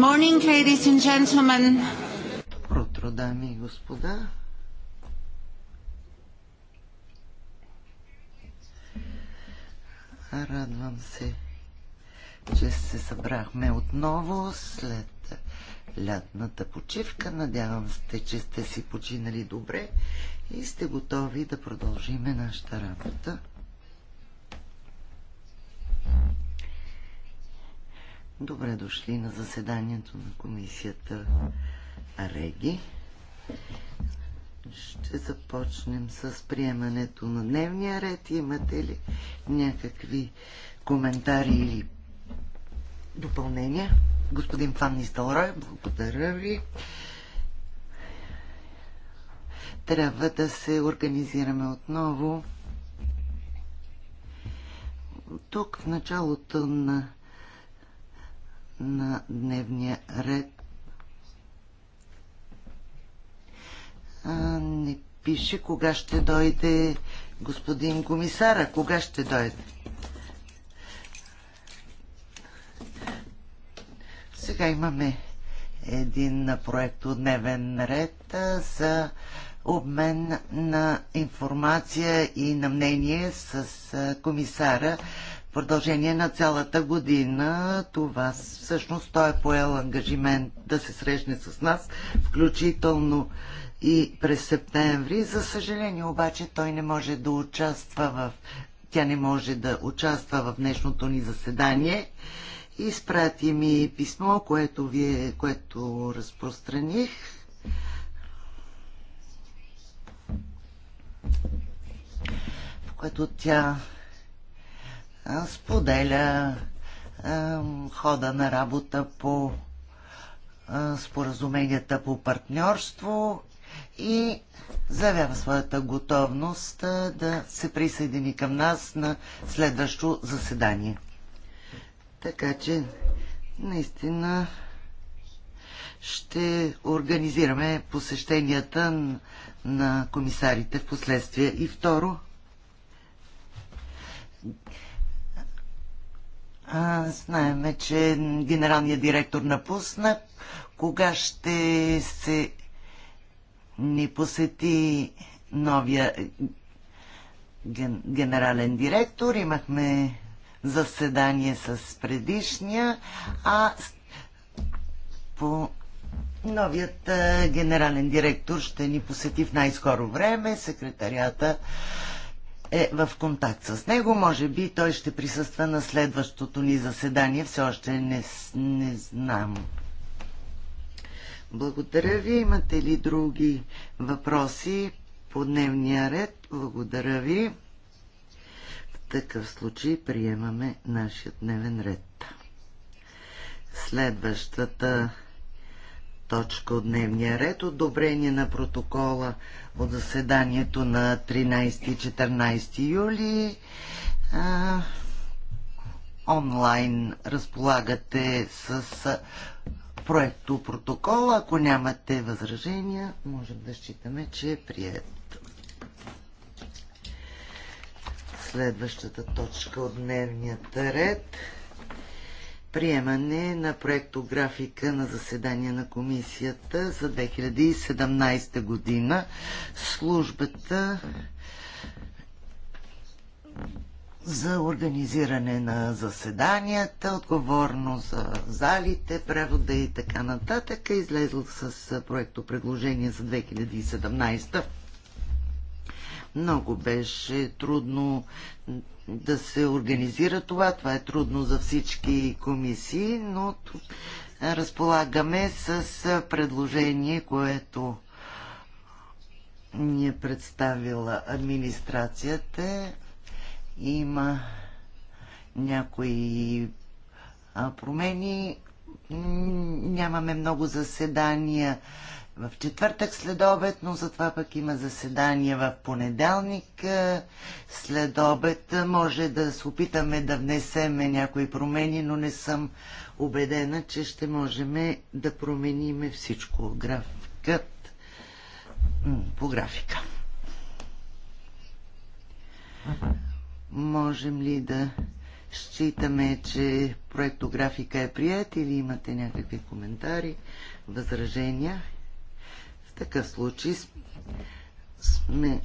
morning, ladies and gentlemen. Утро, дами и господа. Радвам се, че се събрахме отново след лятната почивка. Надявам се, че сте си починали добре и сте готови да продължиме нашата работа. Добре дошли на заседанието на комисията Реги. Ще започнем с приемането на дневния ред. Имате ли някакви коментари или допълнения? Господин Фанни Сталрой, благодаря ви трябва да се организираме отново. Тук в началото на на дневния ред. А, не пише кога ще дойде господин комисара. Кога ще дойде? Сега имаме един проект от дневен ред за обмен на информация и на мнение с комисара продължение на цялата година. Това всъщност той е поел ангажимент да се срещне с нас, включително и през септември. За съжаление обаче той не може да участва в... Тя не може да участва в днешното ни заседание. Изпрати ми писмо, което, вие, което разпространих. В което тя споделя хода на работа по споразуменията по партньорство и заявява своята готовност да се присъедини към нас на следващо заседание. Така че, наистина, ще организираме посещенията на комисарите в последствие. И второ, а, знаеме, че генералният директор напусна. Кога ще се ни посети новия ген, генерален директор? Имахме заседание с предишния, а по новият генерален директор ще ни посети в най-скоро време. Секретарията е в контакт с него. Може би той ще присъства на следващото ни заседание. Все още не, не знам. Благодаря ви. Имате ли други въпроси по дневния ред? Благодаря ви. В такъв случай приемаме нашия дневен ред. Следващата точка от дневния ред – одобрение на протокола от заседанието на 13 и 14 юли. А, онлайн разполагате с проекто протокол. Ако нямате възражения, можем да считаме, че е прият. Следващата точка от дневният ред приемане на проектографика на заседание на комисията за 2017 година. Службата за организиране на заседанията, отговорно за залите, превода и така нататък. Е Излезло с проекто предложение за 2017. Много беше трудно да се организира това. Това е трудно за всички комисии, но разполагаме с предложение, което ни е представила администрацията. Има някои промени. Нямаме много заседания в четвъртък след обед, но затова пък има заседание в понеделник е, след обед. Може да се опитаме да внесеме някои промени, но не съм убедена, че ще можем да промениме всичко графикът по графика. Можем ли да считаме, че проектографика е прият или имате някакви коментари, възражения? такъв случай сме,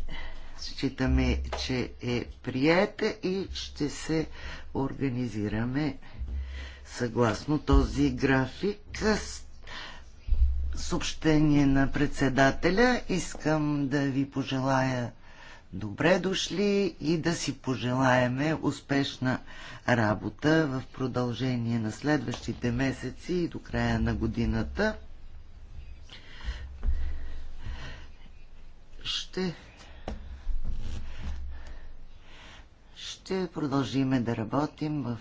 считаме, че е приета и ще се организираме съгласно този график. Съобщение на председателя. Искам да ви пожелая добре дошли и да си пожелаеме успешна работа в продължение на следващите месеци и до края на годината. ще ще продължиме да работим в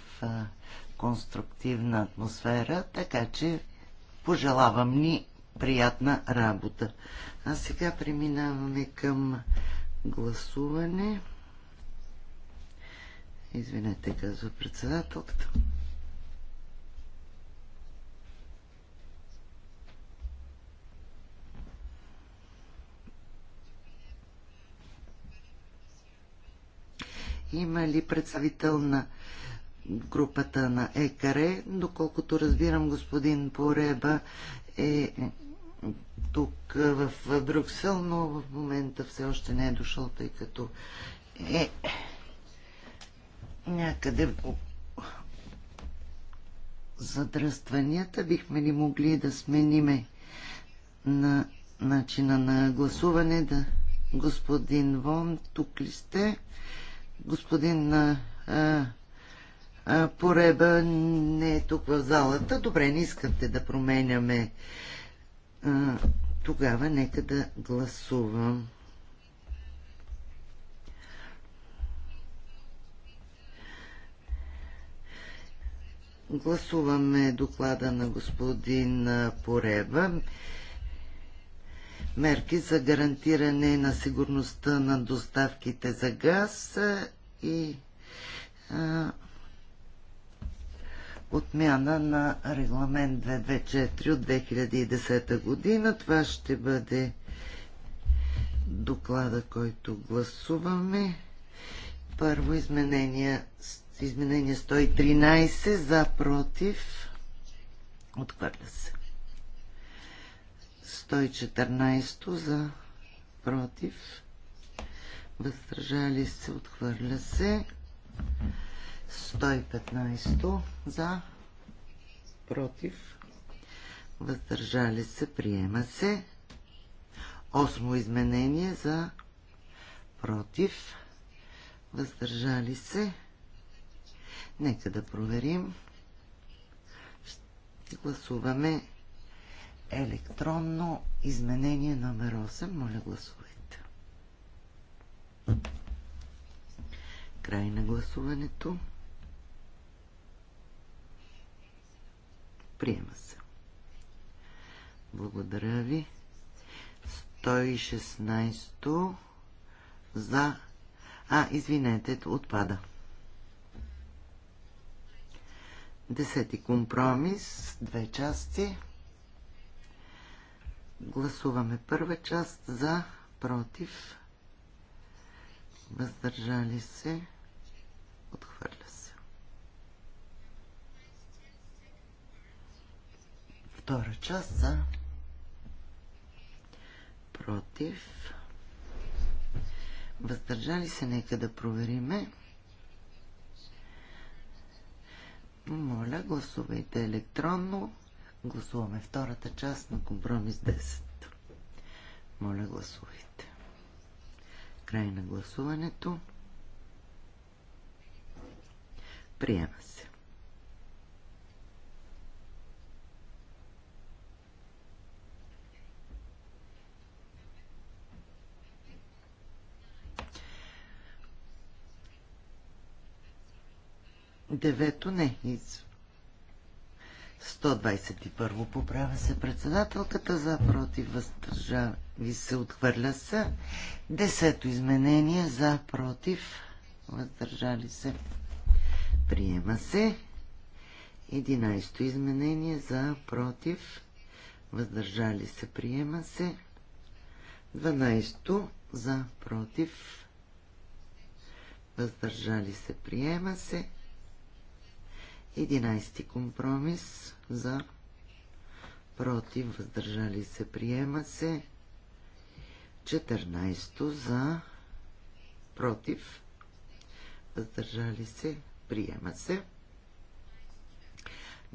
конструктивна атмосфера, така че пожелавам ни приятна работа. А сега преминаваме към гласуване. Извинете, казва председателката. има ли представител на групата на ЕКАРЕ. Доколкото разбирам, господин Пореба е тук е, в Брюксел, но в момента все още не е дошъл, тъй като е някъде по задръстванията. Бихме ли могли да смениме на начина на гласуване да господин Вон, тук ли сте? господин Пореба не е тук в залата. Добре, не искате да променяме. Тогава нека да гласувам. Гласуваме доклада на господин Пореба мерки за гарантиране на сигурността на доставките за газ и а, отмяна на регламент 224 от 2010 година. Това ще бъде доклада, който гласуваме. Първо изменение, изменение 113 за против. Отхвърля се. 114 за против. Въздържали се, отхвърля се. 115 за против. Въздържали се, приема се. Осмо изменение за против. Въздържали се. Нека да проверим. Ще гласуваме електронно изменение номер 8. Моля, гласувайте. Край на гласуването. Приема се. Благодаря ви. 116 за... А, извинете, отпада. Десети компромис, две части. Гласуваме първа част за, против, въздържали се, отхвърля се. Втора част за, против, въздържали се, нека да провериме. Моля, гласувайте електронно. Гласуваме втората част на компромис 10. Моля, гласувайте. Край на гласуването. Приема се. Девето не, из... 121 поправя се председателката за против въздържали се отхвърля са. Десето изменение за против въздържали се приема се. Единайсто изменение за против въздържали се приема се. Дванайсто за против въздържали се приема се. 11 компромис за против, въздържали се, приема се. 14 за против, въздържали се, приема се.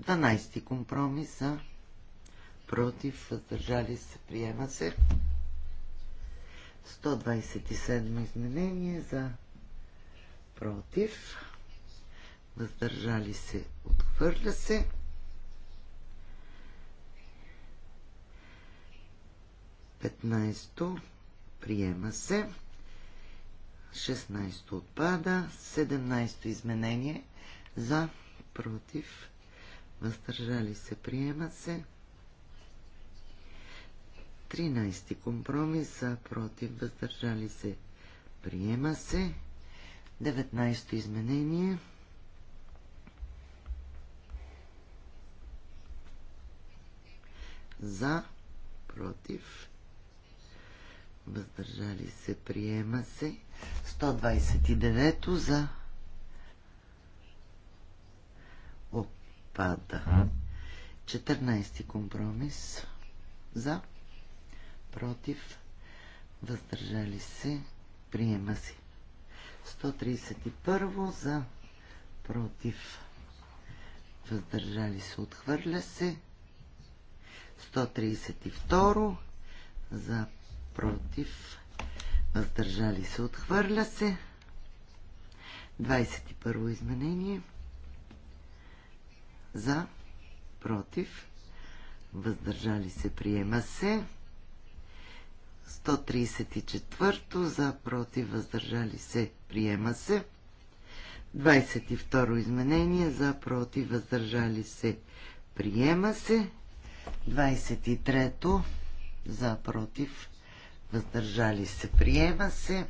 12 компромис за против, въздържали се, приема се. 127 изменение за против въздържали се, отхвърля се. Петнайсто приема се. 16 отпада, 17 то изменение за, против, въздържали се, приема се. 13 компромис за, против, въздържали се, приема се. 19 то изменение за, против, въздържали се, приема се. 129 за Опада. 14 компромис за, против, въздържали се, приема се. 131 за, против, въздържали се, отхвърля се. 132 за против въздържали се отхвърля се 21 изменение за против въздържали се приема се 134 за против въздържали се приема се 22 изменение за против въздържали се приема се 23-то за против въздържали се приема се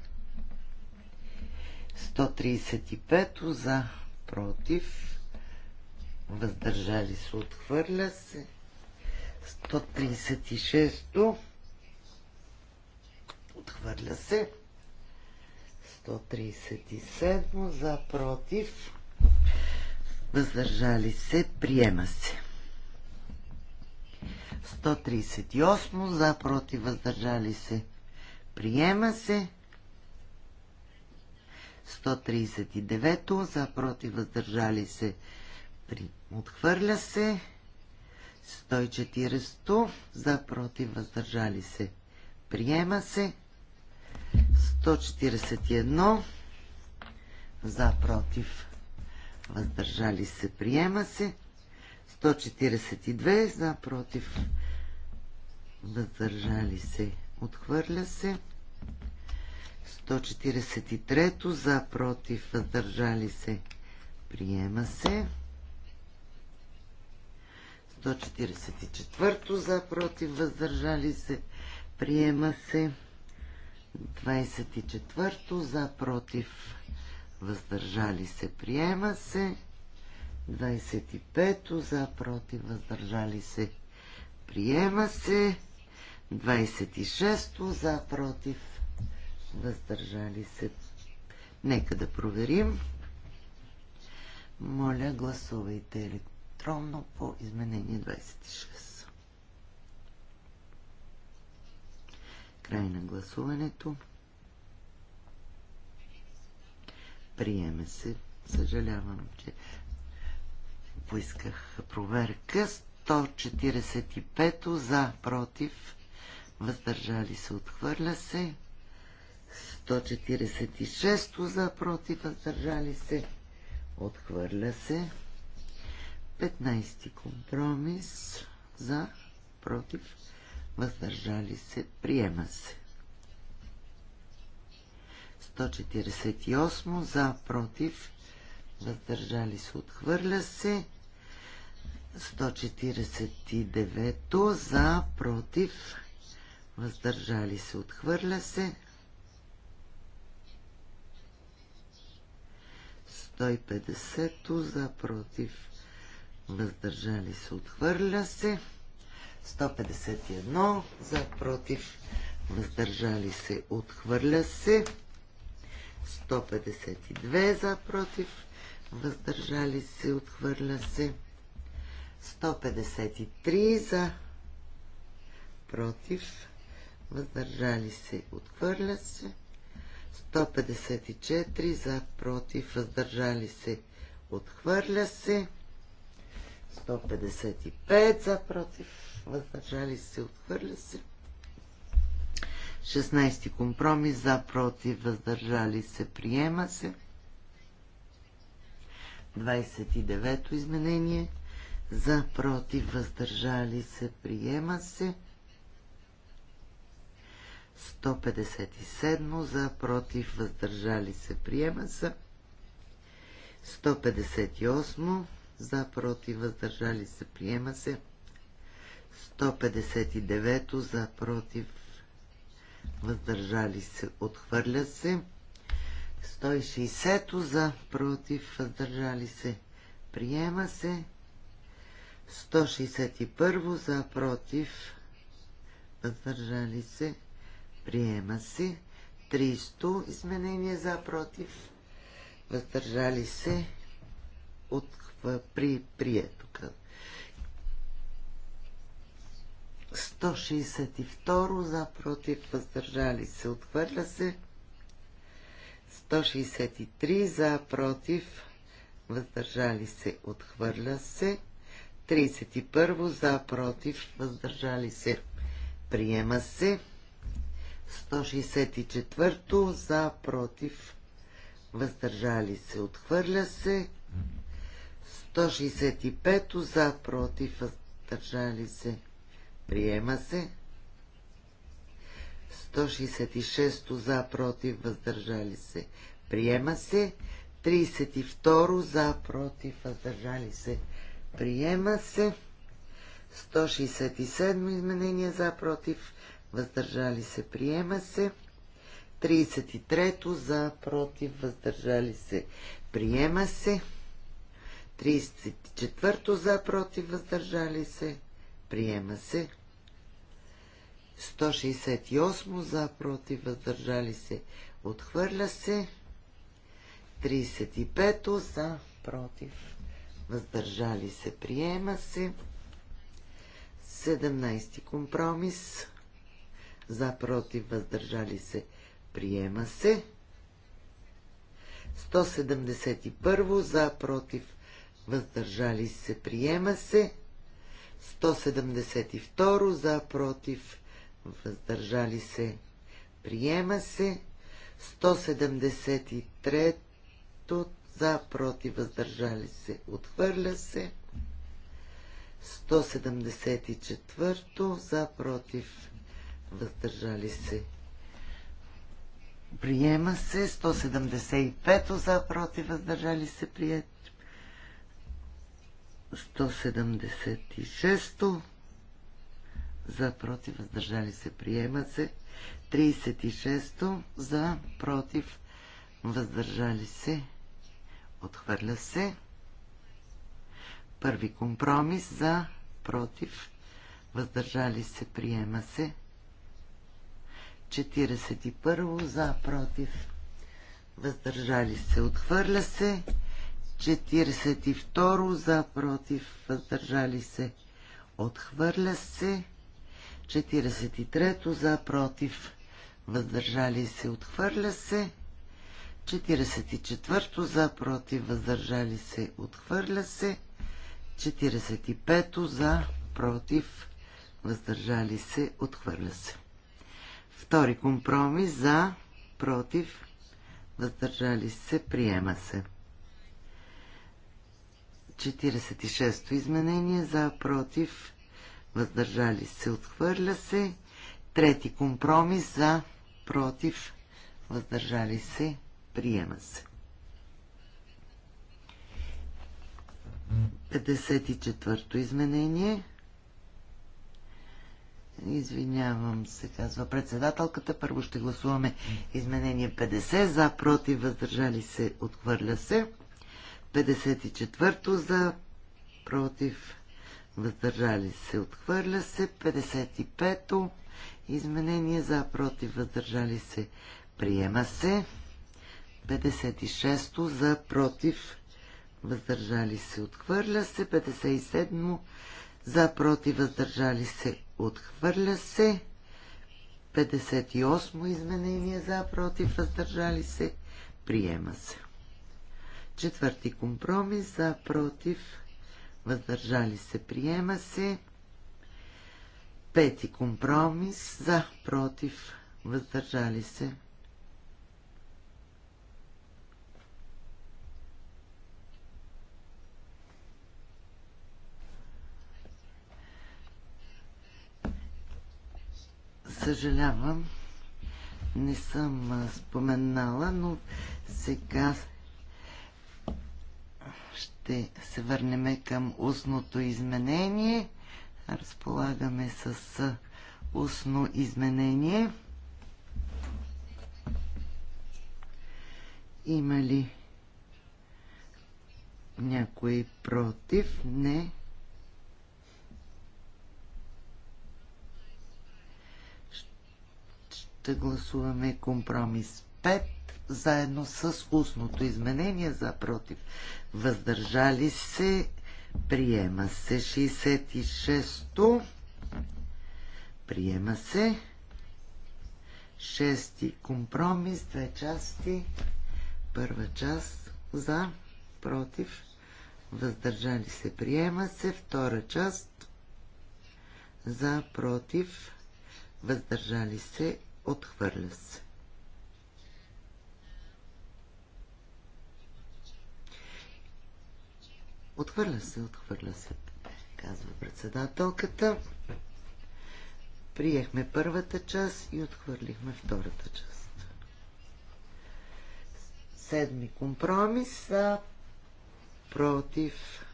135-то за против въздържали се отхвърля се 136-то отхвърля се 137 за против въздържали се приема се 138 за против въздържали се. Приема се. 139 за против въздържали се. При... Отхвърля се. 140 за против въздържали се. Приема се. 141 за против въздържали се. Приема се. 142 за против въздържали се отхвърля се 143 за против въздържали се приема се 144 за против въздържали се приема се 24 за против въздържали се приема се 25 за, против, въздържали се, приема се. 26 за, против, въздържали се. Нека да проверим. Моля, гласувайте електронно по изменение 26. Край на гласуването. Приеме се. Съжалявам, че поисках проверка. 145 за, против, въздържали се, отхвърля се. 146 за, против, въздържали се, отхвърля се. 15 компромис за, против, въздържали се, приема се. 148 за, против, въздържали се, отхвърля се. 149 за, против, въздържали се, отхвърля се. 150 за, против, въздържали се, отхвърля се. 151 за, против, въздържали се, отхвърля се. 152 за, против, въздържали се, отхвърля се. 153 за против въздържали се отхвърля се 154 за против въздържали се отхвърля се 155 за против въздържали се отхвърля се 16 компромис за против въздържали се приема се 29 изменение за против въздържали се приема се 157 за против въздържали се приема се 158 за против въздържали се приема се 159 за против въздържали се отхвърля се 160 за против въздържали се приема се 161 за против въздържали се приема се 300 изменение за против въздържали се от при прието 162 за против въздържали се отхвърля се 163 за против въздържали се отхвърля се 31 за, против, въздържали се, приема се. 164 за, против, въздържали се, отхвърля се. 165 за, против, въздържали се, приема се. 166 за, против, въздържали се, приема се. 32 за, против, въздържали се, Приема се. 167 изменения за, против, въздържали се. Приема се. 33 за, против, въздържали се. Приема се. 34 за, против, въздържали се. Приема се. 168 за, против, въздържали се. Отхвърля се. 35 за, против, въздържали се, приема се. 17 компромис, за, против, въздържали се, приема се. 171 за, против, въздържали се, приема се. 172 за, против, въздържали се, приема се. 173 за, против, въздържали се, отхвърля се. 174 за, против, въздържали се. Приема се 175 за, против, въздържали се, прият. 176 за, против, въздържали се, приема се. 36 за, против, въздържали се. Отхвърля се. Първи компромис за, против, въздържали се, приема се. 41 за, против, въздържали се, отхвърля се. 42 за, против, въздържали се, отхвърля се. 43 за, против, въздържали се, отхвърля се. 44 за, против, въздържали се, отхвърля се. 45 за, против, въздържали се, отхвърля се. Втори компромис за, против, въздържали се, приема се. 46-то изменение за, против, въздържали се, отхвърля се. Трети компромис за, против, въздържали се, Приема се. 54-то изменение. Извинявам се, казва председателката. Първо ще гласуваме изменение 50. За, против, въздържали се, отхвърля се. 54-то за, против, въздържали се, отхвърля се. 55-то изменение за, против, въздържали се, приема се. 56 за против въздържали се отхвърля се 57 за против въздържали се отхвърля се 58 изменение за против въздържали се приема се четвърти компромис за против въздържали се приема се пети компромис за против въздържали се съжалявам. Не съм споменала, но сега ще се върнем към устното изменение. Разполагаме с устно изменение. Има ли някой против? Не. ще гласуваме компромис 5 заедно с устното изменение за против. Въздържали се. Приема се 66-то. Приема се. Шести компромис, две части. Първа част за, против, въздържали се, приема се. Втора част за, против, въздържали се, отхвърля се. Отхвърля се, отхвърля се, казва председателката. Приехме първата част и отхвърлихме втората част. Седми компромис са против,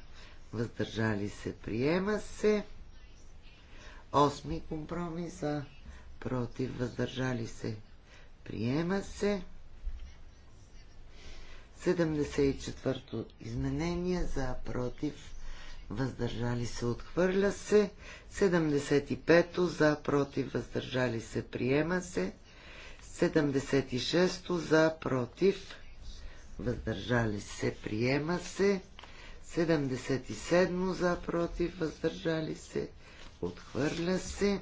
въздържали се, приема се. Осми компромис са против, въздържали се, приема се. 74-то изменение за против, въздържали се, отхвърля се. 75-то за против, въздържали се, приема се. 76-то за против, въздържали се, приема се. 77 за против, въздържали се, отхвърля се.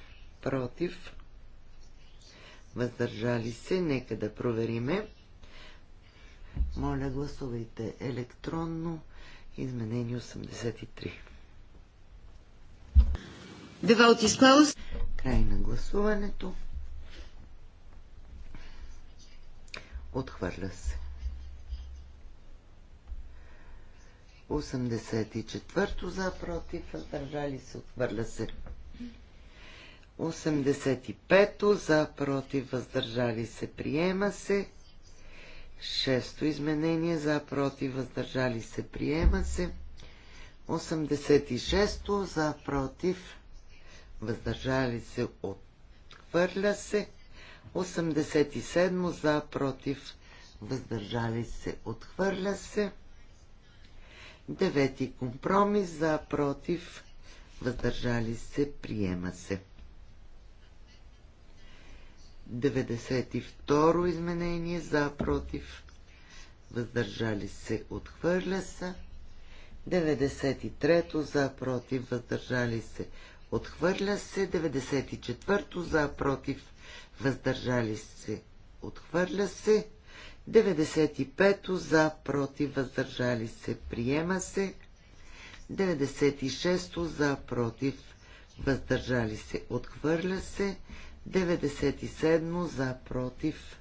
против, въздържали се. Нека да провериме. Моля, гласувайте електронно. Изменение 83. Девалт изклаус. Край на гласуването. Отхвърля се. 84 за, против, въздържали се, отхвърля се. 85-то за против въздържали се приема се. Шесто изменение за против въздържали се приема се. 86-то за против въздържали се отхвърля се. 87 за против въздържали се отхвърля се. Девети компромис за против въздържали се приема се. 92 изменение за, против, въздържали се, отхвърля се. 93 за, против, въздържали се, отхвърля се. 94-то за, против, въздържали се, отхвърля се. 95-то за, против, въздържали се, приема се. 96 за, против, въздържали се, отхвърля се. 97 за против.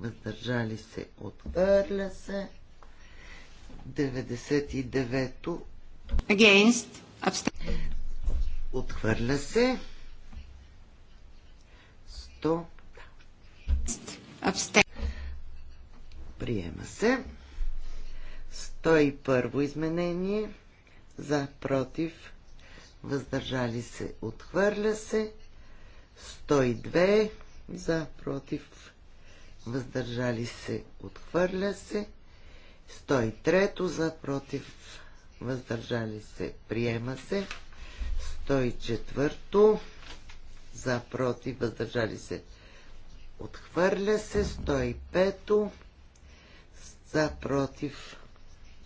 Въздържали се. Отхвърля се. 99-то. Against. Отхвърля се. 100. Абстен. Приема се. 101 изменение. За, против, въздържали се, отхвърля се. 102 за, против, въздържали се, отхвърля се. 103 за, против, въздържали се, приема се. 104 за, против, въздържали се, отхвърля се. 105 за, против,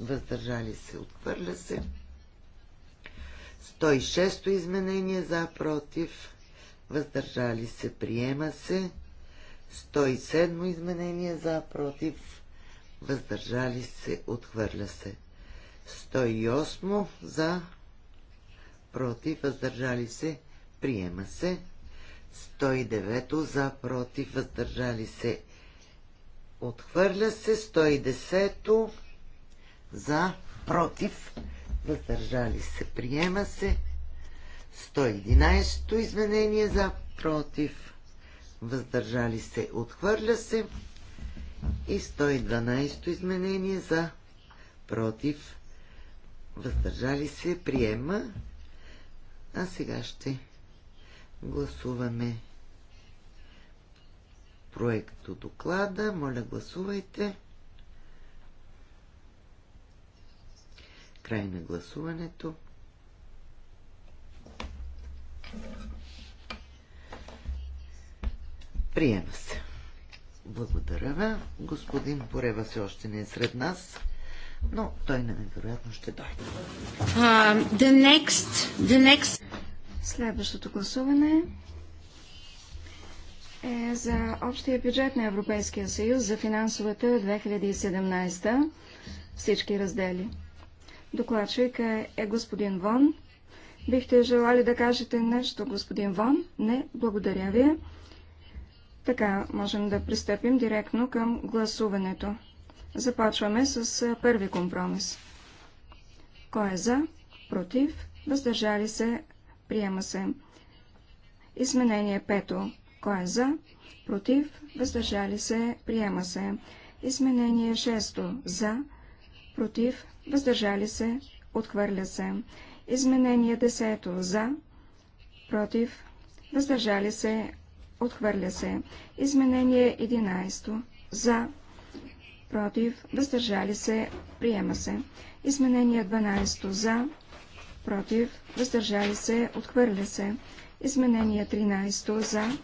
въздържали се, отхвърля се. 106 изменение за, против, въздържали се, приема се. 107 изменение за, против, въздържали се, отхвърля се. 108 за, против, въздържали се, приема се. 109 за, против, въздържали се, отхвърля се. 110 за, против, въздържали се, приема се. 111-то изменение за против. Въздържали се. Отхвърля се. И 112-то изменение за против. Въздържали се. Приема. А сега ще гласуваме проекто доклада. Моля, гласувайте. Край на гласуването. Приема се. Благодаря ви. Господин Порева все още не е сред нас, но той невероятно ще дойде. Uh, the next, the next... Следващото гласуване е за общия бюджет на Европейския съюз за финансовата 2017 всички раздели. Докладчик е господин Вон. Бихте желали да кажете нещо, господин Ван? Не, благодаря ви. Така можем да пристъпим директно към гласуването. Започваме с първи компромис. Кой е за? Против? Въздържали се? Приема се. Изменение пето. Кой е за? Против? Въздържали се? Приема се. Изменение шесто. За? Против? Въздържали се? Отхвърля се. Изменение 10 за, против, въздържали се, отхвърля се. Изменение 11 за, против, въздържали се, приема се. Изменение 12 за, против, въздържали се, отхвърля се. Изменение 13 за,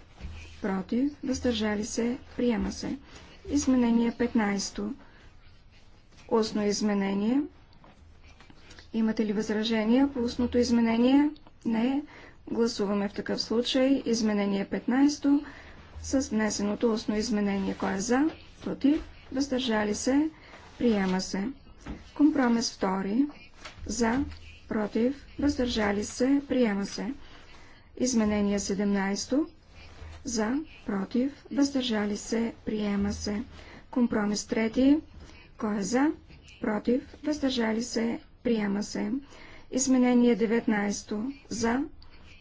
против, въздържали се, приема се. Изменение 15. Устно изменение Имате ли възражения по устното изменение? Не. Гласуваме в такъв случай изменение 15 с внесеното устно изменение. Кой е за? Против? Въздържали се? Приема се. Компромис 2. За? Против? Въздържали се? Приема се. Изменение 17. За? Против? Въздържали се? Приема се. Компромис 3. Кой е за? Против? Въздържали се? Приема се. Изменение 19. За.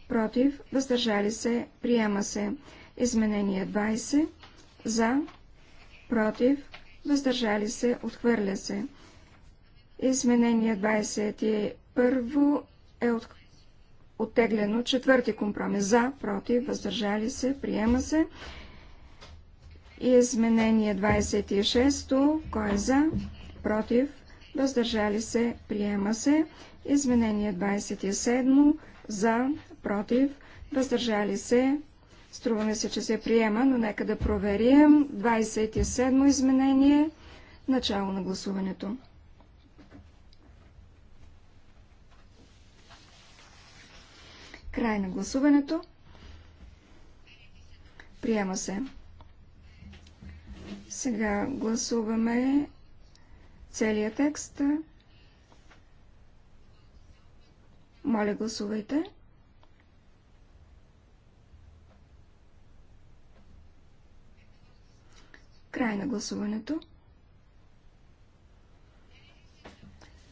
Против. Въздържали се. Приема се. Изменение 20. За. Против. Въздържали се. Отхвърля се. Изменение 21 е от... оттеглено. Четвърти компромис. За. Против. Въздържали се. Приема се. Изменение 26. Кой е за? Против въздържали се, приема се. Изменение 27 за, против, въздържали се. Струваме се, че се приема, но нека да проверим. 27 изменение. Начало на гласуването. Край на гласуването. Приема се. Сега гласуваме целият текст. Моля, гласувайте. Край на гласуването.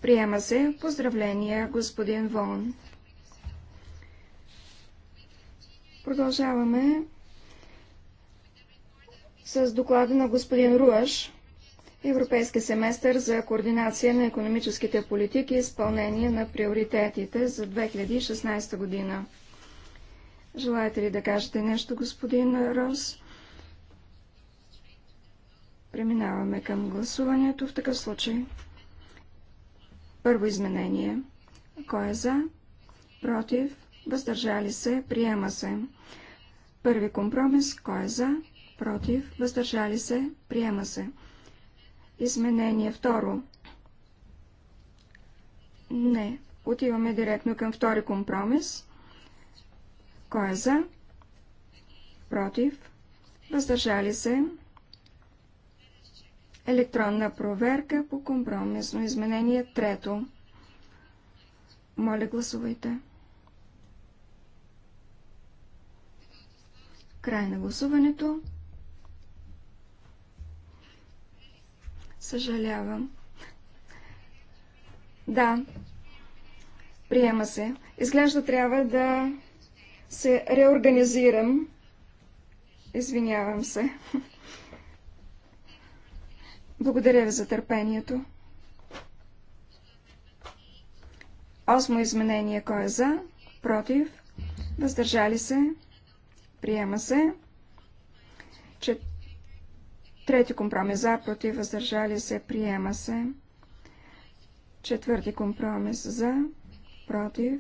Приема се. Поздравления, господин Вон. Продължаваме с доклада на господин Руаш. Европейски семестър за координация на економическите политики и изпълнение на приоритетите за 2016 година. Желаете ли да кажете нещо, господин Рос? Преминаваме към гласуването в такъв случай. Първо изменение. Кой е за? Против? Въздържали се? Приема се. Първи компромис. Кой е за? Против? Въздържали се? Приема се изменение. Второ. Не. Отиваме директно към втори компромис. Кой е за? Против. Въздържали се. Електронна проверка по компромисно изменение. Трето. Моля, гласувайте. Край на гласуването. Съжалявам. Да, приема се. Изглежда трябва да се реорганизирам. Извинявам се. Благодаря ви за търпението. Осмо изменение. Кой е за? Против? Въздържали се? Приема се. Чет... Трети компромис за, против, въздържали се, приема се. Четвърти компромис за, против,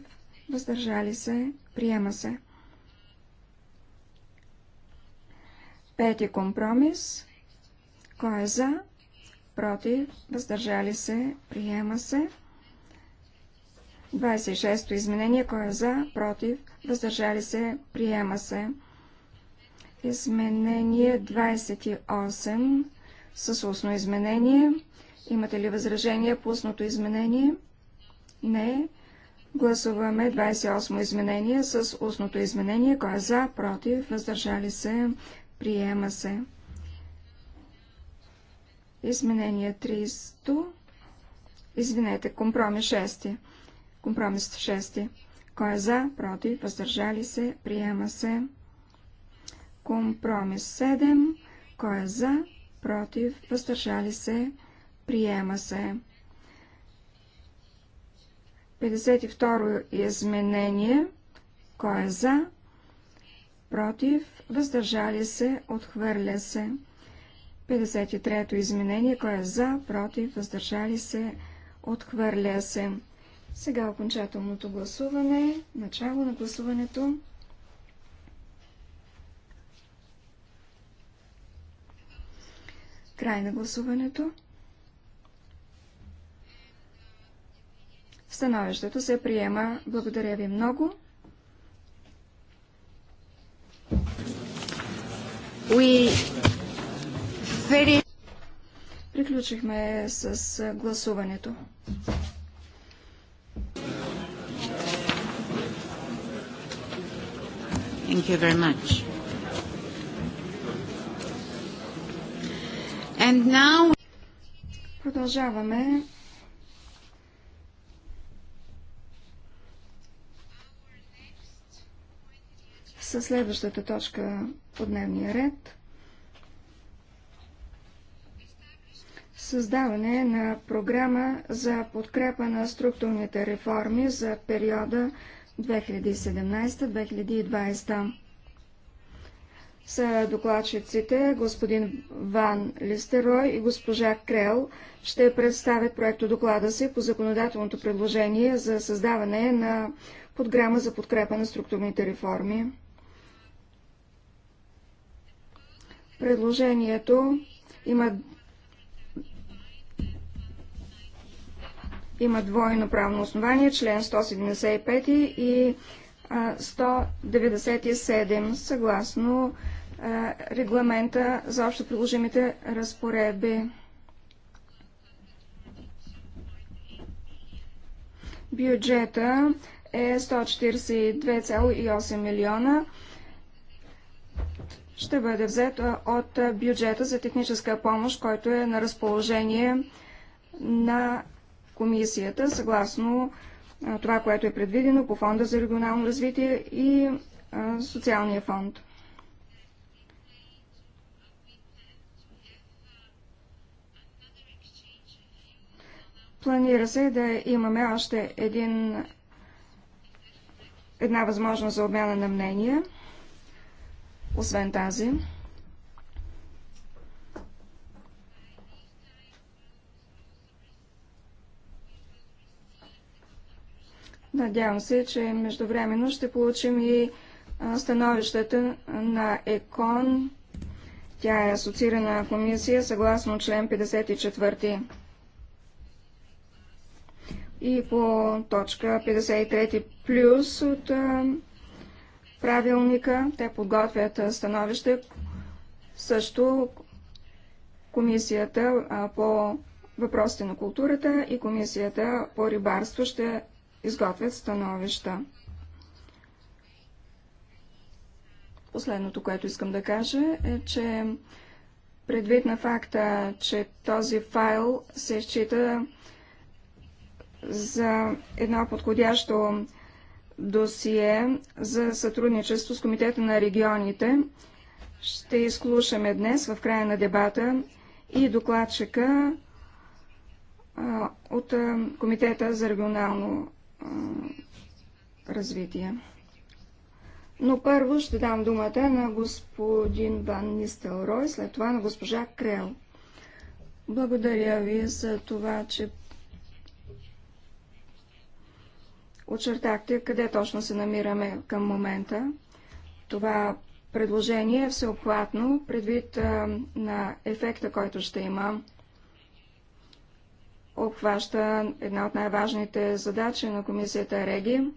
въздържали се, приема се. Пети компромис. Кой е за? Против, въздържали се, приема се. 26-то изменение. Кой е за? Против, въздържали се, приема се. Изменение 28 с устно изменение. Имате ли възражение по устното изменение? Не. Гласуваме 28 изменение с устното изменение. Кой е за, против, въздържали се, приема се. Изменение 300. Извинете, компромис 6. Компромис 6. Кой е за, против, въздържали се, приема се. Компромис 7. Кой е за? Против. Въздържали се. Приема се. 52 изменение. Кой е за? Против. Въздържали се. Отхвърля се. 53-то изменение. Кой е за? Против. Въздържали се. Отхвърля се. Сега окончателното гласуване. Начало на гласуването. Край на гласуването. Становището се приема. Благодаря ви много. We... Приключихме с гласуването. Thank you very much. And now... Продължаваме със следващата точка по дневния ред. Създаване на програма за подкрепа на структурните реформи за периода 2017-2020 са докладчиците господин Ван Листерой и госпожа Крел ще представят проекто доклада си по законодателното предложение за създаване на подграма за подкрепа на структурните реформи. Предложението има има двойно правно основание, член 175 и 197, съгласно регламента за общо приложимите разпоредби. Бюджета е 142,8 милиона. Ще бъде взет от бюджета за техническа помощ, който е на разположение на комисията, съгласно това, което е предвидено по Фонда за регионално развитие и социалния фонд. Планира се да имаме още един, една възможност за обмяна на мнения, освен тази. Надявам се, че междувременно ще получим и становищата на ЕКОН. Тя е асоциирана комисия съгласно член 54 и по точка 53 плюс от правилника. Те подготвят становище също комисията по въпросите на културата и комисията по рибарство ще изготвят становища. Последното, което искам да кажа е, че предвид на факта, че този файл се счита за едно подходящо досие за сътрудничество с Комитета на регионите. Ще изслушаме днес в края на дебата и докладчика от Комитета за регионално развитие. Но първо ще дам думата на господин Ван Нистелрой, след това на госпожа Крел. Благодаря ви за това, че очертахте къде точно се намираме към момента. Това предложение е всеобхватно предвид а, на ефекта, който ще има. Обхваща една от най-важните задачи на комисията Реги.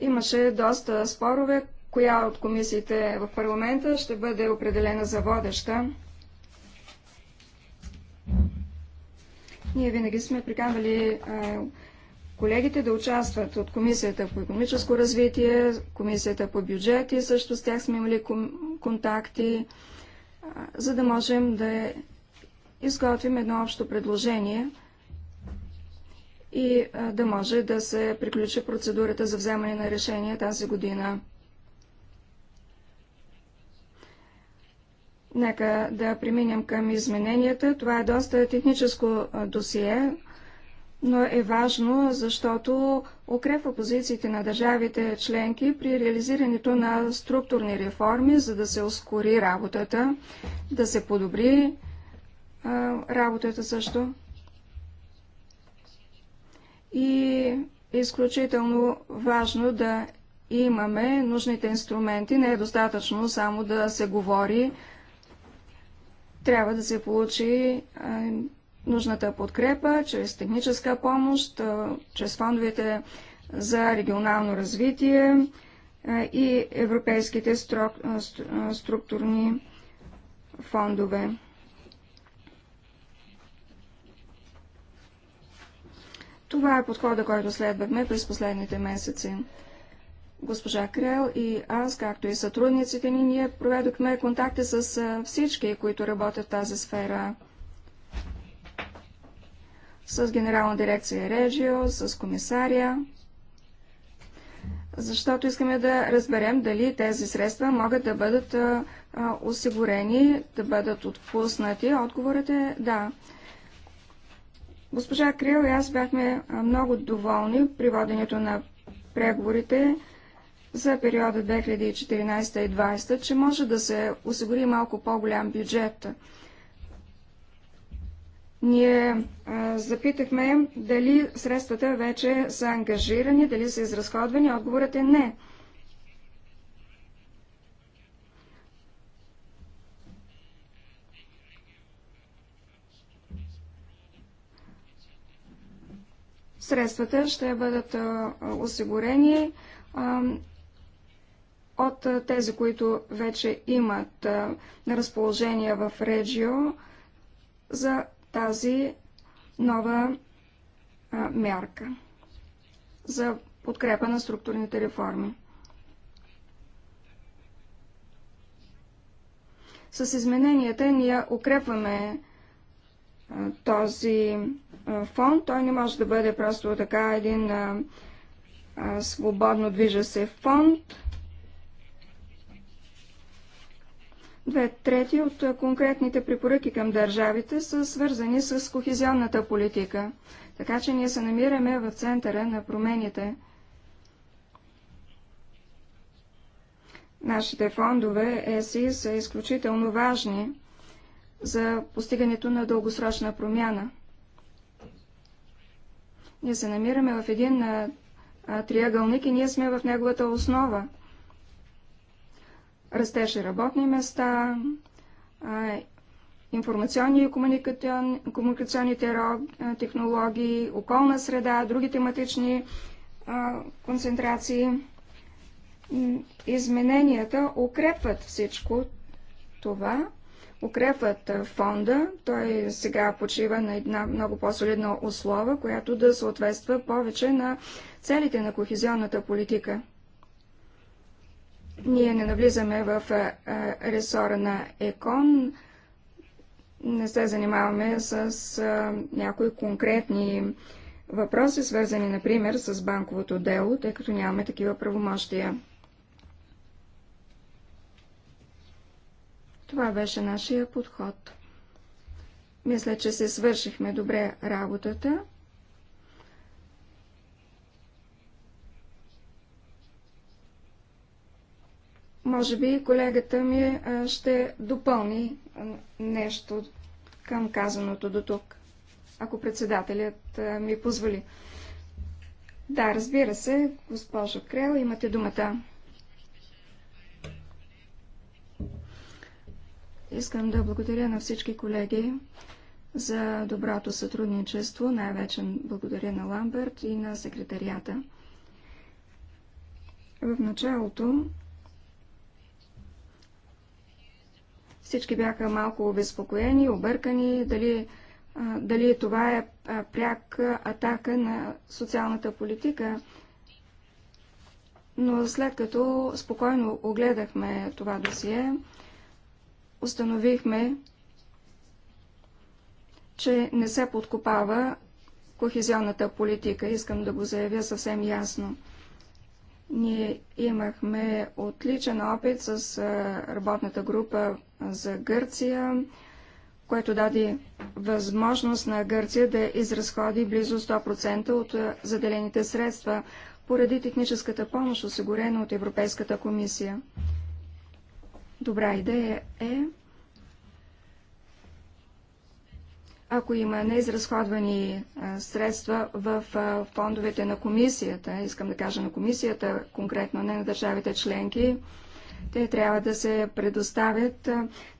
Имаше доста спорове, коя от комисиите в парламента ще бъде определена за водеща. Ние винаги сме приканвали колегите да участват от Комисията по економическо развитие, Комисията по бюджет и също с тях сме имали контакти, за да можем да изготвим едно общо предложение и да може да се приключи процедурата за вземане на решение тази година. Нека да преминем към измененията. Това е доста техническо досие, но е важно, защото укрепва позициите на държавите членки при реализирането на структурни реформи, за да се ускори работата, да се подобри работата също. И е изключително важно да имаме нужните инструменти. Не е достатъчно само да се говори, трябва да се получи нужната подкрепа чрез техническа помощ, чрез фондовете за регионално развитие и европейските структурни фондове. Това е подхода, който следвахме през последните месеци. Госпожа Крел и аз, както и сътрудниците ни, ние проведохме контакти с всички, които работят в тази сфера. С Генерална дирекция Регио, с комисария, защото искаме да разберем дали тези средства могат да бъдат осигурени, да бъдат отпуснати. Отговорът е да. Госпожа Крил и аз бяхме много доволни при воденето на преговорите за периода 2014 и 2020, че може да се осигури малко по-голям бюджет. Ние а, запитахме дали средствата вече са ангажирани, дали са изразходвани. Отговорът е не. Средствата ще бъдат осигурени от тези, които вече имат на разположение в Реджио за тази нова мярка за подкрепа на структурните реформи. С измененията ние укрепваме този фонд. Той не може да бъде просто така един свободно движа се фонд. Две трети от конкретните препоръки към държавите са свързани с кохезионната политика, така че ние се намираме в центъра на промените. Нашите фондове ЕСИ са изключително важни за постигането на дългосрочна промяна. Ние се намираме в един триъгълник и ние сме в неговата основа – Растеше, работни места, информационни и комуникационните комуникационни технологии, околна среда, други тематични концентрации. Измененията укрепват всичко това, укрепват фонда. Той сега почива на една много по-солидна услова, която да съответства повече на целите на кохезионната политика. Ние не навлизаме в ресора на ЕКОН, не се занимаваме с някои конкретни въпроси, свързани, например, с банковото дело, тъй като нямаме такива правомощия. Това беше нашия подход. Мисля, че се свършихме добре работата. Може би колегата ми е, ще допълни нещо към казаното до тук, ако председателят ми позволи. Да, разбира се, госпожо Крел, имате думата. Искам да благодаря на всички колеги за доброто сътрудничество, най-вече благодаря на Ламберт и на секретарията. В началото Всички бяха малко обезпокоени, объркани, дали, дали това е пряк атака на социалната политика. Но след като спокойно огледахме това досие, установихме, че не се подкопава кохезионната политика. Искам да го заявя съвсем ясно. Ние имахме отличен опит с работната група за Гърция, което даде възможност на Гърция да изразходи близо 100% от заделените средства поради техническата помощ, осигурена от Европейската комисия. Добра идея е ако има неизразходвани средства в фондовете на комисията, искам да кажа на комисията, конкретно не на държавите членки, те трябва да се предоставят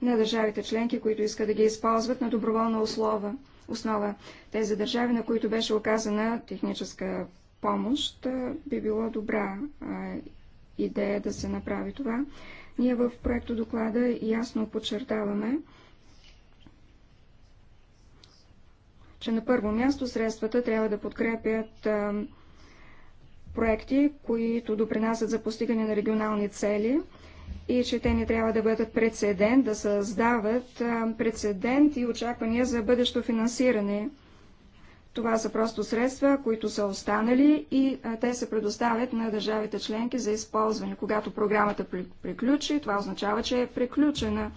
на държавите членки, които искат да ги използват на доброволна услова, основа. Тези държави, на които беше оказана техническа помощ, би било добра идея да се направи това. Ние в проекто доклада ясно подчертаваме, че на първо място средствата трябва да подкрепят проекти, които допринасят за постигане на регионални цели и че те не трябва да бъдат прецедент, да създават прецедент и очаквания за бъдещо финансиране. Това са просто средства, които са останали и те се предоставят на държавите членки за използване. Когато програмата приключи, това означава, че е приключена.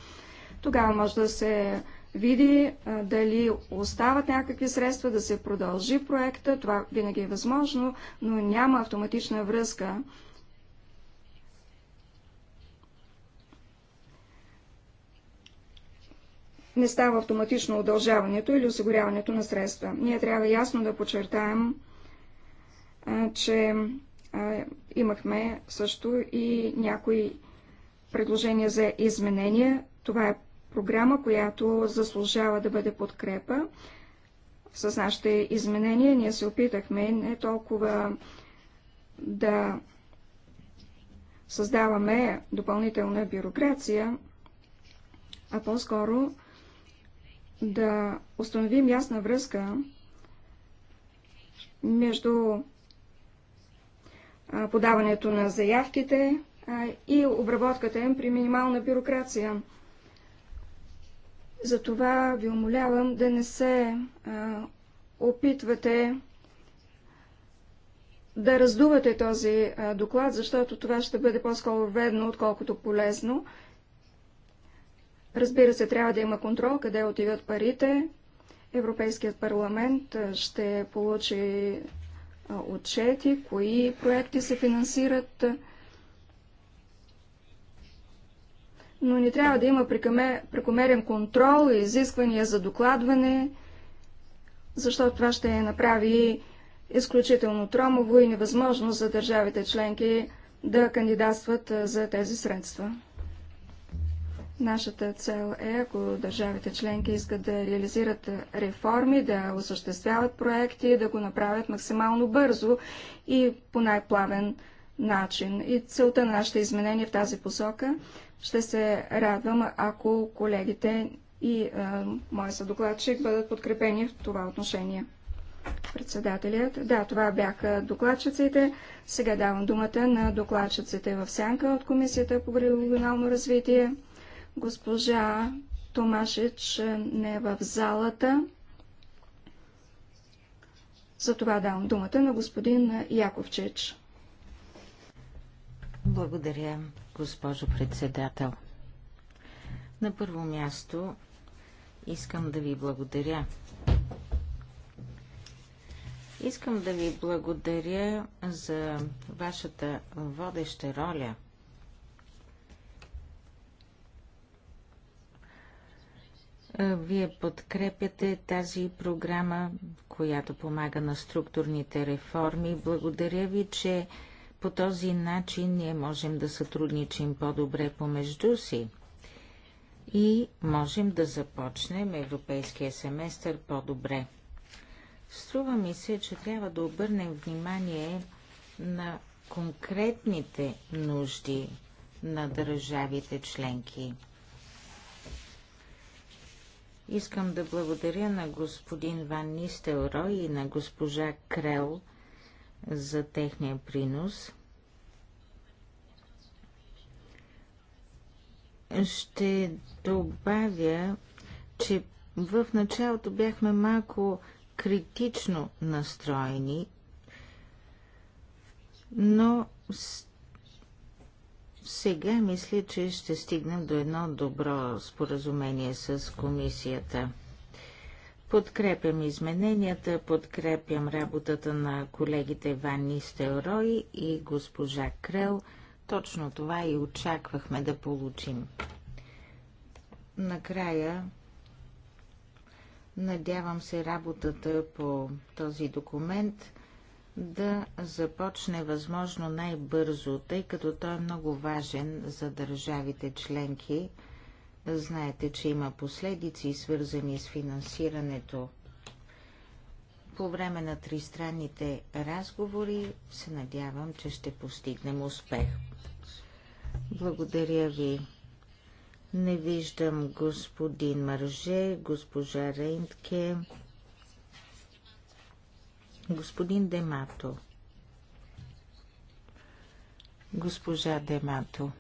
Тогава може да се види а, дали остават някакви средства да се продължи проекта. Това винаги е възможно, но няма автоматична връзка. Не става автоматично удължаването или осигуряването на средства. Ние трябва ясно да подчертаем, а, че а, имахме също и някои предложения за изменения. Това е програма, която заслужава да бъде подкрепа. С нашите изменения ние се опитахме не толкова да създаваме допълнителна бюрокрация, а по-скоро да установим ясна връзка между подаването на заявките и обработката им при минимална бюрокрация. Затова ви умолявам да не се а, опитвате да раздувате този а, доклад, защото това ще бъде по-скоро вредно, отколкото полезно. Разбира се, трябва да има контрол къде отиват парите. Европейският парламент ще получи отчети, кои проекти се финансират. но не трябва да има прекомерен контрол и изисквания за докладване, защото това ще направи изключително тромово и невъзможно за държавите членки да кандидатстват за тези средства. Нашата цел е, ако държавите членки искат да реализират реформи, да осъществяват проекти, да го направят максимално бързо и по най-плавен начин. И целта на нашите изменения е в тази посока ще се радвам, ако колегите и а, моя съдокладчик бъдат подкрепени в това отношение. Председателят. Да, това бяха докладчиците. Сега давам думата на докладчиците в сянка от Комисията по регионално развитие. Госпожа Томашич не е в залата. Затова давам думата на господин Яковчич. Благодаря, госпожо председател. На първо място искам да ви благодаря. Искам да ви благодаря за вашата водеща роля. Вие подкрепяте тази програма, която помага на структурните реформи. Благодаря ви, че по този начин ние можем да сътрудничим по-добре помежду си и можем да започнем европейския семестър по-добре. Струва ми се, че трябва да обърнем внимание на конкретните нужди на държавите членки. Искам да благодаря на господин Ван Нистелро и на госпожа Крел за техния принос. Ще добавя, че в началото бяхме малко критично настроени, но сега мисля, че ще стигнем до едно добро споразумение с комисията. Подкрепям измененията, подкрепям работата на колегите Ван Нистелрой и госпожа Крел. Точно това и очаквахме да получим. Накрая, надявам се работата по този документ да започне възможно най-бързо, тъй като той е много важен за държавите членки – Знаете, че има последици, свързани с финансирането. По време на тристранните разговори се надявам, че ще постигнем успех. Благодаря ви. Не виждам господин Марже, госпожа Рейнтке, господин Демато. Госпожа Демато.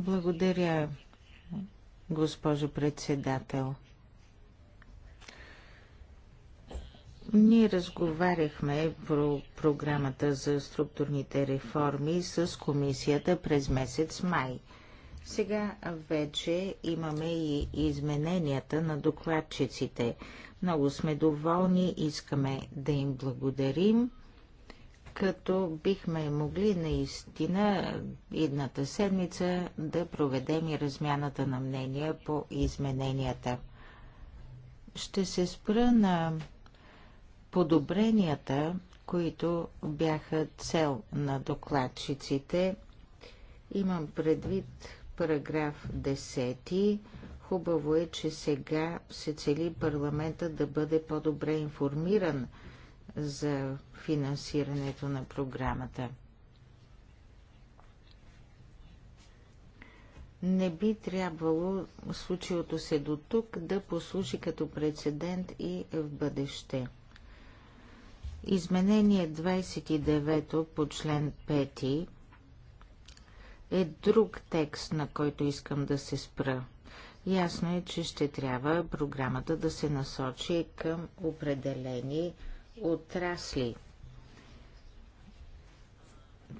Благодаря, госпожо председател. Ние разговаряхме про програмата за структурните реформи с комисията през месец май. Сега вече имаме и измененията на докладчиците. Много сме доволни, искаме да им благодарим като бихме могли наистина едната седмица да проведем и размяната на мнения по измененията. Ще се спра на подобренията, които бяха цел на докладчиците. Имам предвид параграф 10. Хубаво е, че сега се цели парламента да бъде по-добре информиран – за финансирането на програмата. Не би трябвало случилото се до тук да послужи като прецедент и в бъдеще. Изменение 29 по член 5 е друг текст, на който искам да се спра. Ясно е, че ще трябва програмата да се насочи към определени отрасли.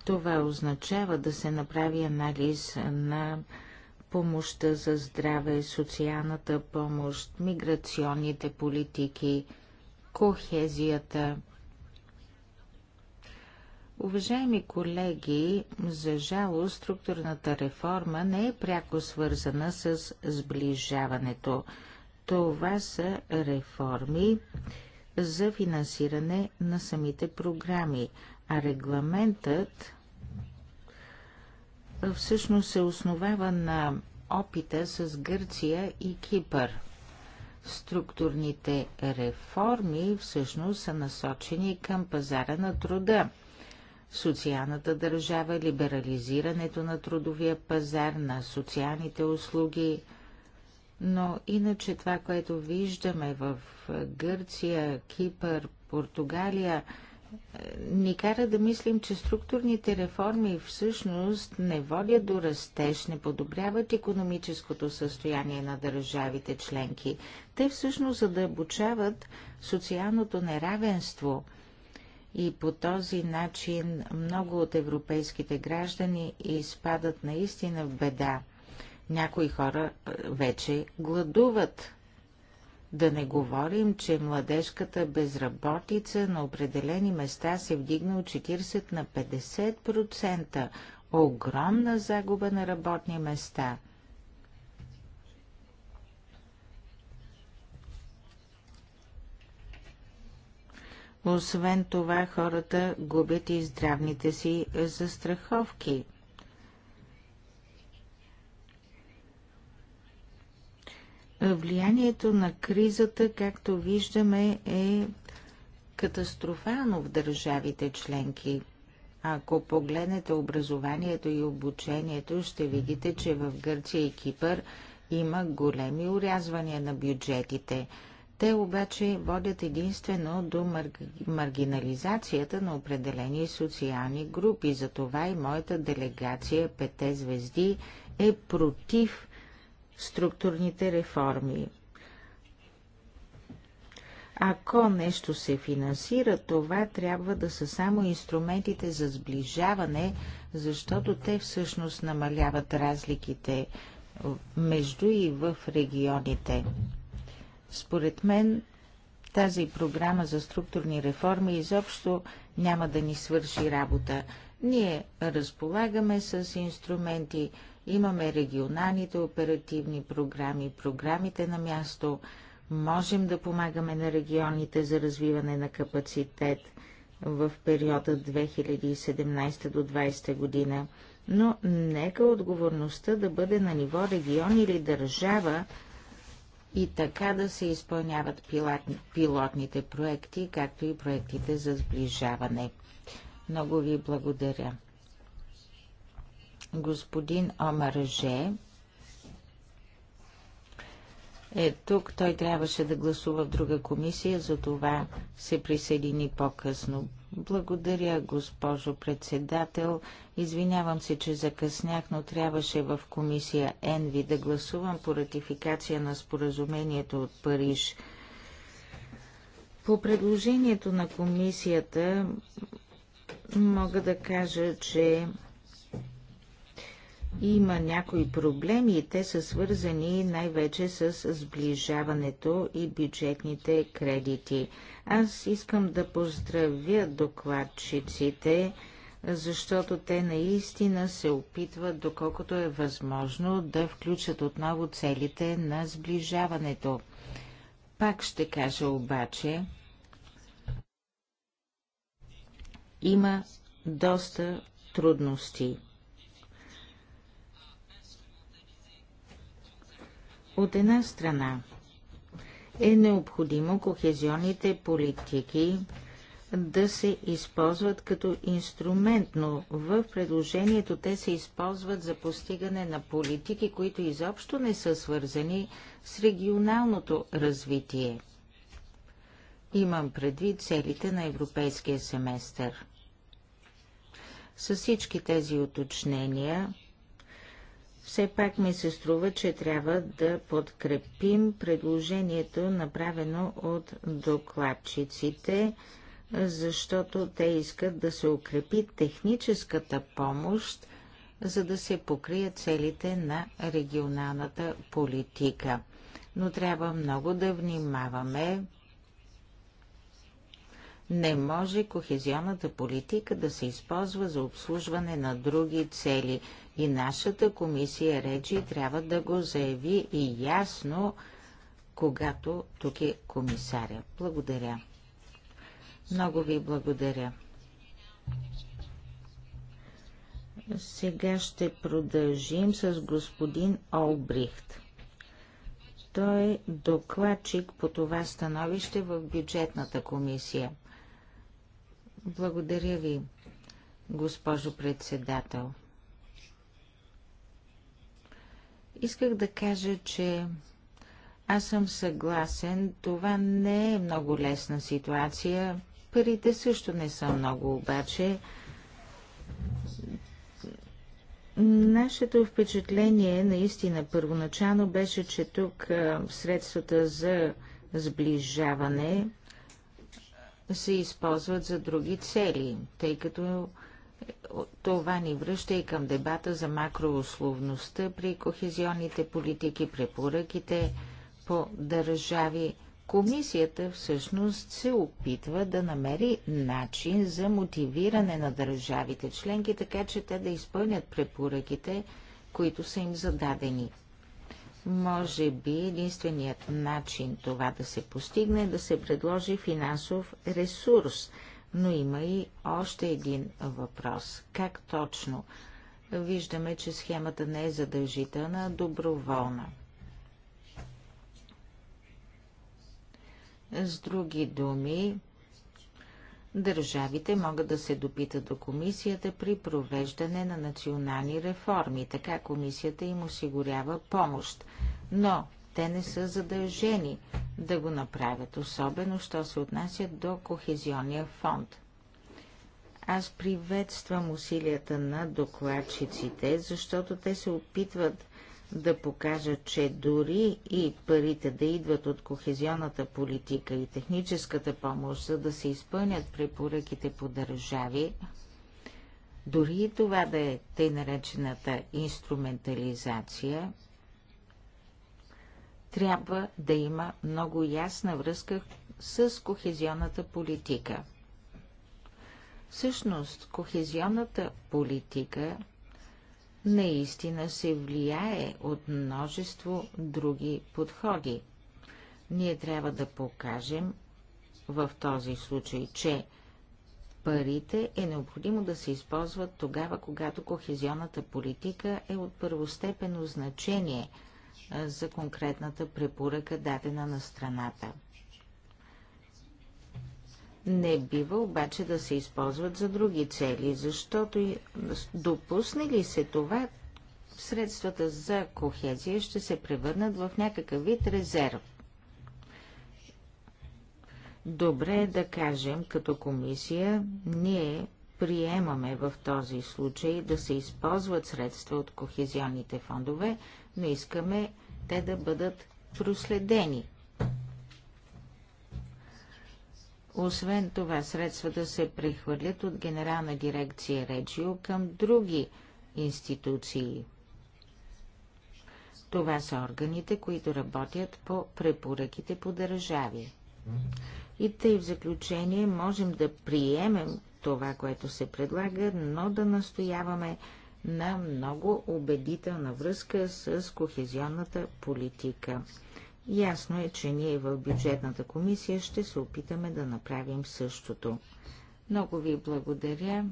Това означава да се направи анализ на помощта за здраве, социалната помощ, миграционните политики, кохезията. Уважаеми колеги, за жало структурната реформа не е пряко свързана с сближаването. Това са реформи, за финансиране на самите програми, а регламентът всъщност се основава на опита с Гърция и Кипър. Структурните реформи всъщност са насочени към пазара на труда социалната държава, либерализирането на трудовия пазар, на социалните услуги, но иначе това, което виждаме в Гърция, Кипър, Португалия, е, ни кара да мислим, че структурните реформи всъщност не водят до растеж, не подобряват економическото състояние на държавите членки. Те всъщност задълбочават социалното неравенство. И по този начин много от европейските граждани изпадат наистина в беда. Някои хора вече гладуват. Да не говорим, че младежката безработица на определени места се вдигна от 40 на 50%. Огромна загуба на работни места. Освен това, хората губят и здравните си застраховки – Влиянието на кризата, както виждаме, е катастрофално в държавите членки. Ако погледнете образованието и обучението, ще видите, че в Гърция и Кипър има големи урязвания на бюджетите. Те обаче водят единствено до мар... маргинализацията на определени социални групи. Затова и моята делегация Пете звезди е против структурните реформи. Ако нещо се финансира, това трябва да са само инструментите за сближаване, защото те всъщност намаляват разликите между и в регионите. Според мен тази програма за структурни реформи изобщо няма да ни свърши работа. Ние разполагаме с инструменти, Имаме регионалните оперативни програми, програмите на място. Можем да помагаме на регионите за развиване на капацитет в периода 2017 до 2020 година. Но нека отговорността да бъде на ниво регион или държава, и така да се изпълняват пилотните проекти, както и проектите за сближаване. Много ви благодаря. Господин Омарже е тук. Той трябваше да гласува в друга комисия, за това се присъедини по-късно. Благодаря, госпожо председател. Извинявам се, че закъснях, но трябваше в комисия ЕНВИ да гласувам по ратификация на споразумението от Париж. По предложението на комисията мога да кажа, че има някои проблеми и те са свързани най-вече с сближаването и бюджетните кредити. Аз искам да поздравя докладчиците, защото те наистина се опитват, доколкото е възможно, да включат отново целите на сближаването. Пак ще кажа обаче, има доста трудности. От една страна е необходимо кохезионните политики да се използват като инструмент, но в предложението те се използват за постигане на политики, които изобщо не са свързани с регионалното развитие. Имам предвид целите на европейския семестър. С всички тези уточнения все пак ми се струва, че трябва да подкрепим предложението, направено от докладчиците, защото те искат да се укрепи техническата помощ, за да се покрият целите на регионалната политика. Но трябва много да внимаваме не може кохезионната политика да се използва за обслужване на други цели и нашата комисия Реджи трябва да го заяви и ясно, когато тук е комисаря. Благодаря. Много ви благодаря. Сега ще продължим с господин Олбрихт. Той е докладчик по това становище в бюджетната комисия. Благодаря ви, госпожо председател. Исках да кажа, че аз съм съгласен, това не е много лесна ситуация. Парите също не са много, обаче Нашето впечатление наистина първоначално беше, че тук средствата за сближаване се използват за други цели, тъй като това ни връща и към дебата за макроусловността при кохезионните политики, препоръките по държави. Комисията всъщност се опитва да намери начин за мотивиране на държавите членки, така че те да изпълнят препоръките, които са им зададени. Може би единственият начин това да се постигне е да се предложи финансов ресурс, но има и още един въпрос. Как точно? Виждаме, че схемата не е задължителна, а доброволна. С други думи, Държавите могат да се допитат до комисията при провеждане на национални реформи. Така комисията им осигурява помощ. Но те не са задължени да го направят, особено що се отнася до Кохезионния фонд. Аз приветствам усилията на докладчиците, защото те се опитват да покажат, че дори и парите да идват от кохезионната политика и техническата помощ, за да се изпълнят препоръките по държави, дори и това да е тъй наречената инструментализация, трябва да има много ясна връзка с кохезионната политика. Всъщност, кохезионната политика наистина се влияе от множество други подходи. Ние трябва да покажем в този случай, че парите е необходимо да се използват тогава, когато кохезионната политика е от първостепенно значение за конкретната препоръка дадена на страната. Не бива обаче да се използват за други цели, защото допусне ли се това, средствата за кохезия ще се превърнат в някакъв вид резерв. Добре е да кажем, като комисия, ние приемаме в този случай да се използват средства от кохезионните фондове, но искаме те да бъдат проследени. Освен това, средствата се прехвърлят от Генерална дирекция Реджио към други институции. Това са органите, които работят по препоръките по държави. И тъй в заключение можем да приемем това, което се предлага, но да настояваме на много убедителна връзка с кохезионната политика. Ясно е, че ние в бюджетната комисия ще се опитаме да направим същото. Много ви благодаря,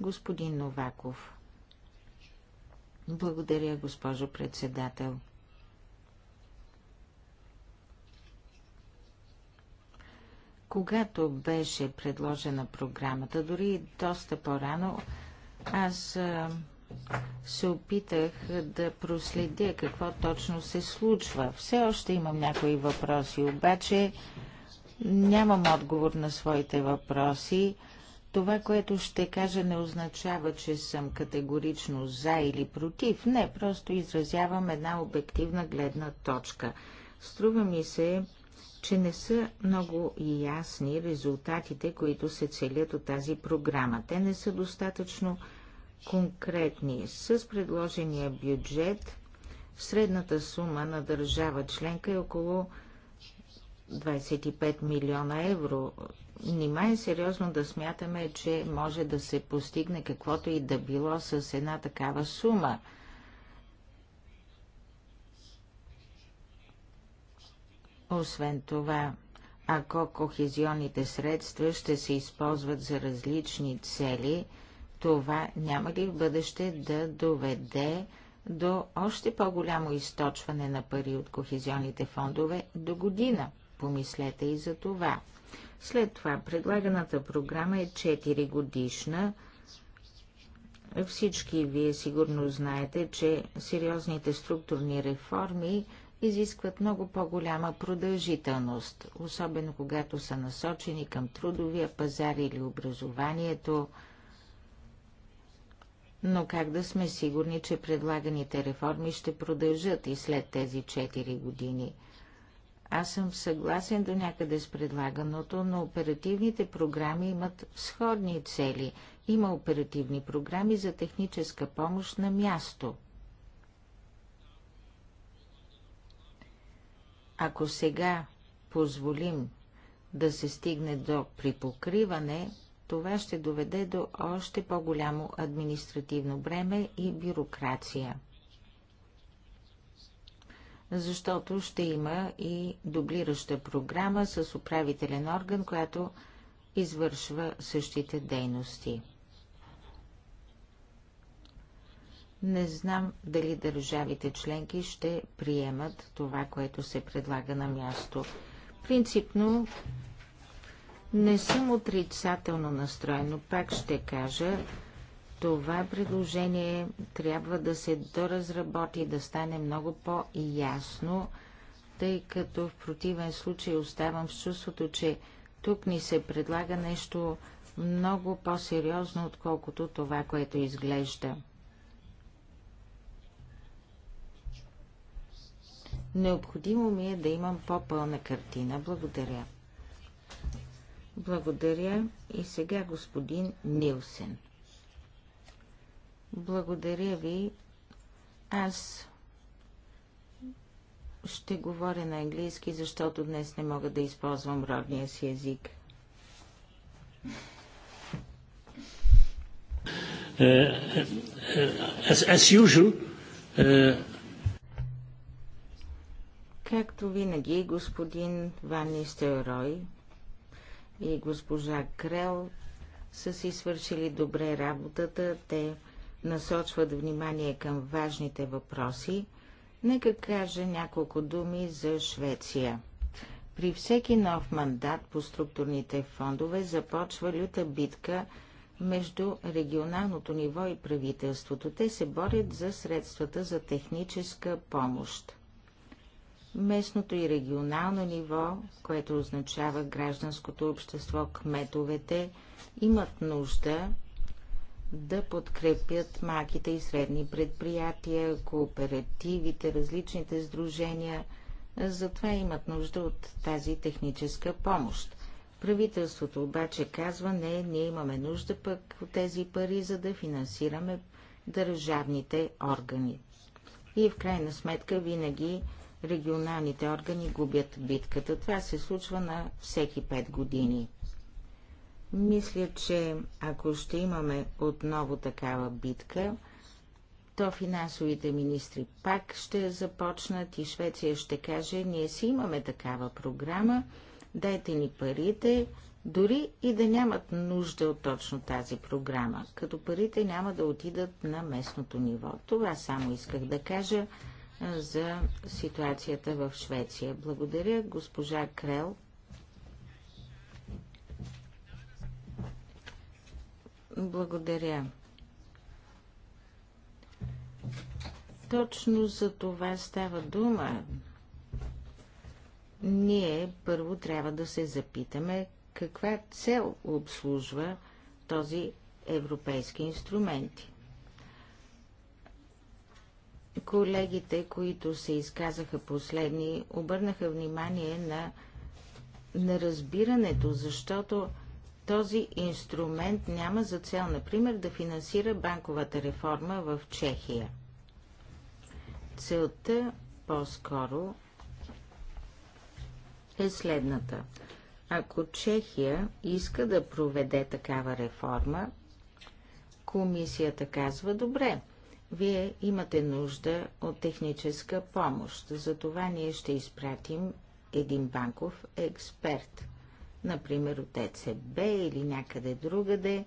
господин Новаков. Благодаря, госпожо председател. Когато беше предложена програмата, дори доста по-рано, аз се опитах да проследя какво точно се случва. Все още имам някои въпроси, обаче нямам отговор на своите въпроси. Това, което ще кажа, не означава, че съм категорично за или против. Не, просто изразявам една обективна гледна точка. Струва ми се, че не са много ясни резултатите, които се целят от тази програма. Те не са достатъчно конкретни. С предложения бюджет средната сума на държава членка е около 25 милиона евро. Нима е сериозно да смятаме, че може да се постигне каквото и да било с една такава сума. Освен това, ако кохезионните средства ще се използват за различни цели – това няма ли в бъдеще да доведе до още по-голямо източване на пари от кохезионните фондове до година? Помислете и за това. След това предлаганата програма е 4 годишна. Всички вие сигурно знаете, че сериозните структурни реформи изискват много по-голяма продължителност, особено когато са насочени към трудовия пазар или образованието но как да сме сигурни, че предлаганите реформи ще продължат и след тези 4 години? Аз съм съгласен до някъде с предлаганото, но оперативните програми имат сходни цели. Има оперативни програми за техническа помощ на място. Ако сега позволим да се стигне до припокриване, това ще доведе до още по-голямо административно бреме и бюрокрация. Защото ще има и дублираща програма с управителен орган, която извършва същите дейности. Не знам дали държавите членки ще приемат това, което се предлага на място. Принципно не съм отрицателно настроено, пак ще кажа, това предложение трябва да се доразработи, да стане много по-ясно, тъй като в противен случай оставам в чувството, че тук ни се предлага нещо много по-сериозно, отколкото това, което изглежда. Необходимо ми е да имам по-пълна картина. Благодаря. Благодаря. И сега господин Нилсен. Благодаря ви. Аз ще говоря на английски, защото днес не мога да използвам родния си език. Uh, as, as usual, uh... Както винаги, господин Ван Нистерой, и госпожа Крел са си свършили добре работата. Те насочват внимание към важните въпроси. Нека кажа няколко думи за Швеция. При всеки нов мандат по структурните фондове започва люта битка между регионалното ниво и правителството. Те се борят за средствата за техническа помощ местното и регионално ниво, което означава гражданското общество, кметовете, имат нужда да подкрепят малките и средни предприятия, кооперативите, различните сдружения. Затова имат нужда от тази техническа помощ. Правителството обаче казва, не, ние имаме нужда пък от тези пари, за да финансираме държавните органи. И в крайна сметка винаги регионалните органи губят битката. Това се случва на всеки 5 години. Мисля, че ако ще имаме отново такава битка, то финансовите министри пак ще започнат и Швеция ще каже, ние си имаме такава програма, дайте ни парите, дори и да нямат нужда от точно тази програма, като парите няма да отидат на местното ниво. Това само исках да кажа за ситуацията в Швеция. Благодаря, госпожа Крел. Благодаря. Точно за това става дума. Ние първо трябва да се запитаме каква цел обслужва този европейски инструмент. Колегите, които се изказаха последни, обърнаха внимание на, на разбирането, защото този инструмент няма за цел, например, да финансира банковата реформа в Чехия. Целта по-скоро е следната. Ако Чехия иска да проведе такава реформа, комисията казва, добре, вие имате нужда от техническа помощ. Затова ние ще изпратим един банков експерт, например от ЕЦБ или някъде другаде.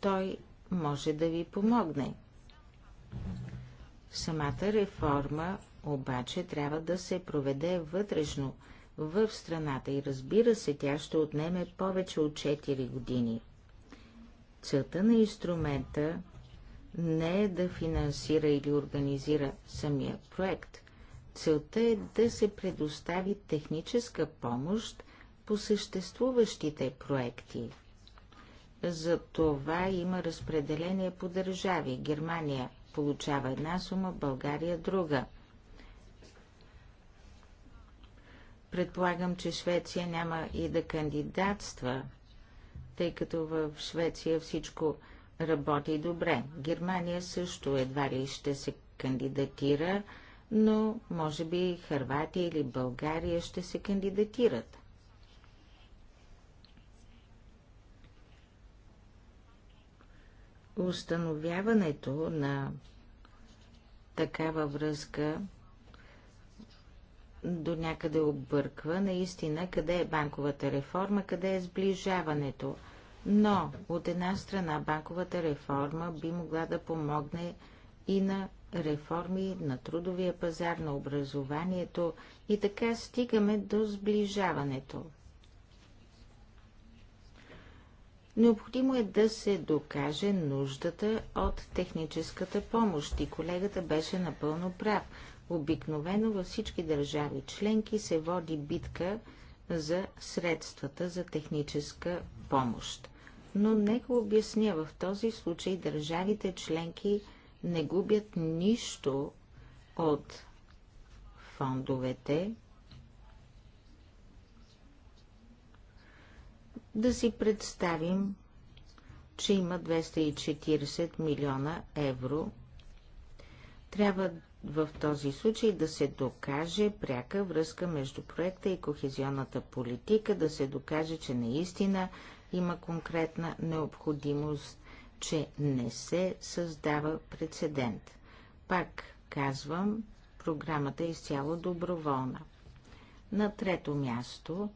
Той може да ви помогне. Самата реформа обаче трябва да се проведе вътрешно в страната и разбира се, тя ще отнеме повече от 4 години. Целта на инструмента не е да финансира или организира самия проект. Целта е да се предостави техническа помощ по съществуващите проекти. За това има разпределение по държави. Германия получава една сума, България друга. Предполагам, че Швеция няма и да кандидатства, тъй като в Швеция всичко работи добре. Германия също едва ли ще се кандидатира, но може би Харватия или България ще се кандидатират. Установяването на такава връзка до някъде обърква наистина къде е банковата реформа, къде е сближаването – но, от една страна, банковата реформа би могла да помогне и на реформи на трудовия пазар, на образованието и така стигаме до сближаването. Необходимо е да се докаже нуждата от техническата помощ и колегата беше напълно прав. Обикновено във всички държави членки се води битка за средствата за техническа помощ. Но нека обясня, в този случай държавите членки не губят нищо от фондовете. Да си представим, че има 240 милиона евро. Трябва в този случай да се докаже пряка връзка между проекта и кохезионната политика, да се докаже, че наистина има конкретна необходимост, че не се създава прецедент. Пак казвам, програмата е изцяло доброволна. На трето място,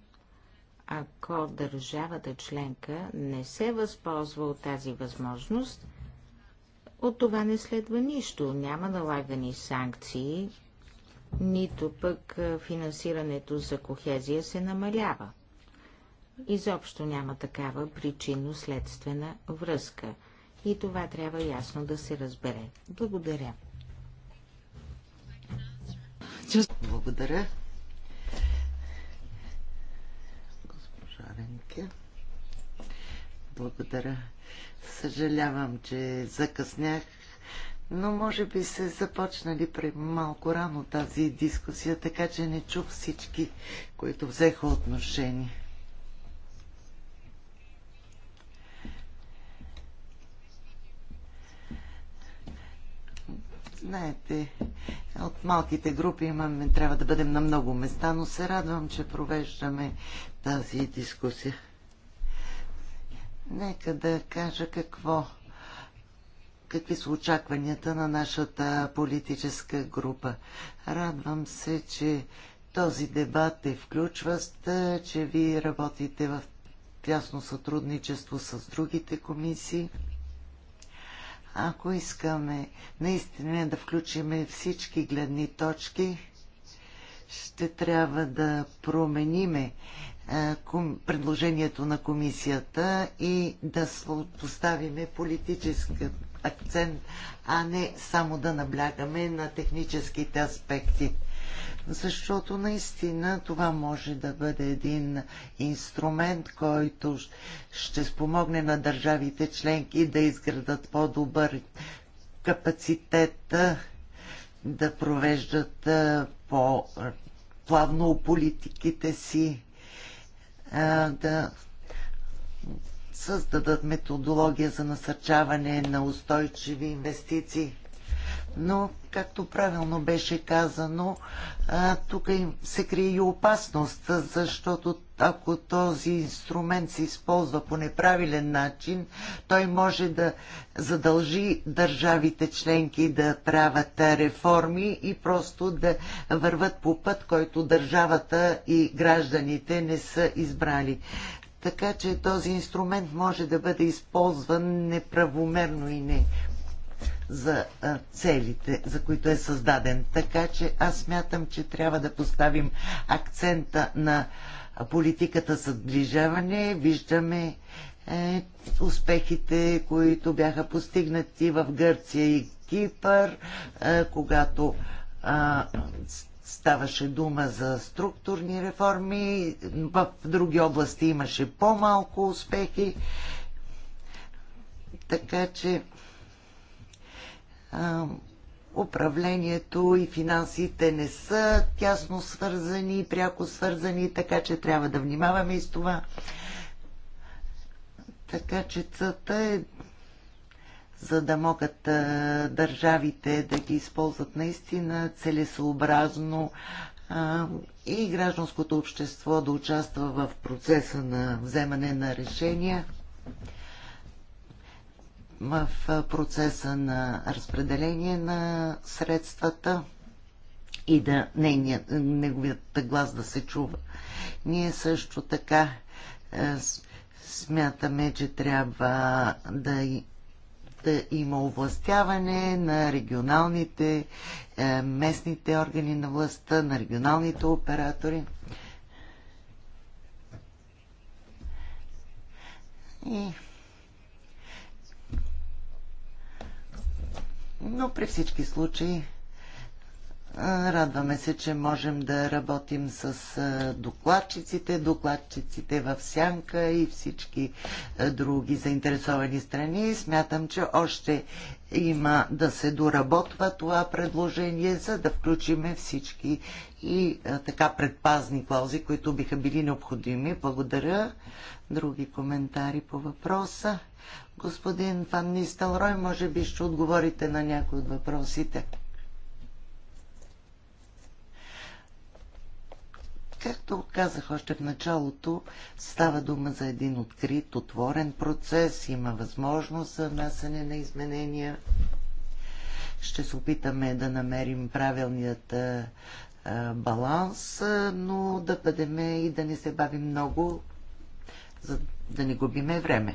ако държавата членка не се възползва от тази възможност, от това не следва нищо. Няма налагани санкции, нито пък финансирането за кохезия се намалява. Изобщо няма такава причинно-следствена връзка. И това трябва ясно да се разбере. Благодаря. Благодаря. Госпожа Ренке. Благодаря. Съжалявам, че закъснях, но може би се започнали малко рано тази дискусия, така че не чух всички, които взеха отношение. Знаете, от малките групи имаме, трябва да бъдем на много места, но се радвам, че провеждаме тази дискусия. Нека да кажа какво какви са очакванията на нашата политическа група. Радвам се, че този дебат е включващ, че вие работите в тясно сътрудничество с другите комисии. Ако искаме наистина да включим всички гледни точки, ще трябва да промениме предложението на комисията и да поставиме политически акцент, а не само да наблягаме на техническите аспекти защото наистина това може да бъде един инструмент, който ще спомогне на държавите членки да изградат по-добър капацитет да провеждат по-плавно политиките си, да създадат методология за насърчаване на устойчиви инвестиции но, както правилно беше казано, тук се крие и опасност, защото ако този инструмент се използва по неправилен начин, той може да задължи държавите членки да правят реформи и просто да върват по път, който държавата и гражданите не са избрали така че този инструмент може да бъде използван неправомерно и не за целите, за които е създаден. Така че аз смятам, че трябва да поставим акцента на политиката съдвижаване. Виждаме е, успехите, които бяха постигнати в Гърция и Кипър, е, когато е, ставаше дума за структурни реформи, в други области имаше по-малко успехи. Така че управлението и финансите не са тясно свързани, пряко свързани, така че трябва да внимаваме и с това. Така че цата е за да могат а, държавите да ги използват наистина целесообразно а, и гражданското общество да участва в процеса на вземане на решения в процеса на разпределение на средствата и да нейният, неговият глас да се чува. Ние също така е, смятаме, че трябва да, да има овластяване на регионалните, е, местните органи на властта, на регионалните оператори. И но при всички случаи Радваме се, че можем да работим с докладчиците, докладчиците в Сянка и всички други заинтересовани страни. Смятам, че още има да се доработва това предложение, за да включиме всички и така предпазни клаузи, които биха били необходими. Благодаря. Други коментари по въпроса? Господин Фан Нистелрой, може би ще отговорите на някои от въпросите. Както казах още в началото, става дума за един открит, отворен процес, има възможност за внасяне на изменения. Ще се опитаме да намерим правилният баланс, но да бъдем и да не се бавим много, за да не губиме време.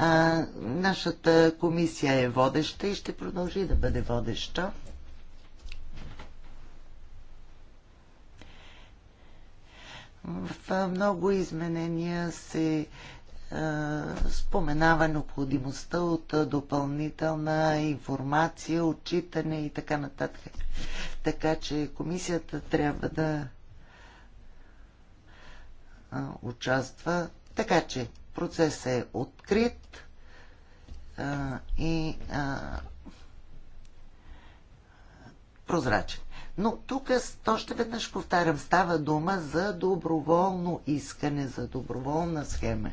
А, нашата комисия е водеща и ще продължи да бъде водеща. В много изменения се споменава необходимостта от допълнителна информация, отчитане и така нататък. Така че комисията трябва да участва. Така че процес е открит а, и а, прозрачен. Но тук още веднъж повтарям, става дума за доброволно искане, за доброволна схема.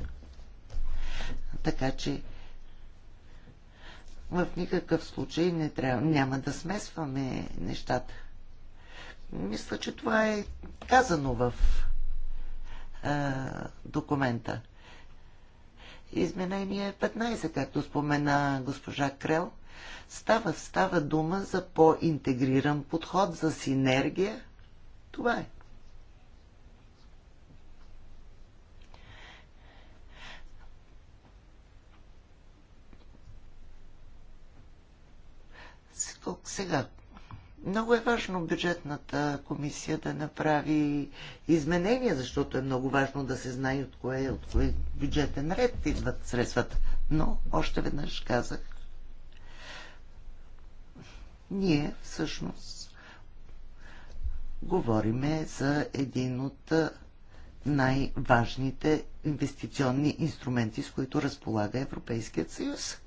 Така че в никакъв случай не трябва, няма да смесваме нещата. Мисля, че това е казано в е, документа изменение 15, както спомена госпожа Крел, става, става дума за по-интегриран подход, за синергия. Това е. Сега, много е важно бюджетната комисия да направи изменения, защото е много важно да се знае от кое, от кое бюджетен ред идват средствата. Но, още веднъж казах, ние всъщност говориме за един от най-важните инвестиционни инструменти, с които разполага Европейският съюз.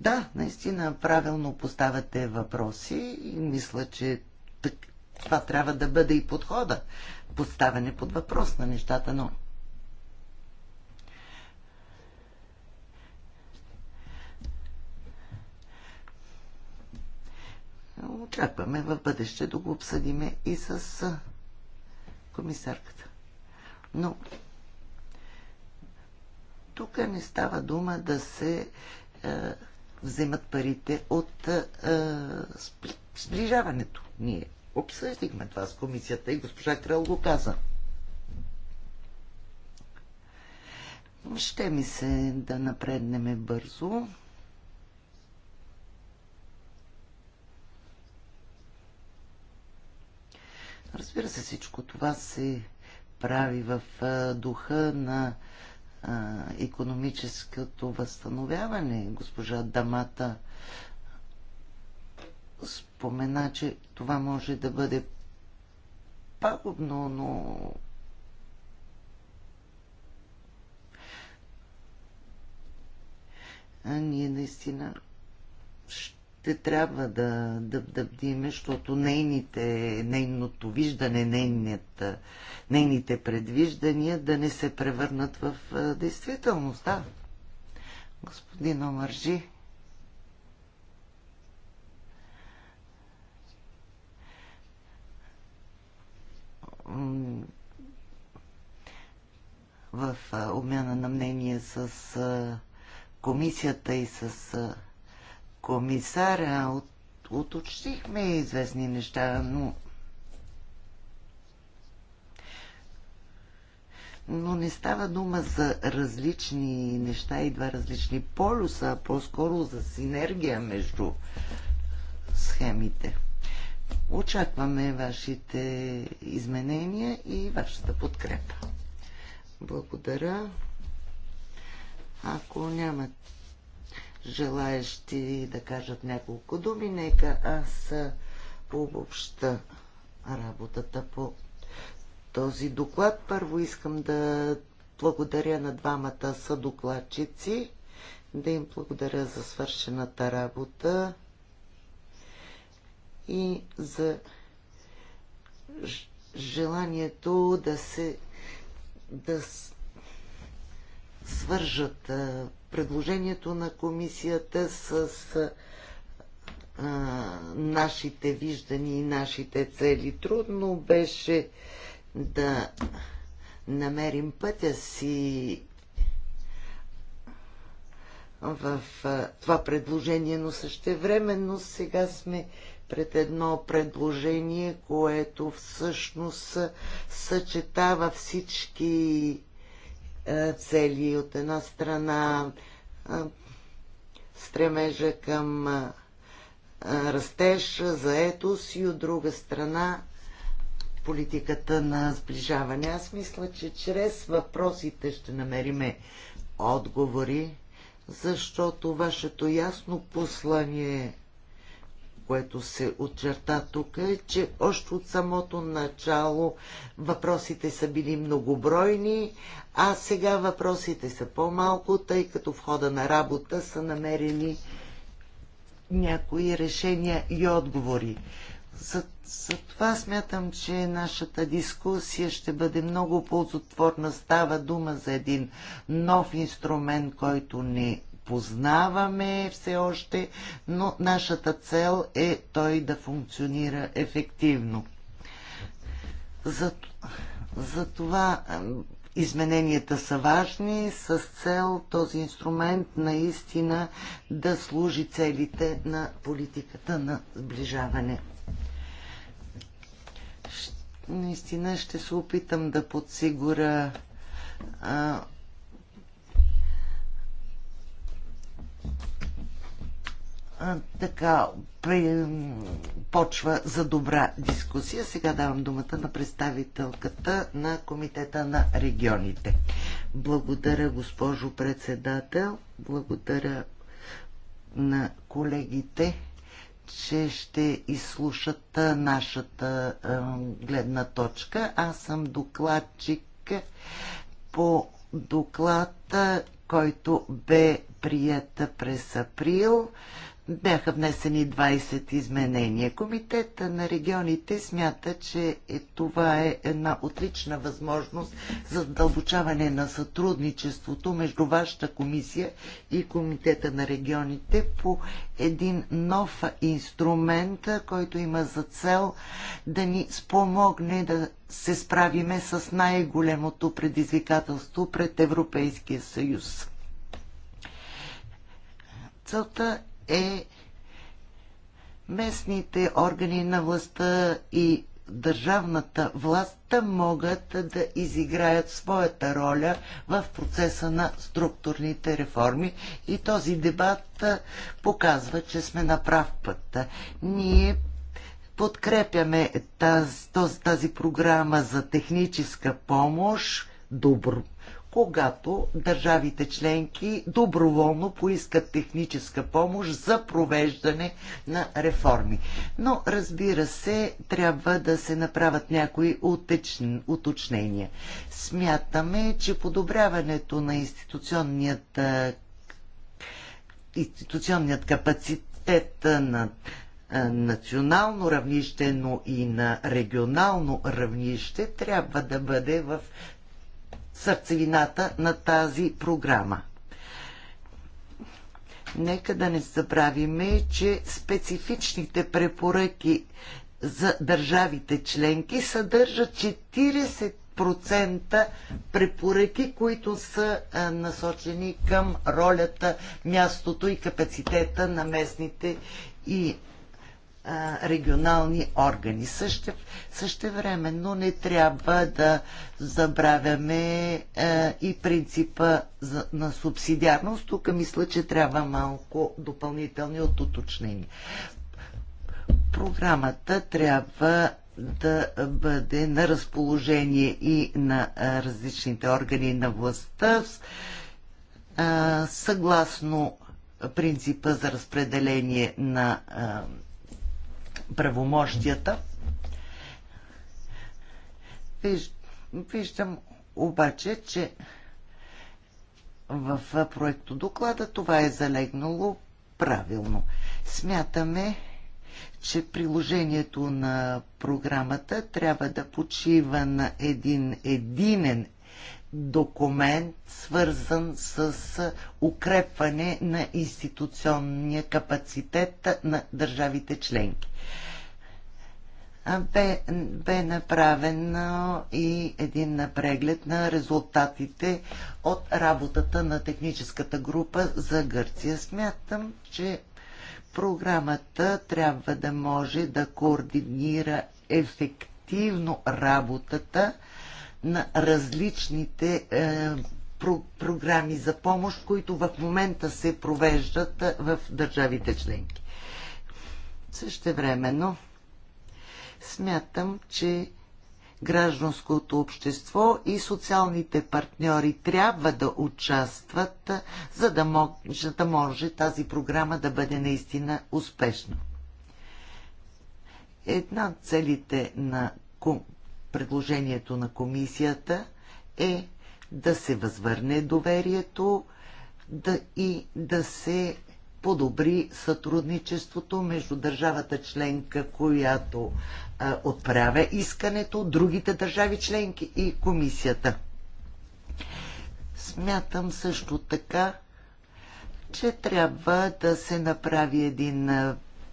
Да, наистина правилно поставяте въпроси и мисля, че так, това трябва да бъде и подхода. Поставяне под въпрос на нещата, но Очакваме в бъдеще да го обсъдиме и с комисарката. Но тук не става дума да се е, вземат парите от а, сближаването. Ние обсъждахме това с комисията и госпожа Крал го каза. Ще ми се да напреднеме бързо. Разбира се, всичко това се прави в духа на економическото възстановяване. Госпожа Дамата спомена, че това може да бъде пагубно, но ние наистина ще ще трябва да, да, да бдиме, защото нейните, нейното виждане, нейният, нейните предвиждания да не се превърнат в действителност. Да. Господин Омържи. в обмяна на мнение с комисията и с комисара от, уточнихме известни неща, но но не става дума за различни неща и два различни полюса, а по-скоро за синергия между схемите. Очакваме вашите изменения и вашата подкрепа. Благодаря. Ако нямате желаещи да кажат няколко думи. Нека аз пообобща работата по този доклад. Първо искам да благодаря на двамата съдокладчици, да им благодаря за свършената работа и за желанието да се да свържат предложението на комисията с а, нашите виждани и нашите цели. Трудно беше да намерим пътя си в а, това предложение, но същевременно сега сме пред едно предложение, което всъщност съчетава всички е, цели. От една страна е, стремежа към е, растеж, заетост и от друга страна политиката на сближаване. Аз мисля, че чрез въпросите ще намериме отговори, защото вашето ясно послание което се очерта тук, е, че още от самото начало въпросите са били многобройни, а сега въпросите са по-малко, тъй като в хода на работа са намерени някои решения и отговори. За, за това смятам, че нашата дискусия ще бъде много ползотворна. Става дума за един нов инструмент, който не познаваме все още, но нашата цел е той да функционира ефективно. За, за това измененията са важни с цел този инструмент наистина да служи целите на политиката на сближаване. Наистина ще се опитам да подсигура така при, почва за добра дискусия. Сега давам думата на представителката на Комитета на регионите. Благодаря, госпожо председател. Благодаря на колегите, че ще изслушат нашата е, гледна точка. Аз съм докладчик по доклад, който бе прият през април бяха внесени 20 изменения. Комитета на регионите смята, че е, това е една отлична възможност за дълбочаване на сътрудничеството между вашата комисия и Комитета на регионите по един нов инструмент, който има за цел да ни спомогне да се справиме с най-големото предизвикателство пред Европейския съюз. Целта е местните органи на властта и държавната власт да могат да изиграят своята роля в процеса на структурните реформи и този дебат показва, че сме на прав път. Ние подкрепяме тази, тази програма за техническа помощ, добро, когато държавите членки доброволно поискат техническа помощ за провеждане на реформи. Но, разбира се, трябва да се направят някои уточнения. Смятаме, че подобряването на институционният, институционният капацитет на национално равнище, но и на регионално равнище трябва да бъде в сърцевината на тази програма. Нека да не забравиме, че специфичните препоръки за държавите членки съдържат 40% препоръки, които са насочени към ролята, мястото и капацитета на местните и регионални органи. Също, същевременно не трябва да забравяме а, и принципа за, на субсидиарност. Тук мисля, че трябва малко допълнителни от уточнения. Програмата трябва да бъде на разположение и на различните органи на властта, съгласно принципа за разпределение на правомощията. Виж, виждам обаче, че в проекто доклада това е залегнало правилно. Смятаме, че приложението на програмата трябва да почива на един единен документ, свързан с укрепване на институционния капацитет на държавите членки. Бе, бе направен и един преглед на резултатите от работата на техническата група за Гърция. Смятам, че програмата трябва да може да координира ефективно работата на различните е, про- програми за помощ, които в момента се провеждат е, в държавите членки. Същевременно смятам, че гражданското общество и социалните партньори трябва да участват, е, за да може, да може тази програма да бъде наистина успешна. Една от целите на предложението на комисията е да се възвърне доверието да, и да се подобри сътрудничеството между държавата членка, която а, отправя искането, другите държави членки и комисията. Смятам също така, че трябва да се направи един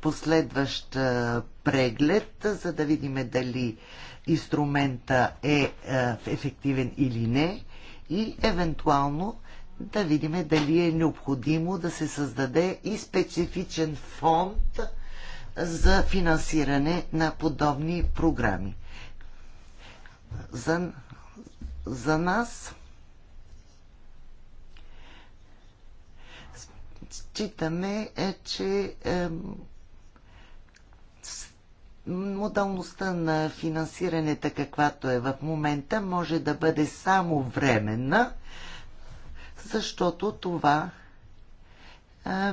последващ преглед, за да видим дали инструмента е, е ефективен или не и евентуално да видим дали е необходимо да се създаде и специфичен фонд за финансиране на подобни програми. За, за нас считаме, е, че е, модалността на финансирането, каквато е в момента, може да бъде само временна, защото това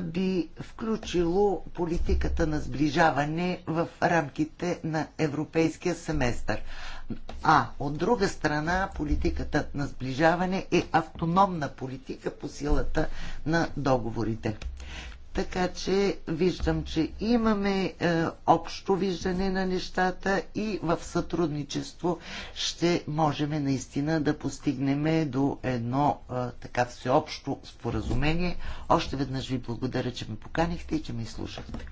би включило политиката на сближаване в рамките на европейския семестър. А от друга страна, политиката на сближаване е автономна политика по силата на договорите. Така че виждам, че имаме е, общо виждане на нещата и в сътрудничество ще можем наистина да постигнем до едно е, така всеобщо споразумение. Още веднъж ви благодаря, че ме поканихте и че ме слушахте.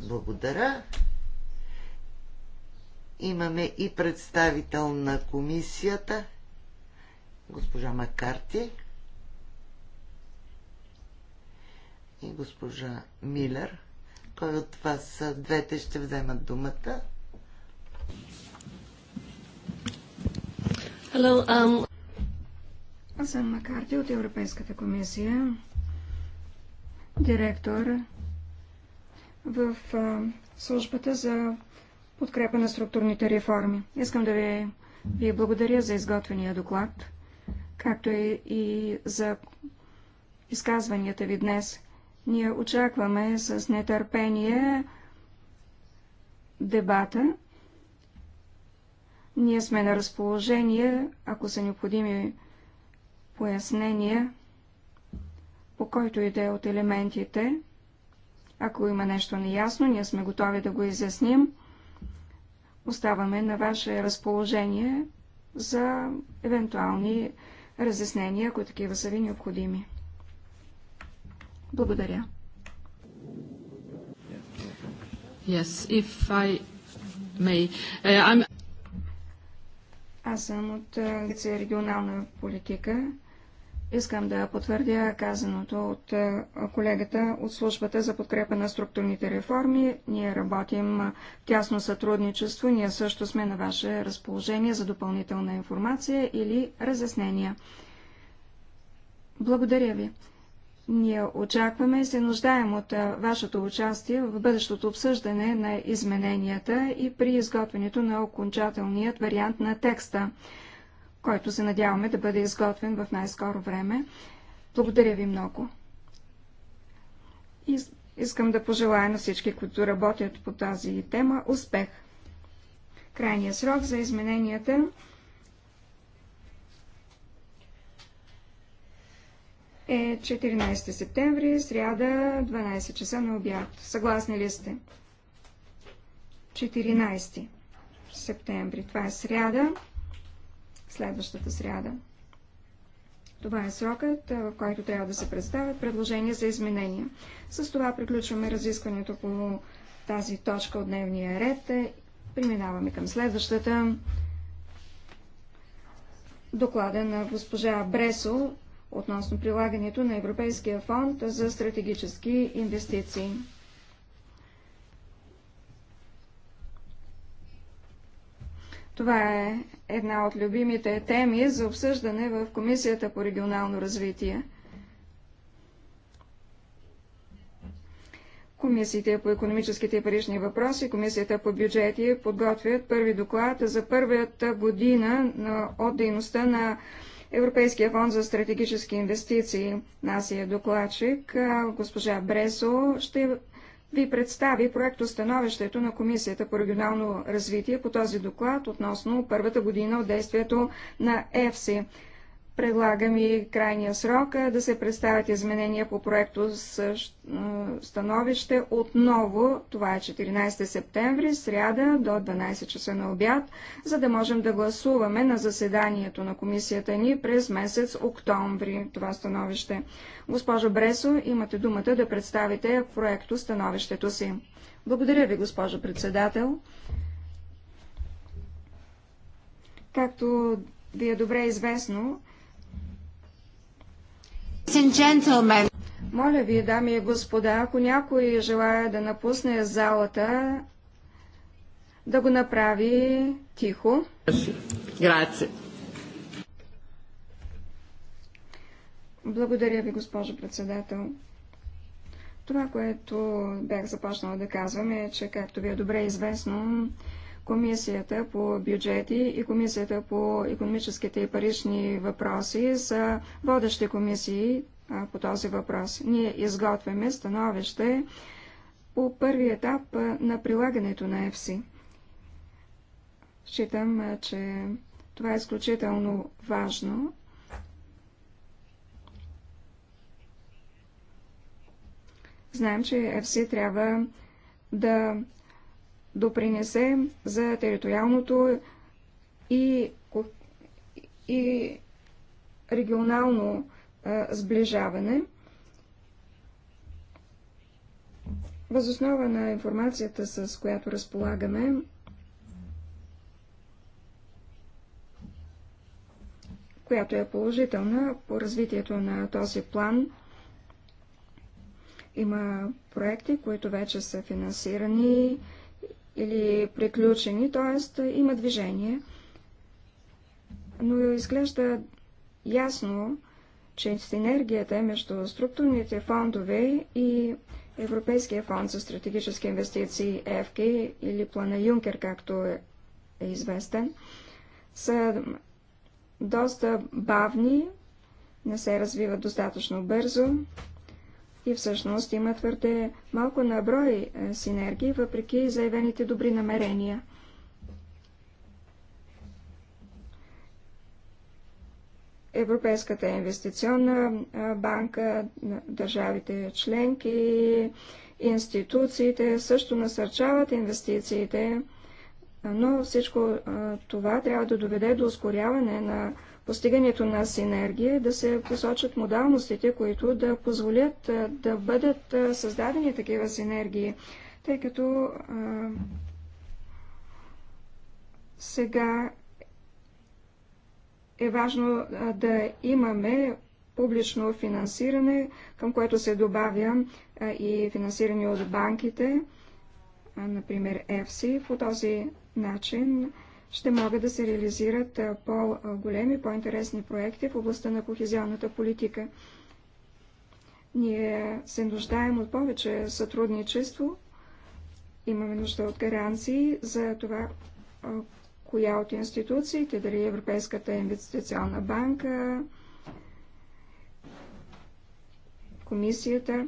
Благодаря. Имаме и представител на комисията, госпожа Макарти. и госпожа Милер. Кой от вас двете ще вземат думата? Hello, um... Аз съм Макарти от Европейската комисия, директор в службата за подкрепа на структурните реформи. Искам да ви, ви благодаря за изготвения доклад, както и, и за изказванията ви днес. Ние очакваме с нетърпение дебата. Ние сме на разположение, ако са необходими пояснения, по който иде от елементите. Ако има нещо неясно, ние сме готови да го изясним. Оставаме на ваше разположение за евентуални разяснения, ако такива са ви необходими. Благодаря. Yes, if I may. Uh, I'm... Аз съм от лице uh, регионална политика. Искам да потвърдя казаното от uh, колегата от службата за подкрепа на структурните реформи. Ние работим в тясно сътрудничество. Ние също сме на ваше разположение за допълнителна информация или разяснения. Благодаря ви. Ние очакваме и се нуждаем от вашето участие в бъдещото обсъждане на измененията и при изготвянето на окончателният вариант на текста, който се надяваме да бъде изготвен в най-скоро време. Благодаря ви много. И искам да пожелая на всички, които работят по тази тема, успех. Крайният срок за измененията е 14 септември, сряда, 12 часа на обяд. Съгласни ли сте? 14 септември. Това е сряда, следващата сряда. Това е срокът, в който трябва да се представят предложения за изменения. С това приключваме разискването по тази точка от дневния ред. Е, преминаваме към следващата доклада на госпожа Бресо относно прилагането на Европейския фонд за стратегически инвестиции. Това е една от любимите теми за обсъждане в Комисията по регионално развитие. Комисията по економическите и парични въпроси, Комисията по бюджети подготвят първи доклад за първата година от дейността на Европейския фонд за стратегически инвестиции. Нас е докладчик. Госпожа Бресо ще ви представи проекто становището на Комисията по регионално развитие по този доклад относно първата година от действието на ЕФСИ. Предлагам и крайния срок е, да се представят изменения по проекто с становище отново. Това е 14 септември, сряда до 12 часа на обяд, за да можем да гласуваме на заседанието на комисията ни през месец октомври това становище. Госпожо Бресо, имате думата да представите проекто становището си. Благодаря ви, госпожо председател. Както ви е добре известно, моля ви, дами и господа, ако някой желая да напусне залата, да го направи тихо. Грация. Благодаря ви, госпожо председател. Това, което бях започнала да казвам е, че, както ви е добре известно, Комисията по бюджети и Комисията по економическите и парични въпроси са водещи комисии по този въпрос. Ние изготвяме становище по първи етап на прилагането на ЕФСИ. Считам, че това е изключително важно. Знаем, че ЕФСИ трябва да допринесе за териториалното и, и регионално а, сближаване. Възоснова на информацията, с която разполагаме, която е положителна по развитието на този план. Има проекти, които вече са финансирани, или приключени, т.е. има движение. Но изглежда ясно, че синергията между структурните фондове и Европейския фонд за стратегически инвестиции ЕФК или плана Юнкер, както е, е известен, са доста бавни, не се развиват достатъчно бързо и всъщност има твърде малко наброй е, синергии, въпреки заявените добри намерения. Европейската инвестиционна е, банка, държавите членки, институциите също насърчават инвестициите, но всичко е, това трябва да доведе до ускоряване на постигането на синергия е да се посочат модалностите, които да позволят да бъдат създадени такива синергии, тъй като а, сега е важно да имаме публично финансиране, към което се добавя и финансиране от банките, например EFSI. По този начин ще могат да се реализират по-големи, по-интересни проекти в областта на кохезионната политика. Ние се нуждаем от повече сътрудничество, имаме нужда от гаранции за това, коя от институциите, дали е Европейската инвестиционна банка, комисията,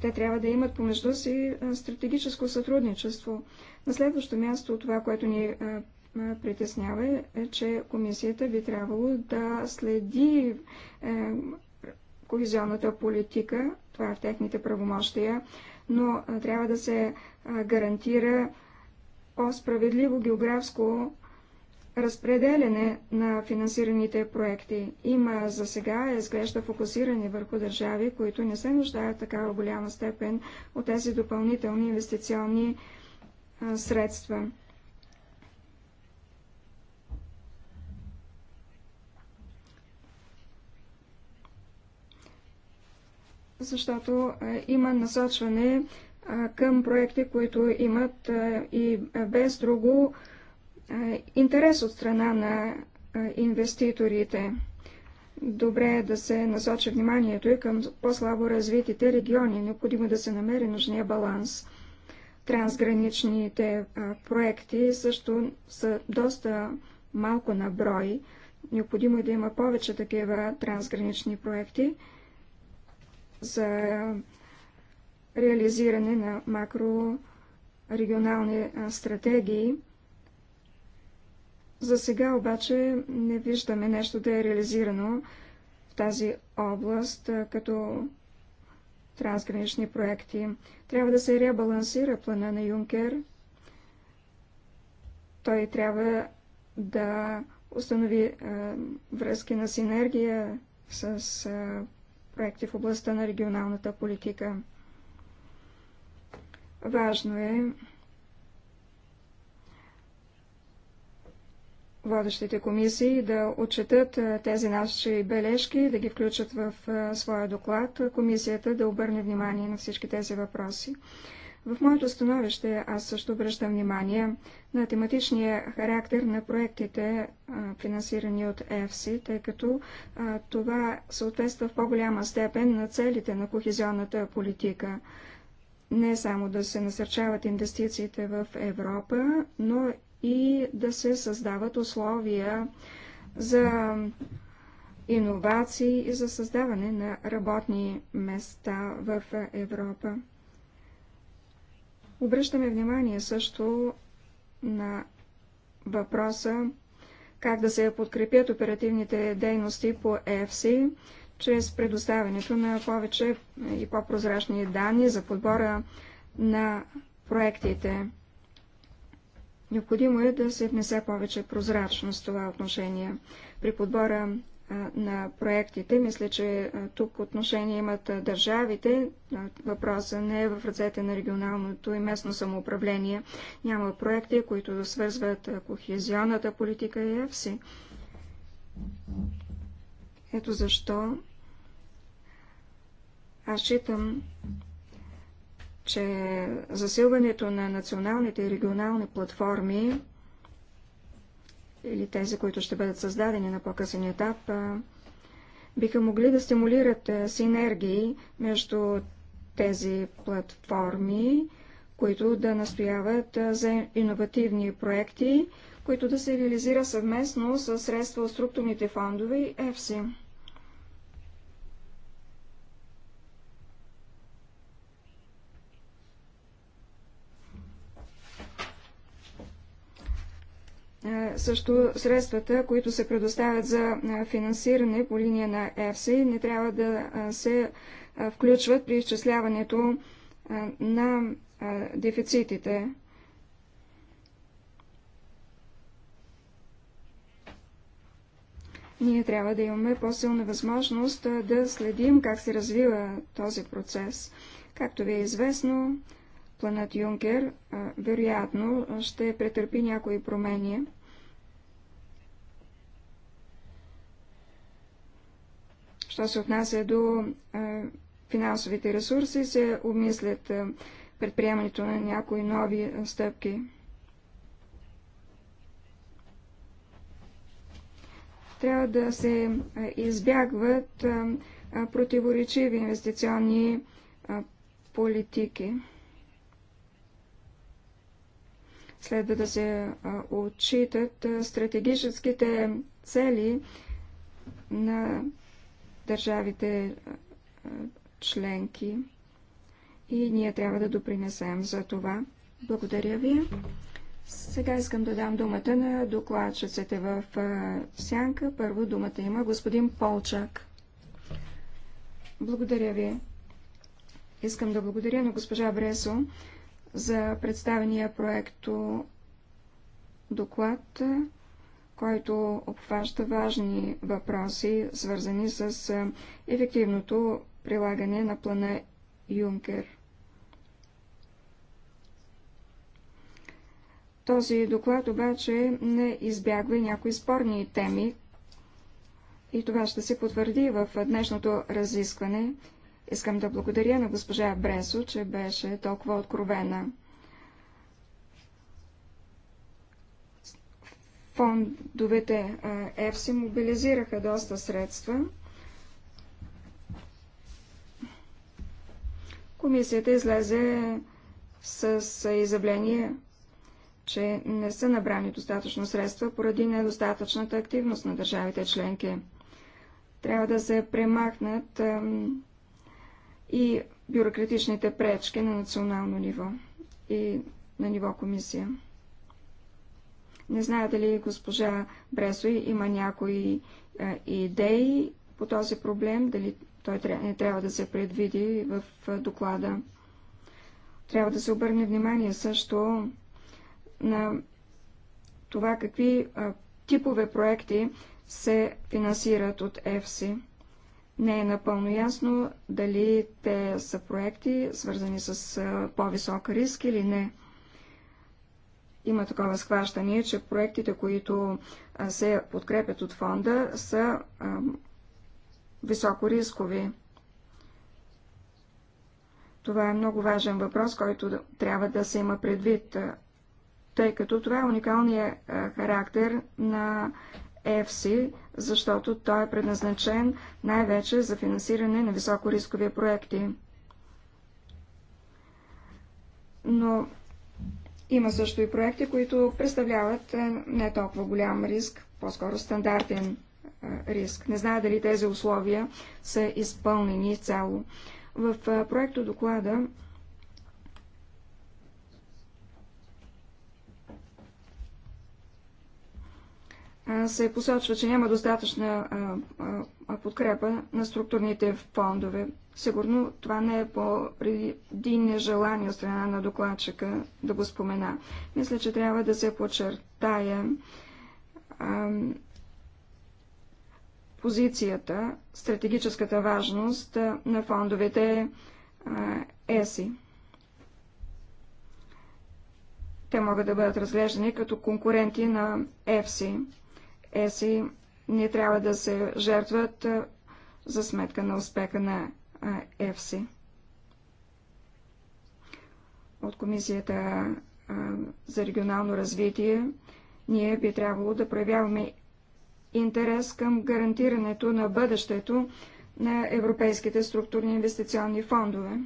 те трябва да имат помежду си стратегическо сътрудничество. На следващо място това, което ни притеснява е, че комисията би трябвало да следи е, кохезионната политика, това е в техните правомощия, но трябва да се гарантира по-справедливо географско разпределяне на финансираните проекти. Има за сега, изглежда, фокусирани върху държави, които не се нуждаят такава голяма степен от тези допълнителни инвестиционни средства. защото има насочване към проекти, които имат и без друго интерес от страна на инвеститорите. Добре е да се насочи вниманието и към по-слабо развитите региони. Необходимо е да се намери нужния баланс. Трансграничните проекти също са доста малко на брой. Необходимо е да има повече такива трансгранични проекти за реализиране на макрорегионални стратегии. За сега обаче не виждаме нещо да е реализирано в тази област като трансгранични проекти. Трябва да се ребалансира плана на Юнкер. Той трябва да установи връзки на синергия с проекти в областта на регионалната политика. Важно е водещите комисии да отчетат тези наши бележки, да ги включат в своя доклад, комисията да обърне внимание на всички тези въпроси. В моето становище аз също обръщам внимание на тематичния характер на проектите, финансирани от ЕФСИ, тъй като това съответства в по-голяма степен на целите на кохезионната политика. Не само да се насърчават инвестициите в Европа, но и да се създават условия за иновации и за създаване на работни места в Европа. Обръщаме внимание също на въпроса как да се подкрепят оперативните дейности по EFC чрез предоставянето на повече и по-прозрачни данни за подбора на проектите. Необходимо е да се внесе повече прозрачност в това отношение. При подбора на проектите. Мисля, че тук отношение имат държавите. Въпросът не е в ръцете на регионалното и местно самоуправление. Няма проекти, които да свързват кохезионната политика и ЕФСИ. Ето защо аз считам, че засилването на националните и регионални платформи или тези, които ще бъдат създадени на по-късен етап, биха могли да стимулират синергии между тези платформи, които да настояват за иновативни проекти, които да се реализира съвместно с средства от структурните фондове и ЕФСИ. Е, също средствата, които се предоставят за е, финансиране по линия на ЕФСИ, не трябва да е, се включват при изчисляването на дефицитите. Ние трябва да имаме по-силна възможност да следим как се развива този процес. Както ви е известно, планът Юнкер вероятно ще претърпи някои промени. Що се отнася до финансовите ресурси, се обмислят предприемането на някои нови стъпки. Трябва да се избягват противоречиви инвестиционни политики. Следва да се отчитат стратегическите цели на държавите членки и ние трябва да допринесем за това. Благодаря ви. Сега искам да дам думата на докладчиците в сянка. Първо думата има господин Полчак. Благодаря ви. Искам да благодаря на госпожа Бресо за представения проекто доклад, който обхваща важни въпроси, свързани с ефективното прилагане на плана Юнкер. Този доклад обаче не избягва и някои спорни теми, и това ще се потвърди в днешното разискване. Искам да благодаря на госпожа Бресо, че беше толкова откровена. Фондовете ЕФСИ мобилизираха доста средства. Комисията излезе с изявление, че не са набрани достатъчно средства поради недостатъчната активност на държавите членки. Трябва да се премахнат и бюрократичните пречки на национално ниво и на ниво комисия. Не зная дали госпожа Бресо има някои идеи по този проблем, дали той не трябва да се предвиди в доклада. Трябва да се обърне внимание също на това какви типове проекти се финансират от ЕФСИ. Не е напълно ясно дали те са проекти, свързани с по-висок риск или не. Има такова схващане, че проектите, които се подкрепят от фонда, са високо рискови. Това е много важен въпрос, който трябва да се има предвид, тъй като това е уникалният характер на ЕФСИ, защото той е предназначен най-вече за финансиране на високорискови проекти. Но има също и проекти, които представляват е, не толкова голям риск, по-скоро стандартен е, риск. Не знае дали тези условия са изпълнени цяло. В е, проекто доклада се посочва, че няма достатъчна подкрепа на структурните фондове. Сигурно това не е поради нежелание от страна на докладчика да го спомена. Мисля, че трябва да се подчертая позицията, стратегическата важност на фондовете ЕСИ. Те могат да бъдат разглеждани като конкуренти на ЕФСИ. ЕСИ не трябва да се жертват за сметка на успеха на ЕФСИ. От Комисията за регионално развитие ние би трябвало да проявяваме интерес към гарантирането на бъдещето на европейските структурни инвестиционни фондове.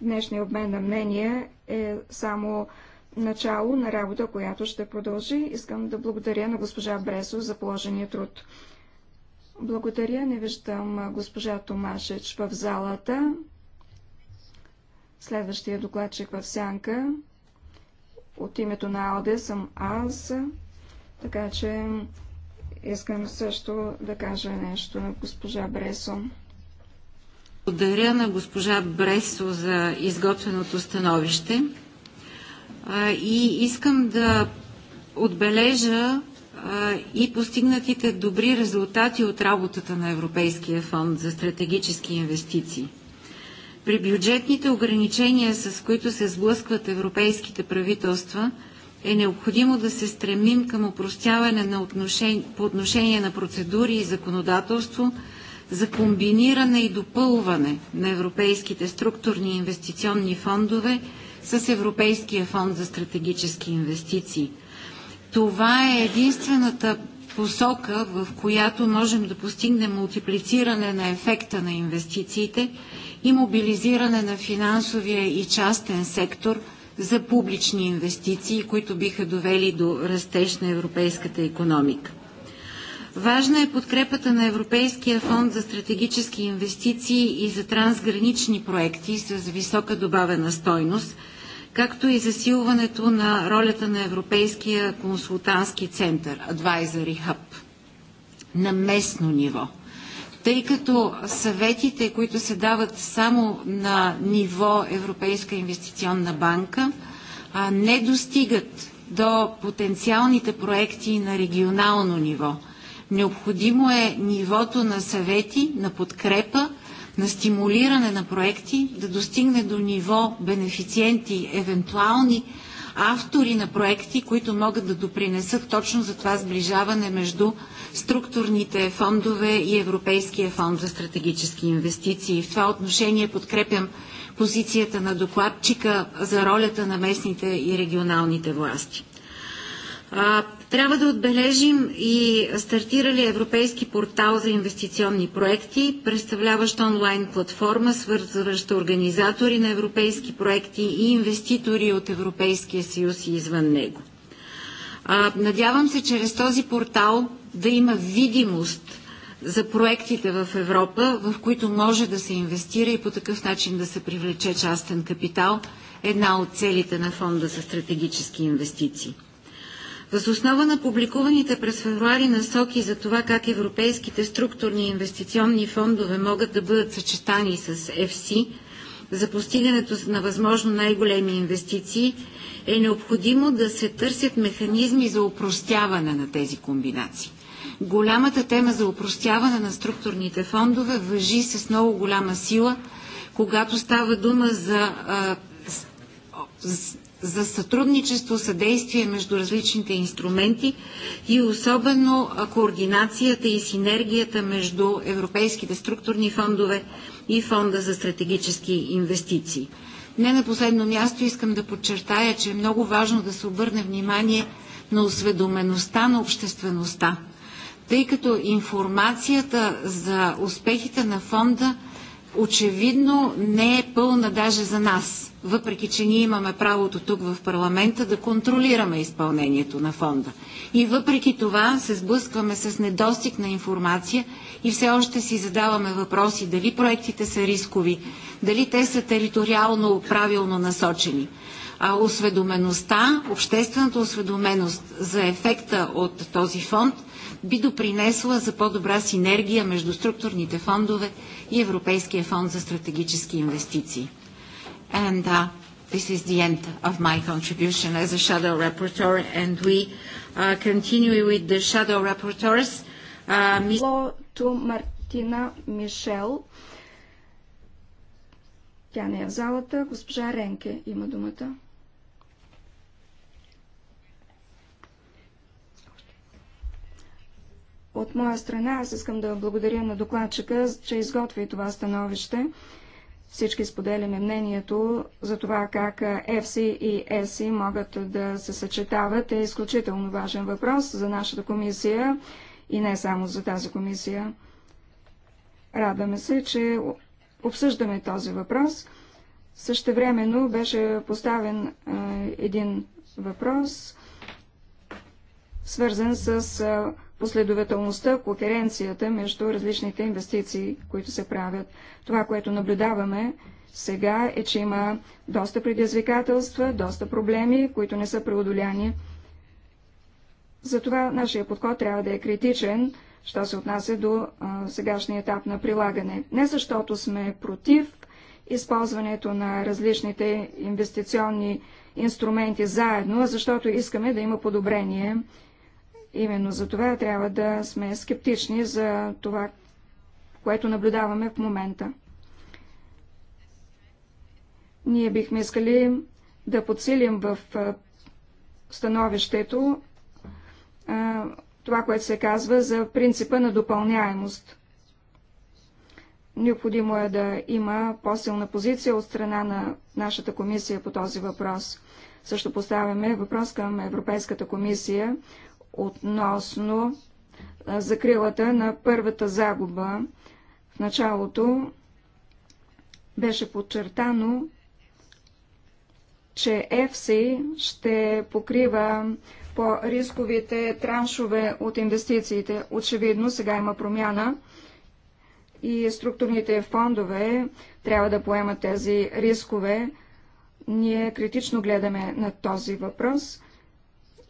Днешният обмен на мнение е само начало на работа, която ще продължи. Искам да благодаря на госпожа Бресо за положения труд. Благодаря, не виждам госпожа Томашеч в залата. Следващия докладчик в сянка. От името на АОДЕ съм аз, така че искам също да кажа нещо на госпожа Бресо. Благодаря на госпожа Бресо за изготвеното становище и искам да отбележа и постигнатите добри резултати от работата на Европейския фонд за стратегически инвестиции. При бюджетните ограничения, с които се сблъскват европейските правителства, е необходимо да се стремим към упростяване на отношение, по отношение на процедури и законодателство за комбиниране и допълване на европейските структурни инвестиционни фондове – с Европейския фонд за стратегически инвестиции. Това е единствената посока, в която можем да постигнем мултиплициране на ефекта на инвестициите и мобилизиране на финансовия и частен сектор за публични инвестиции, които биха довели до растеж на европейската економика. Важна е подкрепата на Европейския фонд за стратегически инвестиции и за трансгранични проекти с висока добавена стойност – както и засилването на ролята на Европейския консултантски център, Advisory Hub, на местно ниво. Тъй като съветите, които се дават само на ниво Европейска инвестиционна банка, не достигат до потенциалните проекти на регионално ниво. Необходимо е нивото на съвети, на подкрепа на стимулиране на проекти, да достигне до ниво бенефициенти, евентуални автори на проекти, които могат да допринесат точно за това сближаване между структурните фондове и Европейския фонд за стратегически инвестиции. В това отношение подкрепям позицията на докладчика за ролята на местните и регионалните власти. Трябва да отбележим и стартирали Европейски портал за инвестиционни проекти, представляващ онлайн платформа, свързваща организатори на европейски проекти и инвеститори от Европейския съюз и извън него. Надявам се чрез този портал да има видимост за проектите в Европа, в които може да се инвестира и по такъв начин да се привлече частен капитал, една от целите на фонда за стратегически инвестиции. Въз основа на публикуваните през февруари насоки за това как европейските структурни и инвестиционни фондове могат да бъдат съчетани с ЕФСИ за постигането на възможно най-големи инвестиции, е необходимо да се търсят механизми за упростяване на тези комбинации. Голямата тема за упростяване на структурните фондове въжи с много голяма сила, когато става дума за а, за сътрудничество, съдействие между различните инструменти и особено координацията и синергията между европейските структурни фондове и Фонда за стратегически инвестиции. Не на последно място искам да подчертая, че е много важно да се обърне внимание на осведомеността на обществеността, тъй като информацията за успехите на фонда очевидно не е пълна даже за нас – въпреки че ние имаме правото тук в парламента да контролираме изпълнението на фонда. И въпреки това се сблъскваме с недостиг на информация и все още си задаваме въпроси дали проектите са рискови, дали те са териториално правилно насочени. А осведомеността, обществената осведоменост за ефекта от този фонд би допринесла за по-добра синергия между структурните фондове и Европейския фонд за стратегически инвестиции. And uh, this is the end of my contribution as a shadow rapporteur. And we uh, continue with the shadow rapporteurs. Uh, to Martina Michel. Тя не е в залата. Госпожа Ренке има думата. От моя страна аз искам да благодаря на докладчика, че изготви това становище. Всички споделяме мнението за това как ЕФСИ и ЕСИ могат да се съчетават е изключително важен въпрос за нашата комисия и не само за тази комисия. Радваме се, че обсъждаме този въпрос. Същевременно беше поставен един въпрос, свързан с последователността, кохеренцията между различните инвестиции, които се правят. Това, което наблюдаваме сега е, че има доста предизвикателства, доста проблеми, които не са преодоляни. Затова нашия подход трябва да е критичен, що се отнася до а, сегашния етап на прилагане. Не защото сме против използването на различните инвестиционни инструменти заедно, а защото искаме да има подобрение Именно за това трябва да сме скептични за това, което наблюдаваме в момента. Ние бихме искали да подсилим в становището това, което се казва за принципа на допълняемост. Необходимо е да има по-силна позиция от страна на нашата комисия по този въпрос. Също поставяме въпрос към Европейската комисия относно закрилата на първата загуба. В началото беше подчертано, че ЕфСи ще покрива по-рисковите траншове от инвестициите. Очевидно, сега има промяна и структурните фондове трябва да поемат тези рискове. Ние критично гледаме на този въпрос.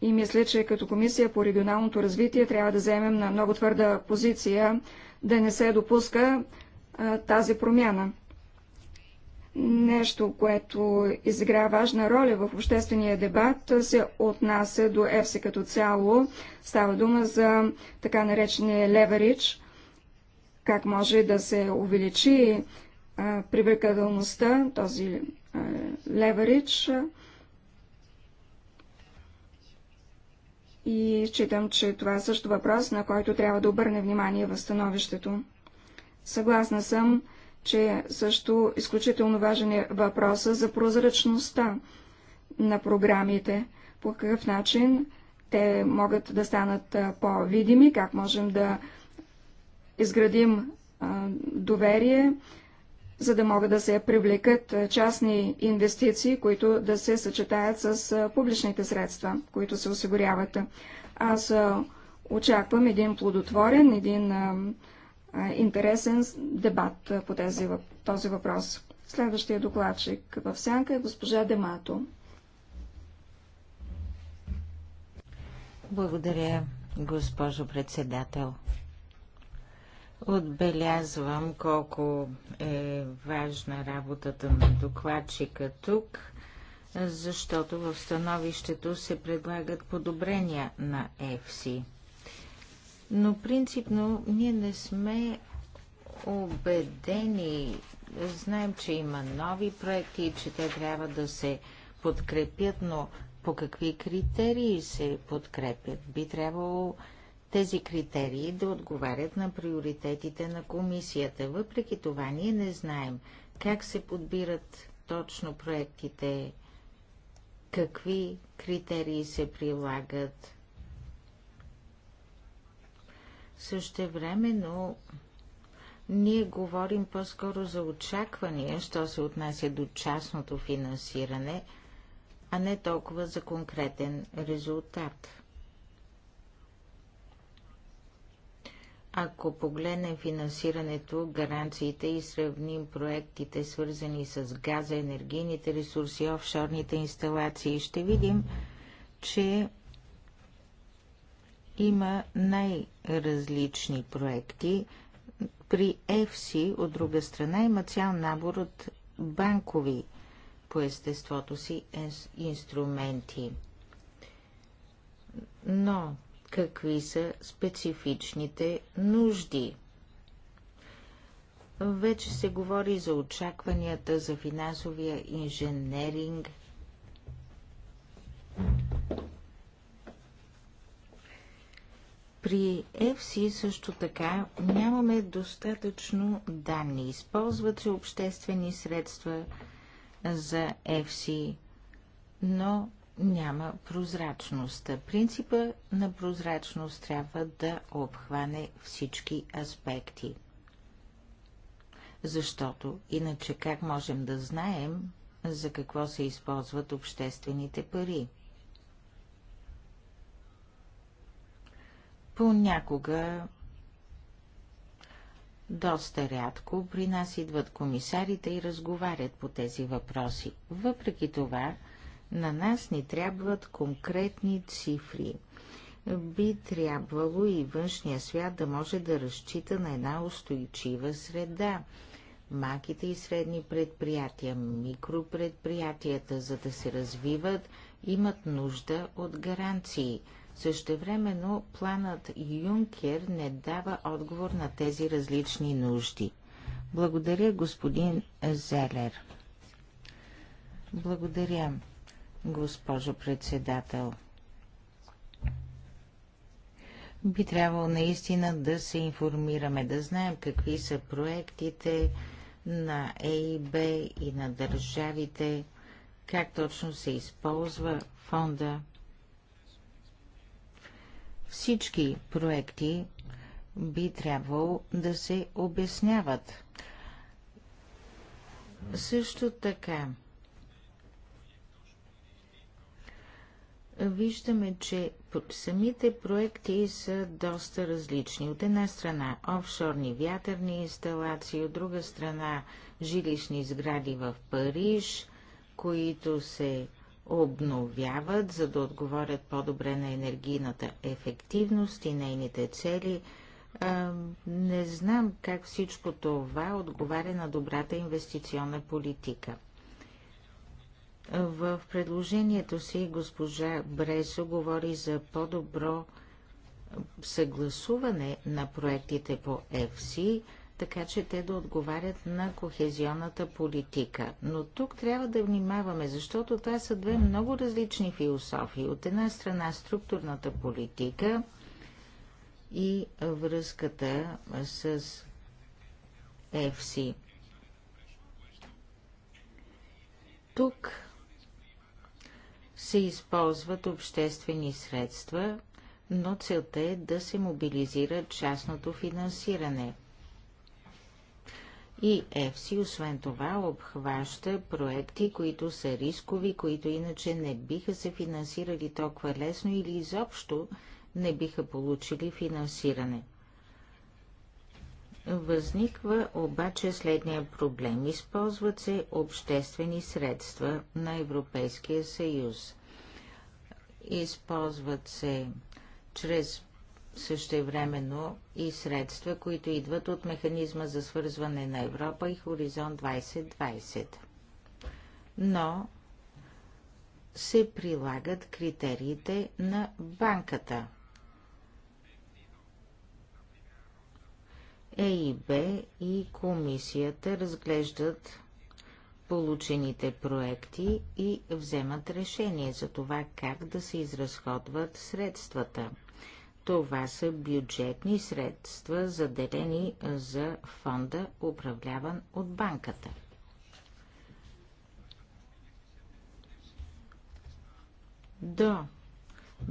И мисля, че като комисия по регионалното развитие трябва да вземем на много твърда позиция да не се допуска а, тази промяна. Нещо, което изигра важна роля в обществения дебат, се отнася до ЕФСИ като цяло. Става дума за така наречения леверидж, как може да се увеличи привлекателността, този леверидж, и считам, че това е също въпрос, на който трябва да обърне внимание в становището. Съгласна съм, че също изключително важен е въпроса за прозрачността на програмите, по какъв начин те могат да станат по-видими, как можем да изградим доверие, за да могат да се привлекат е, частни инвестиции, които да се съчетаят с е, публичните средства, които се осигуряват. Аз е, очаквам един плодотворен, един интересен дебат по тези, този въпрос. Следващия докладчик в сянка е госпожа Демато. Благодаря, госпожо председател. Отбелязвам колко е важна работата на докладчика тук, защото в становището се предлагат подобрения на ЕФСИ. Но принципно ние не сме убедени. Знаем, че има нови проекти и че те трябва да се подкрепят, но по какви критерии се подкрепят? Би трябвало тези критерии да отговарят на приоритетите на комисията. Въпреки това ние не знаем как се подбират точно проектите, какви критерии се прилагат. но ние говорим по-скоро за очаквания, що се отнася до частното финансиране, а не толкова за конкретен резултат – Ако погледнем финансирането, гаранциите и сравним проектите, свързани с газа, енергийните ресурси, офшорните инсталации, ще видим, че има най-различни проекти. При Ефси от друга страна, има цял набор от банкови по естеството си инструменти. Но какви са специфичните нужди. Вече се говори за очакванията, за финансовия инженеринг. При FC също така нямаме достатъчно данни. Използват се обществени средства за FC, но няма прозрачност. Принципа на прозрачност трябва да обхване всички аспекти. Защото иначе как можем да знаем за какво се използват обществените пари? Понякога доста рядко при нас идват комисарите и разговарят по тези въпроси. Въпреки това, на нас ни трябват конкретни цифри. Би трябвало и външния свят да може да разчита на една устойчива среда. Малките и средни предприятия, микропредприятията, за да се развиват, имат нужда от гаранции. Същевременно планът Юнкер не дава отговор на тези различни нужди. Благодаря, господин Зелер. Благодаря госпожо председател. Би трябвало наистина да се информираме, да знаем какви са проектите на ЕИБ и на държавите, как точно се използва фонда. Всички проекти би трябвало да се обясняват. Също така, виждаме, че самите проекти са доста различни. От една страна офшорни вятърни инсталации, от друга страна жилищни сгради в Париж, които се обновяват, за да отговорят по-добре на енергийната ефективност и нейните цели. не знам как всичко това отговаря на добрата инвестиционна политика. В предложението си госпожа Бресо говори за по-добро съгласуване на проектите по ЕФСИ, така че те да отговарят на кохезионната политика. Но тук трябва да внимаваме, защото това са две много различни философии. От една страна структурната политика и връзката с ЕФСИ. Тук се използват обществени средства, но целта е да се мобилизира частното финансиране. И ЕФСИ, освен това, обхваща проекти, които са рискови, които иначе не биха се финансирали толкова лесно или изобщо не биха получили финансиране. Възниква обаче следния проблем. Използват се обществени средства на Европейския съюз. Използват се чрез същевременно и средства, които идват от механизма за свързване на Европа и Хоризонт 2020. Но се прилагат критериите на банката – ЕИБ и комисията разглеждат получените проекти и вземат решение за това как да се изразходват средствата. Това са бюджетни средства, заделени за фонда, управляван от банката. До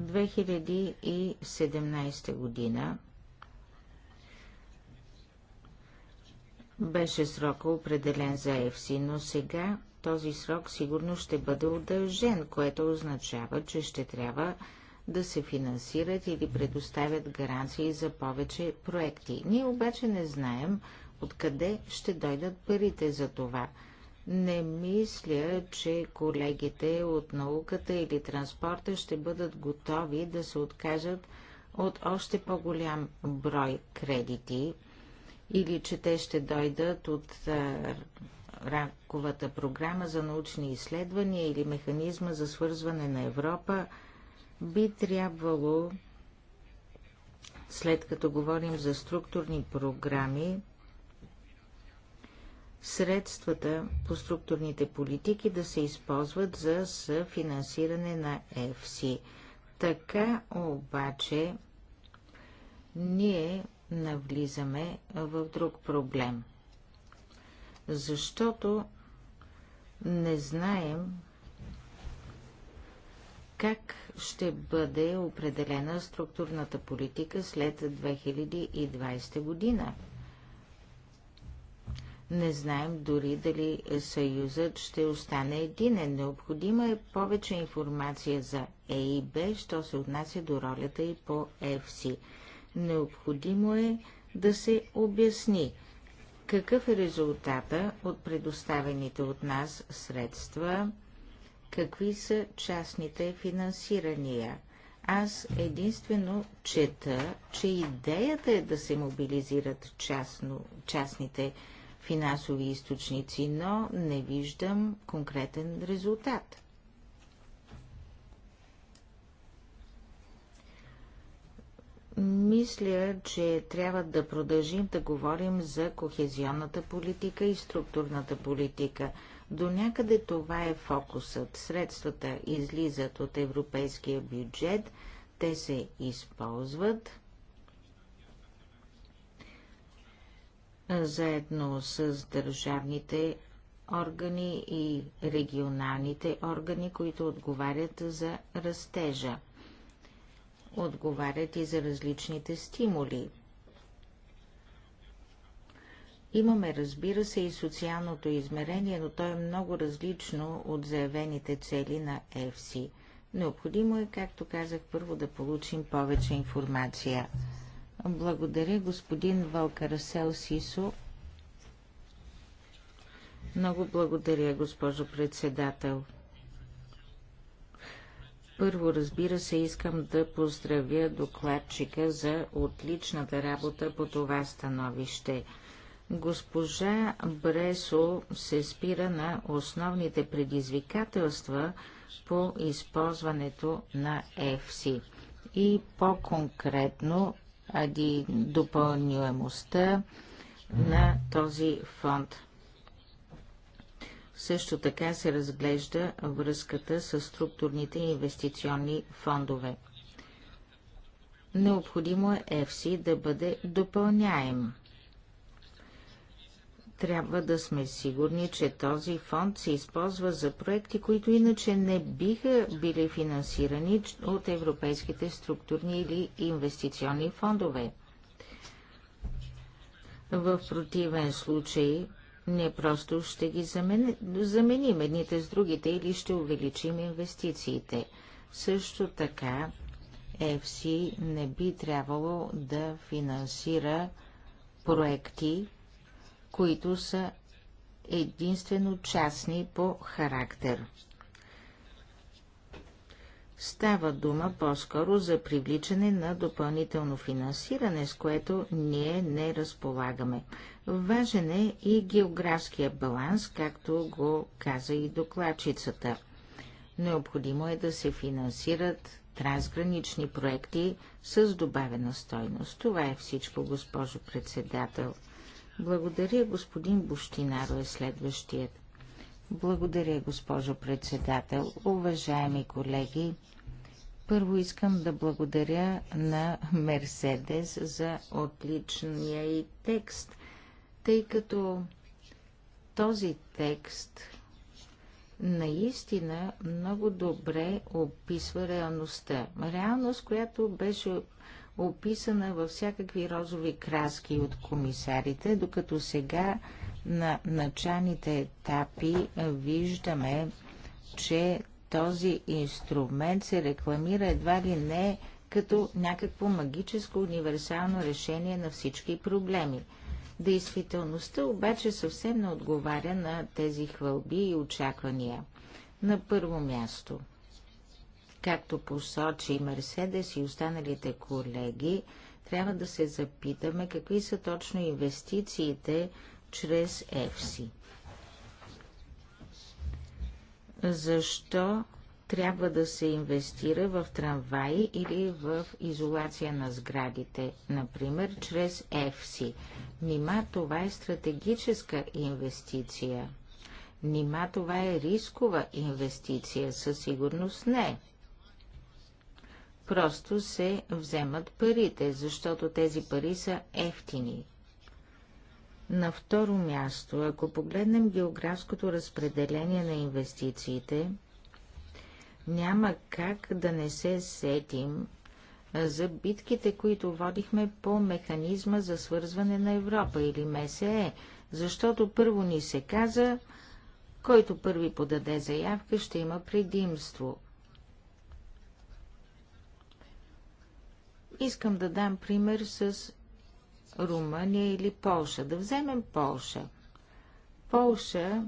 2017 година Беше срока определен за Евси, но сега този срок сигурно ще бъде удължен, което означава, че ще трябва да се финансират или предоставят гаранции за повече проекти. Ние обаче не знаем откъде ще дойдат парите за това. Не мисля, че колегите от науката или транспорта ще бъдат готови да се откажат от още по-голям брой кредити или че те ще дойдат от раковата програма за научни изследвания или механизма за свързване на Европа, би трябвало, след като говорим за структурни програми, средствата по структурните политики да се използват за съфинансиране на ЕФСИ. Така обаче ние навлизаме в друг проблем. Защото не знаем как ще бъде определена структурната политика след 2020 година. Не знаем дори дали съюзът ще остане единен. Необходима е повече информация за ЕИБ, що се отнася до ролята и по ЕФСИ. Необходимо е да се обясни какъв е резултата от предоставените от нас средства, какви са частните финансирания. Аз единствено чета, че идеята е да се мобилизират частно, частните финансови източници, но не виждам конкретен резултат. Мисля, че трябва да продължим да говорим за кохезионната политика и структурната политика. До някъде това е фокусът. Средствата излизат от европейския бюджет, те се използват заедно с държавните органи и регионалните органи, които отговарят за растежа отговарят и за различните стимули. Имаме, разбира се, и социалното измерение, но то е много различно от заявените цели на ЕФСИ. Необходимо е, както казах, първо да получим повече информация. Благодаря, господин Валкарасел Сисо. Много благодаря, госпожо председател. Първо, разбира се, искам да поздравя докладчика за отличната работа по това становище. Госпожа Бресо се спира на основните предизвикателства по използването на ЕФСИ и по-конкретно допълняемостта на този фонд. Също така се разглежда връзката с структурните инвестиционни фондове. Необходимо е ЕФСИ да бъде допълняем. Трябва да сме сигурни, че този фонд се използва за проекти, които иначе не биха били финансирани от европейските структурни или инвестиционни фондове. В противен случай не просто ще ги замени, заменим едните с другите или ще увеличим инвестициите. Също така FC не би трябвало да финансира проекти, които са единствено частни по характер. Става дума по-скоро за привличане на допълнително финансиране, с което ние не разполагаме. Важен е и географския баланс, както го каза и докладчицата. Необходимо е да се финансират трансгранични проекти с добавена стойност. Това е всичко, госпожо председател. Благодаря, господин Буштинаро е следващият. Благодаря, госпожо председател. Уважаеми колеги, първо искам да благодаря на Мерседес за отличния и текст, тъй като този текст наистина много добре описва реалността. Реалност, която беше описана във всякакви розови краски от комисарите, докато сега на началните етапи виждаме, че този инструмент се рекламира едва ли не като някакво магическо универсално решение на всички проблеми. Действителността обаче съвсем не отговаря на тези хвалби и очаквания. На първо място, както посочи Мерседес и останалите колеги, трябва да се запитаме какви са точно инвестициите чрез Евси. Защо трябва да се инвестира в трамваи или в изолация на сградите, например, чрез Евси? Нима това е стратегическа инвестиция. Нима това е рискова инвестиция, със сигурност не. Просто се вземат парите, защото тези пари са ефтини на второ място, ако погледнем географското разпределение на инвестициите, няма как да не се сетим за битките, които водихме по механизма за свързване на Европа или МСЕ, защото първо ни се каза, който първи подаде заявка, ще има предимство. Искам да дам пример с Румъния или Полша. Да вземем Полша. Полша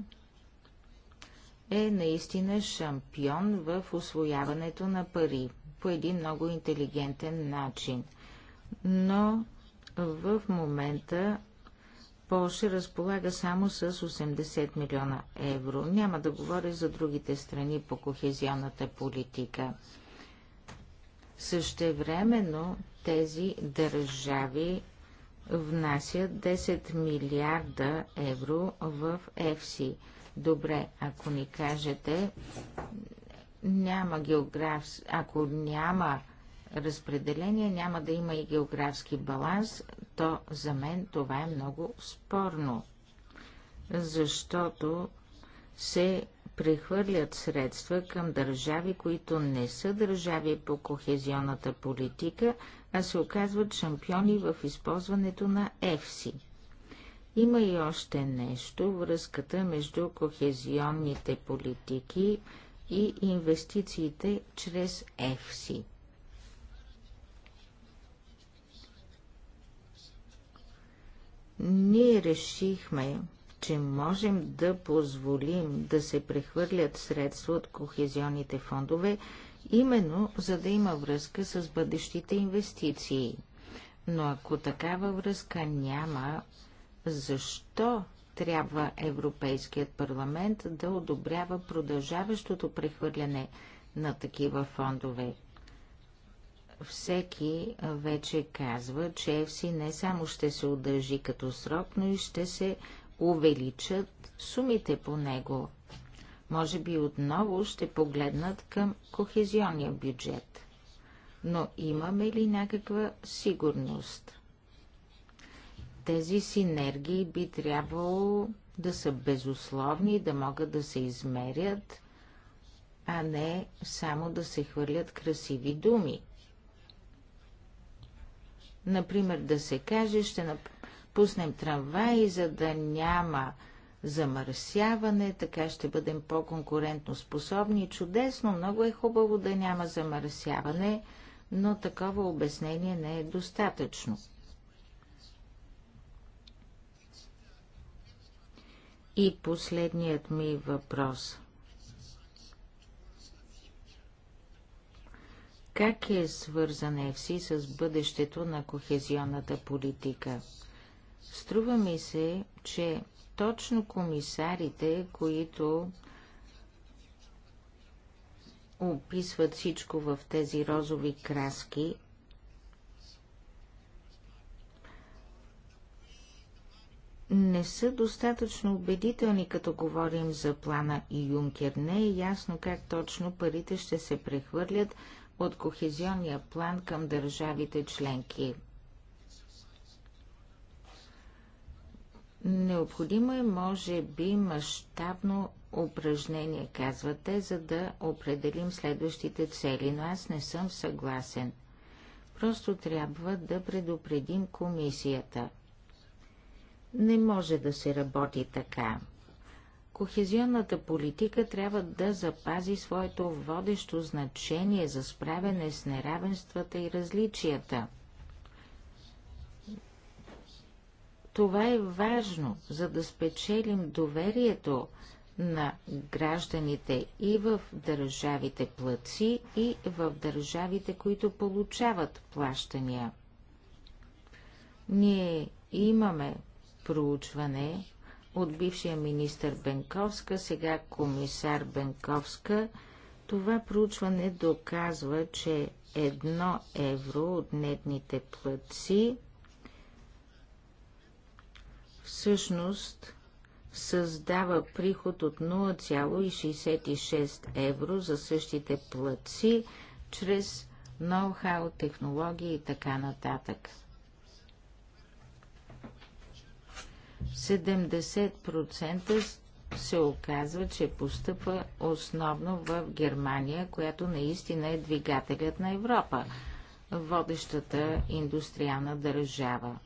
е наистина шампион в освояването на пари по един много интелигентен начин. Но в момента Польша разполага само с 80 милиона евро. Няма да говоря за другите страни по кохезионната политика. Същевременно тези държави внася 10 милиарда евро в ЕФСИ. Добре, ако ни кажете, няма географс... ако няма разпределение, няма да има и географски баланс, то за мен това е много спорно, защото се прехвърлят средства към държави, които не са държави по кохезионната политика, а се оказват шампиони в използването на ЕФСИ. Има и още нещо връзката между кохезионните политики и инвестициите чрез ЕФСИ. Ние решихме, че можем да позволим да се прехвърлят средства от кохезионните фондове именно за да има връзка с бъдещите инвестиции. Но ако такава връзка няма, защо трябва Европейският парламент да одобрява продължаващото прехвърляне на такива фондове? Всеки вече казва, че ЕФСИ не само ще се удържи като срок, но и ще се увеличат сумите по него може би отново ще погледнат към кохезионния бюджет. Но имаме ли някаква сигурност? Тези синергии би трябвало да са безусловни, да могат да се измерят, а не само да се хвърлят красиви думи. Например, да се каже, ще пуснем трамваи, за да няма замърсяване, така ще бъдем по-конкурентно способни. Чудесно, много е хубаво да няма замърсяване, но такова обяснение не е достатъчно. И последният ми въпрос. Как е свързан ЕФСИ с бъдещето на кохезионната политика? Струва ми се, че точно комисарите, които описват всичко в тези розови краски, не са достатъчно убедителни, като говорим за плана Юнкер. Не е ясно как точно парите ще се прехвърлят от кохезионния план към държавите членки. Необходимо е, може би, мащабно упражнение, казвате, за да определим следващите цели, но аз не съм съгласен. Просто трябва да предупредим комисията. Не може да се работи така. Кохезионната политика трябва да запази своето водещо значение за справяне с неравенствата и различията – Това е важно, за да спечелим доверието на гражданите и в държавите плаци, и в държавите, които получават плащания. Ние имаме проучване от бившия министр Бенковска, сега комисар Бенковска. Това проучване доказва, че едно евро от нетните платци всъщност създава приход от 0,66 евро за същите платци чрез ноу-хау, технологии и така нататък. 70% се оказва, че постъпва основно в Германия, която наистина е двигателят на Европа, водещата индустриална държава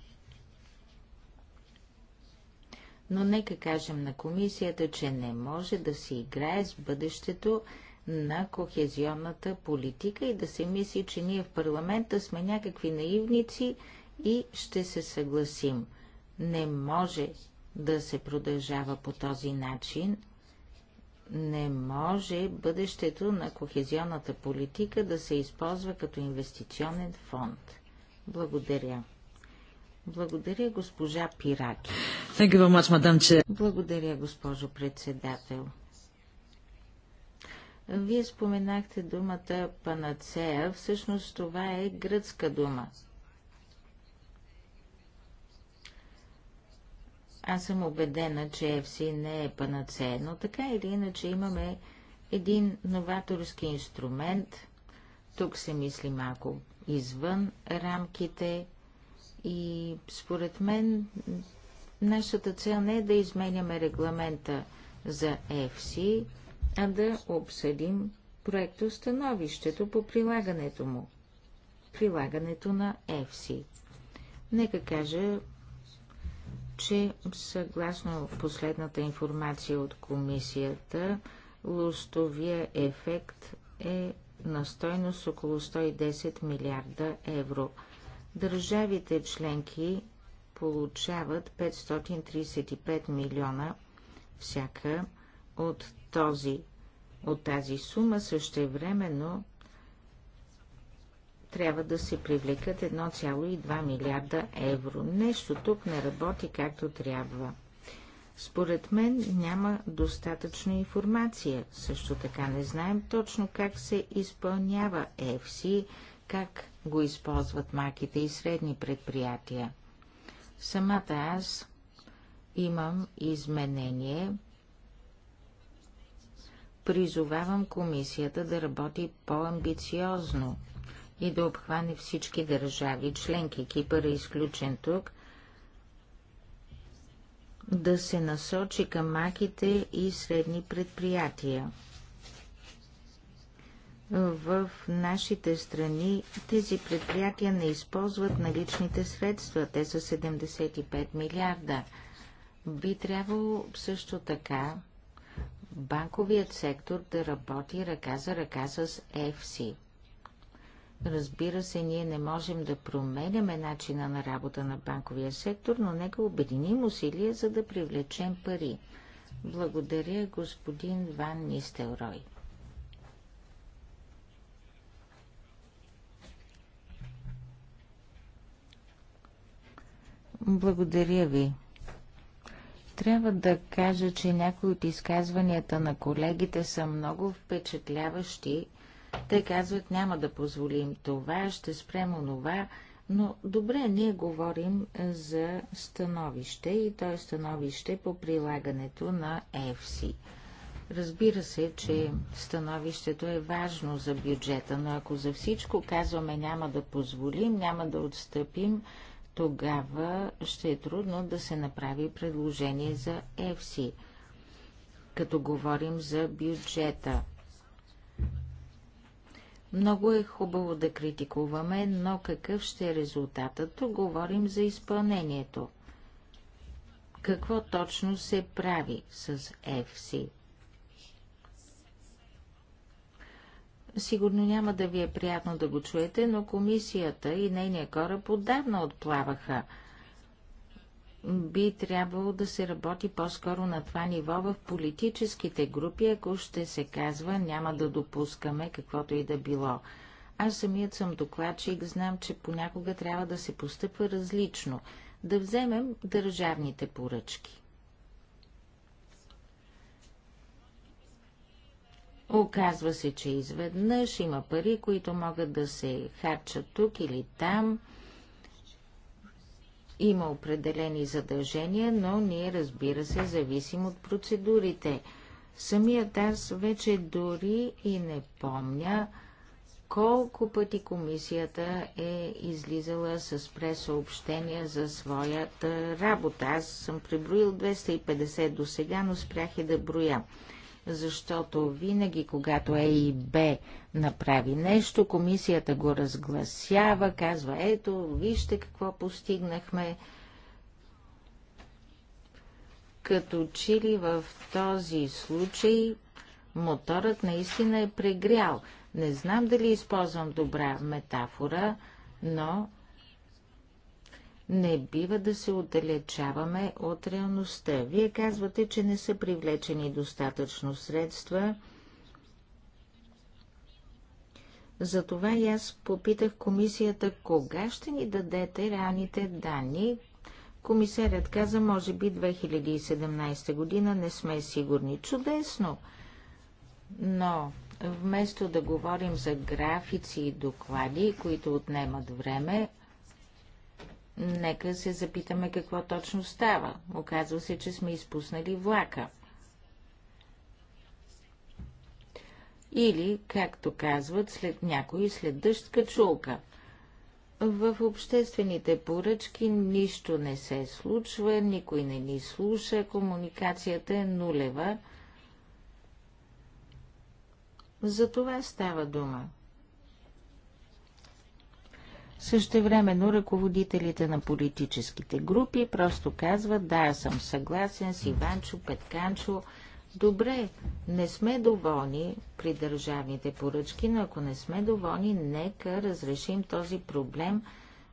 но нека кажем на комисията, че не може да се играе с бъдещето на кохезионната политика и да се мисли, че ние в парламента сме някакви наивници и ще се съгласим. Не може да се продължава по този начин. Не може бъдещето на кохезионната политика да се използва като инвестиционен фонд. Благодаря. Благодаря, госпожа Пираки. Much, Благодаря, госпожо председател. Вие споменахте думата панацея. Всъщност това е гръцка дума. Аз съм убедена, че FC не е панацея, но така или иначе имаме един новаторски инструмент. Тук се мисли малко извън рамките и според мен нашата цел не е да изменяме регламента за ЕФСИ, а да обсъдим проекто становището по прилагането му. Прилагането на ЕФСИ. Нека кажа, че съгласно последната информация от комисията, лостовия ефект е на стойност около 110 милиарда евро – Държавите членки получават 535 милиона всяка от, този, от тази сума. Същевременно трябва да се привлекат 1,2 милиарда евро. Нещо тук не работи както трябва. Според мен няма достатъчно информация. Също така не знаем точно как се изпълнява ЕФСИ, как го използват маките и средни предприятия. Самата аз имам изменение. Призовавам комисията да работи по-амбициозно и да обхване всички държави членки. Кипър е изключен тук. Да се насочи към маките и средни предприятия в нашите страни тези предприятия не използват наличните средства. Те са 75 милиарда. Би трябвало също така банковият сектор да работи ръка за ръка с ЕФСИ. Разбира се, ние не можем да променяме начина на работа на банковия сектор, но нека обединим усилия, за да привлечем пари. Благодаря, господин Ван Нистелрой. Благодаря ви. Трябва да кажа, че някои от изказванията на колегите са много впечатляващи. Те казват, няма да позволим това, ще спрем онова, но добре, ние говорим за становище и то е становище по прилагането на ЕФСИ. Разбира се, че становището е важно за бюджета, но ако за всичко казваме няма да позволим, няма да отстъпим, тогава ще е трудно да се направи предложение за ЕФСИ, като говорим за бюджета. Много е хубаво да критикуваме, но какъв ще е резултатът? то говорим за изпълнението. Какво точно се прави с ЕФСИ? Сигурно няма да ви е приятно да го чуете, но комисията и нейния кораб отдавна отплаваха. Би трябвало да се работи по-скоро на това ниво в политическите групи, ако ще се казва няма да допускаме каквото и да било. Аз самият съм докладчик, знам, че понякога трябва да се постъпва различно. Да вземем държавните поръчки. Оказва се, че изведнъж има пари, които могат да се харчат тук или там. Има определени задължения, но ние, разбира се, зависим от процедурите. Самият аз вече дори и не помня колко пъти комисията е излизала с пресъобщения за своята работа. Аз съм приброил 250 до сега, но спрях и да броя защото винаги, когато Е и Б направи нещо, комисията го разгласява, казва, ето, вижте какво постигнахме. Като че ли в този случай моторът наистина е прегрял. Не знам дали използвам добра метафора, но не бива да се отдалечаваме от реалността. Вие казвате, че не са привлечени достатъчно средства. Затова и аз попитах комисията, кога ще ни дадете реалните данни. Комисарят каза, може би 2017 година, не сме сигурни. Чудесно! Но вместо да говорим за графици и доклади, които отнемат време, Нека се запитаме какво точно става. Оказва се, че сме изпуснали влака. Или, както казват, след някой след дъжд качулка. В обществените поръчки нищо не се случва, никой не ни слуша, комуникацията е нулева. За това става дума. Същевременно ръководителите на политическите групи просто казват, да, аз съм съгласен с Иванчо, Петканчо. Добре, не сме доволни при държавните поръчки, но ако не сме доволни, нека разрешим този проблем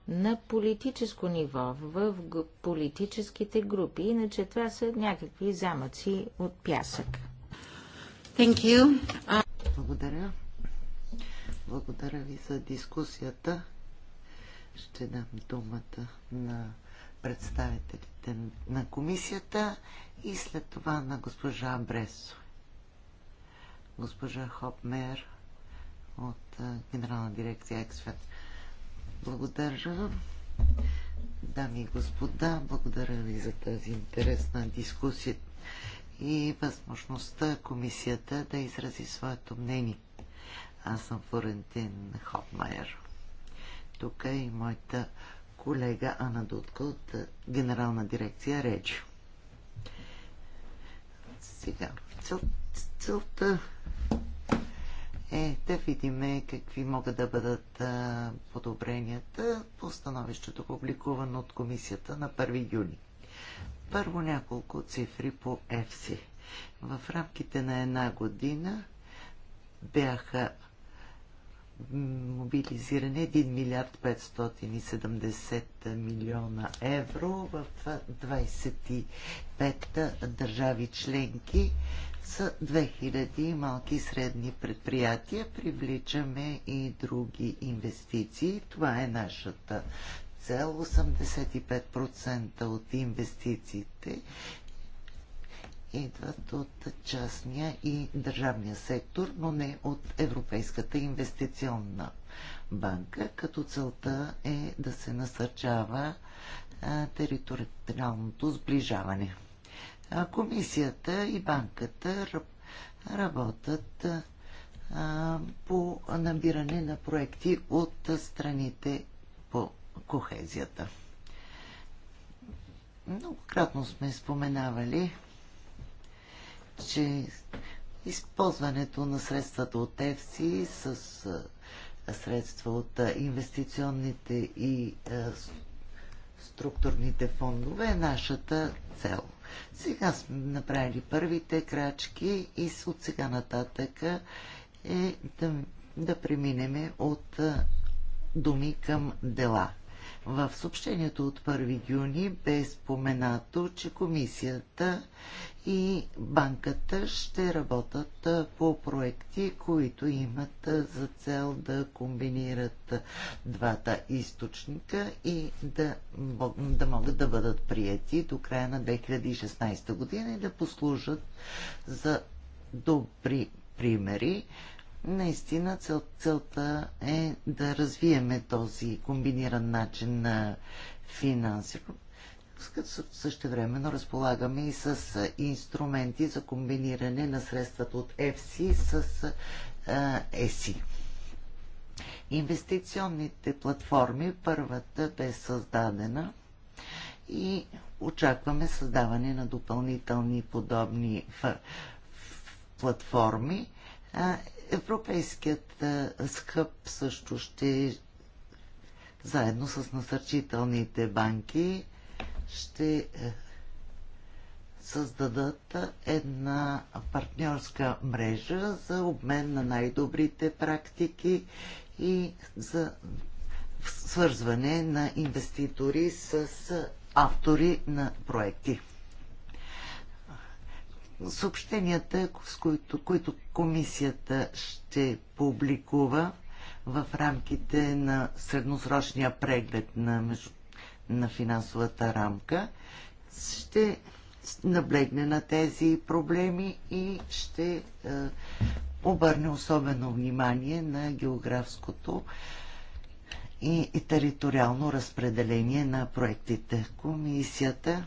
на политическо ниво, в политическите групи. Иначе това са някакви замъци от пясък. Thank you. Благодаря. Благодаря ви за дискусията ще дам думата на представителите на комисията и след това на госпожа Бресо. Госпожа Хопмер от Генерална дирекция Ексфет. Благодаря. Дами и господа, благодаря ви за тази интересна дискусия и възможността комисията да изрази своето мнение. Аз съм Флорентин Хопмайер тук е и моята колега Ана Дудка от е, Генерална дирекция Речо. Сега, целта е да видим какви могат да бъдат е, подобренията по становището, публикувано от комисията на 1 юни. Първо няколко цифри по ЕФСИ. В рамките на една година бяха мобилизиране 1 е милиард 570 милиона евро в 25 държави членки с 2000 малки и средни предприятия. Привличаме и други инвестиции. Това е нашата цел. 85% от инвестициите идват от частния и държавния сектор, но не от Европейската инвестиционна банка, като целта е да се насърчава териториалното сближаване. Комисията и банката работят по набиране на проекти от страните по кохезията. Многократно сме споменавали че използването на средствата от ЕФСИ с средства от инвестиционните и структурните фондове е нашата цел. Сега сме направили първите крачки и от сега нататък е да, да преминеме от думи към дела. В съобщението от 1 юни бе споменато, че комисията и банката ще работят по проекти, които имат за цел да комбинират двата източника и да, да могат да бъдат прияти до края на 2016 година и да послужат за добри примери. Наистина цел, целта е да развиеме този комбиниран начин на финансиране Същевременно разполагаме и с инструменти за комбиниране на средствата от ЕФСИ с ЕСИ. Инвестиционните платформи, първата бе създадена и очакваме създаване на допълнителни подобни платформи. Европейският скъп също ще заедно с насърчителните банки ще е, създадат една партньорска мрежа за обмен на най-добрите практики и за свързване на инвеститори с автори на проекти. Съобщенията, с които, които комисията ще публикува в рамките на средносрочния преглед на между на финансовата рамка ще наблегне на тези проблеми и ще е, обърне особено внимание на географското и, и териториално разпределение на проектите. Комисията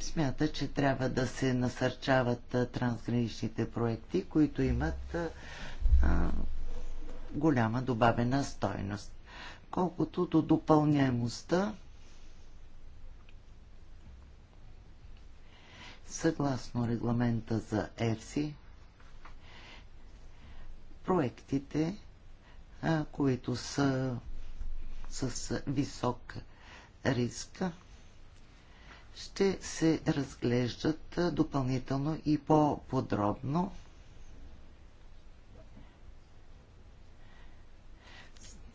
смята, че трябва да се насърчават е, трансграничните проекти, които имат е, голяма добавена стойност. Колкото до допълняемостта, съгласно регламента за ЕФСИ, проектите, които са с висок риск, ще се разглеждат допълнително и по-подробно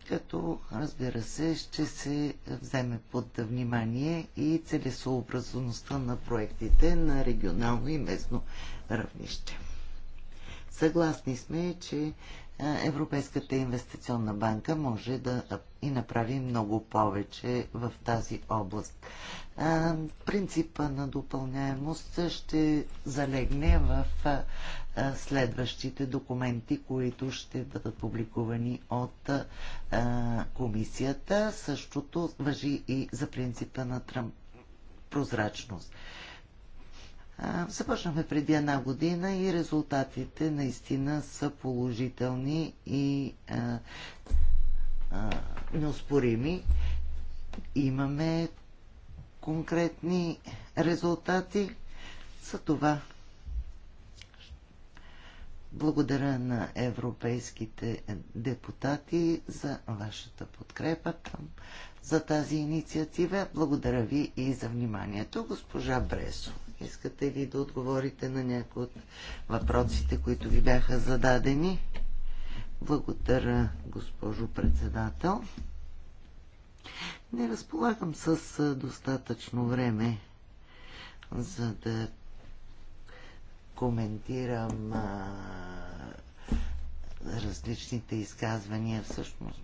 като разбира се ще се вземе под внимание и целесообразността на проектите на регионално и местно равнище. Съгласни сме, че Европейската инвестиционна банка може да и направи много повече в тази област. Принципа на допълняемост ще залегне в следващите документи, които ще бъдат публикувани от комисията. Същото въжи и за принципа на прозрачност. Започнахме преди една година и резултатите наистина са положителни и а, а, неоспорими. Имаме конкретни резултати. За това благодаря на европейските депутати за вашата подкрепа към, за тази инициатива. Благодаря ви и за вниманието, госпожа Бресо. Искате ли да отговорите на някои от въпросите, които ви бяха зададени? Благодаря, госпожо председател. Не разполагам с достатъчно време, за да коментирам а, различните изказвания всъщност.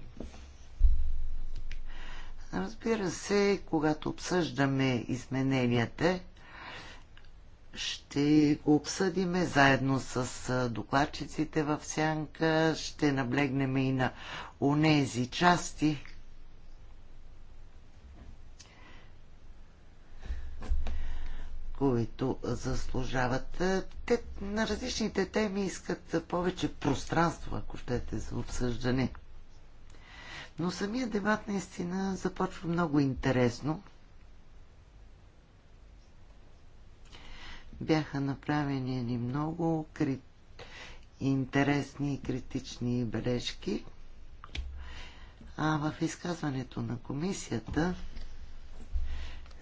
Разбира се, когато обсъждаме измененията, ще го обсъдиме заедно с докладчиците в сянка. Ще наблегнем и на унези части, които заслужават. Те на различните теми искат повече пространство, ако щете, за обсъждане. Но самия дебат наистина започва много интересно – бяха направени ни много крит... интересни и критични бележки. А в изказването на комисията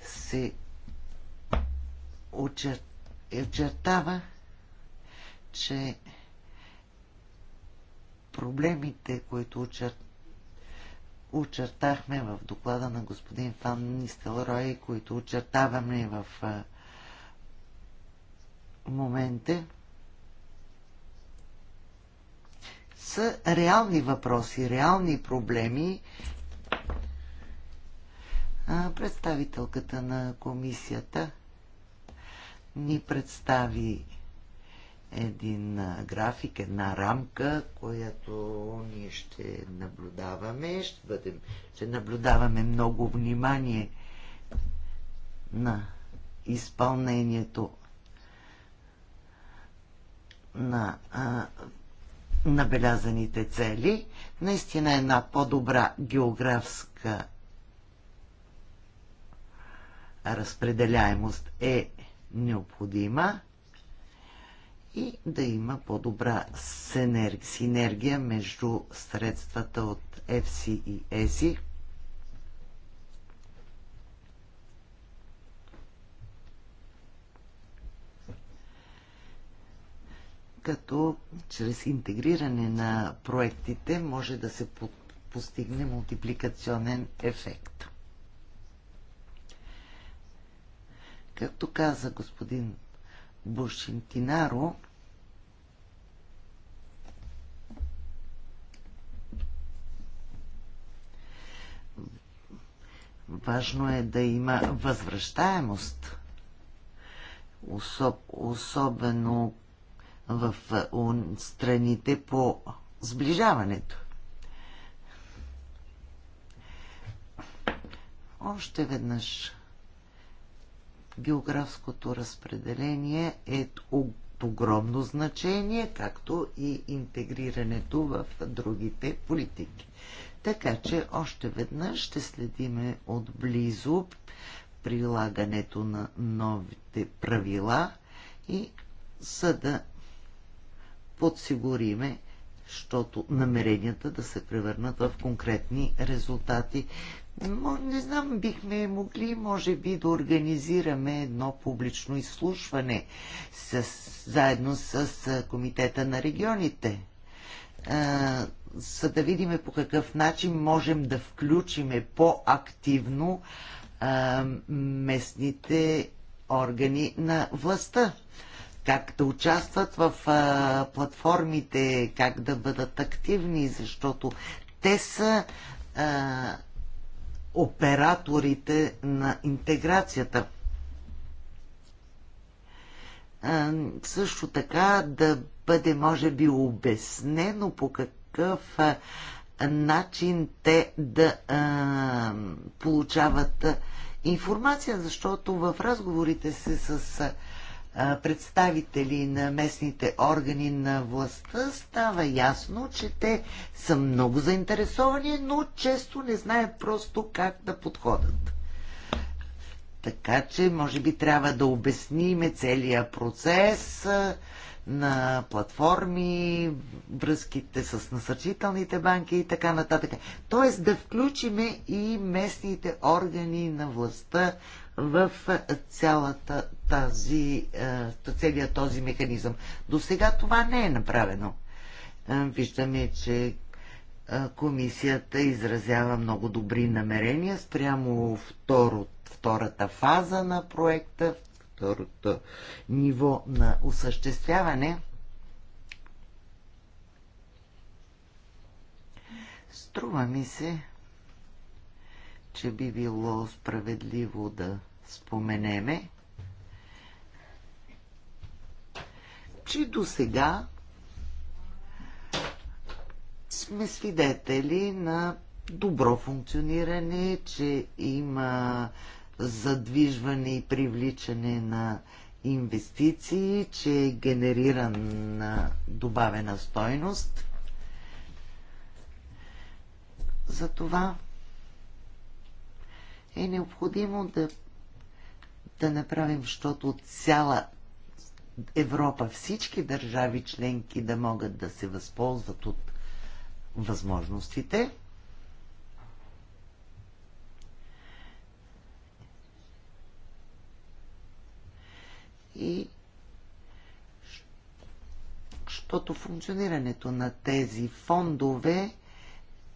се очер... очертава, че проблемите, които очер... очертахме в доклада на господин Фан Нистелрой, които очертаваме в Моменте, са реални въпроси, реални проблеми. Представителката на комисията ни представи един график, една рамка, която ние ще наблюдаваме, ще, бъдем, ще наблюдаваме много внимание на изпълнението на а, набелязаните цели. Наистина една по-добра географска разпределяемост е необходима и да има по-добра синергия между средствата от FC и ESI, като чрез интегриране на проектите може да се постигне мултипликационен ефект. Както каза господин Бушинтинаро, важно е да има възвръщаемост, особено в е, страните по сближаването. Още веднъж географското разпределение е от огромно значение, както и интегрирането в другите политики. Така че още веднъж ще следиме отблизо прилагането на новите правила и съда подсигуриме, защото намеренията да се превърнат в конкретни резултати. Не знам, бихме могли, може би, да организираме едно публично изслушване с, заедно с Комитета на регионите за да видим по какъв начин можем да включиме по-активно местните органи на властта как да участват в а, платформите, как да бъдат активни, защото те са а, операторите на интеграцията. А, също така да бъде, може би, обяснено по какъв а, начин те да а, получават а, информация, защото в разговорите се с. А, представители на местните органи на властта, става ясно, че те са много заинтересовани, но често не знаят просто как да подходят. Така че, може би, трябва да обясниме целия процес на платформи, връзките с насърчителните банки и така нататък. Тоест да включиме и местните органи на властта в цялата тази, е, целият този механизъм. До сега това не е направено. Е, виждаме, че е, комисията изразява много добри намерения спрямо второ, втората фаза на проекта, второто ниво на осъществяване. Струва ми се, че би било справедливо да споменеме, че до сега сме свидетели на добро функциониране, че има задвижване и привличане на инвестиции, че е генерирана добавена стойност. Затова е необходимо да, да направим, защото цяла Европа, всички държави членки да могат да се възползват от възможностите. И защото функционирането на тези фондове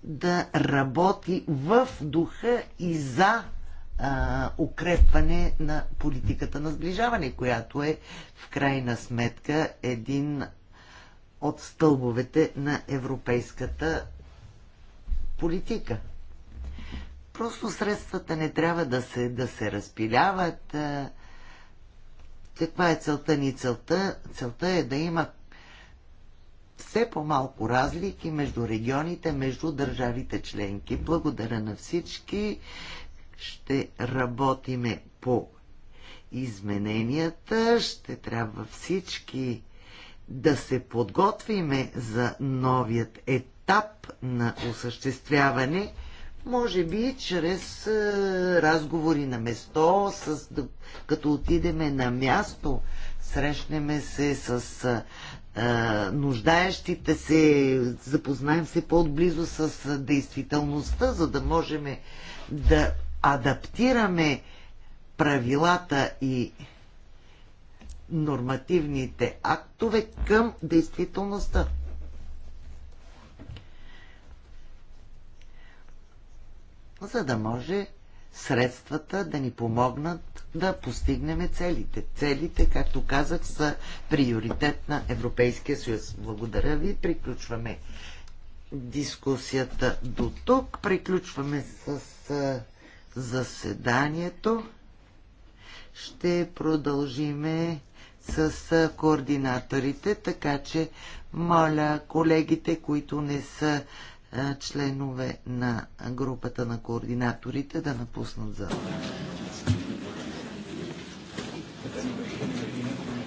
да работи в духа и за а, укрепване на политиката на сближаване, която е в крайна сметка един от стълбовете на европейската политика. Просто средствата не трябва да се, да се разпиляват. Каква е целта ни? Целта, целта е да има все по-малко разлики между регионите, между държавите членки. Благодаря на всички. Ще работиме по измененията. Ще трябва всички да се подготвиме за новият етап на осъществяване, може би чрез е, разговори на место, с, като отидеме на място, срещнеме се с е, а, нуждаещите се, запознаем се по-отблизо с действителността, за да можем да адаптираме правилата и нормативните актове към действителността. За да може средствата да ни помогнат да постигнем целите. Целите, както казах, са приоритет на Европейския съюз. Благодаря ви. Приключваме дискусията до тук. Приключваме с заседанието. Ще продължиме с координаторите, така че моля колегите, които не са членове на групата на координаторите да напуснат залата.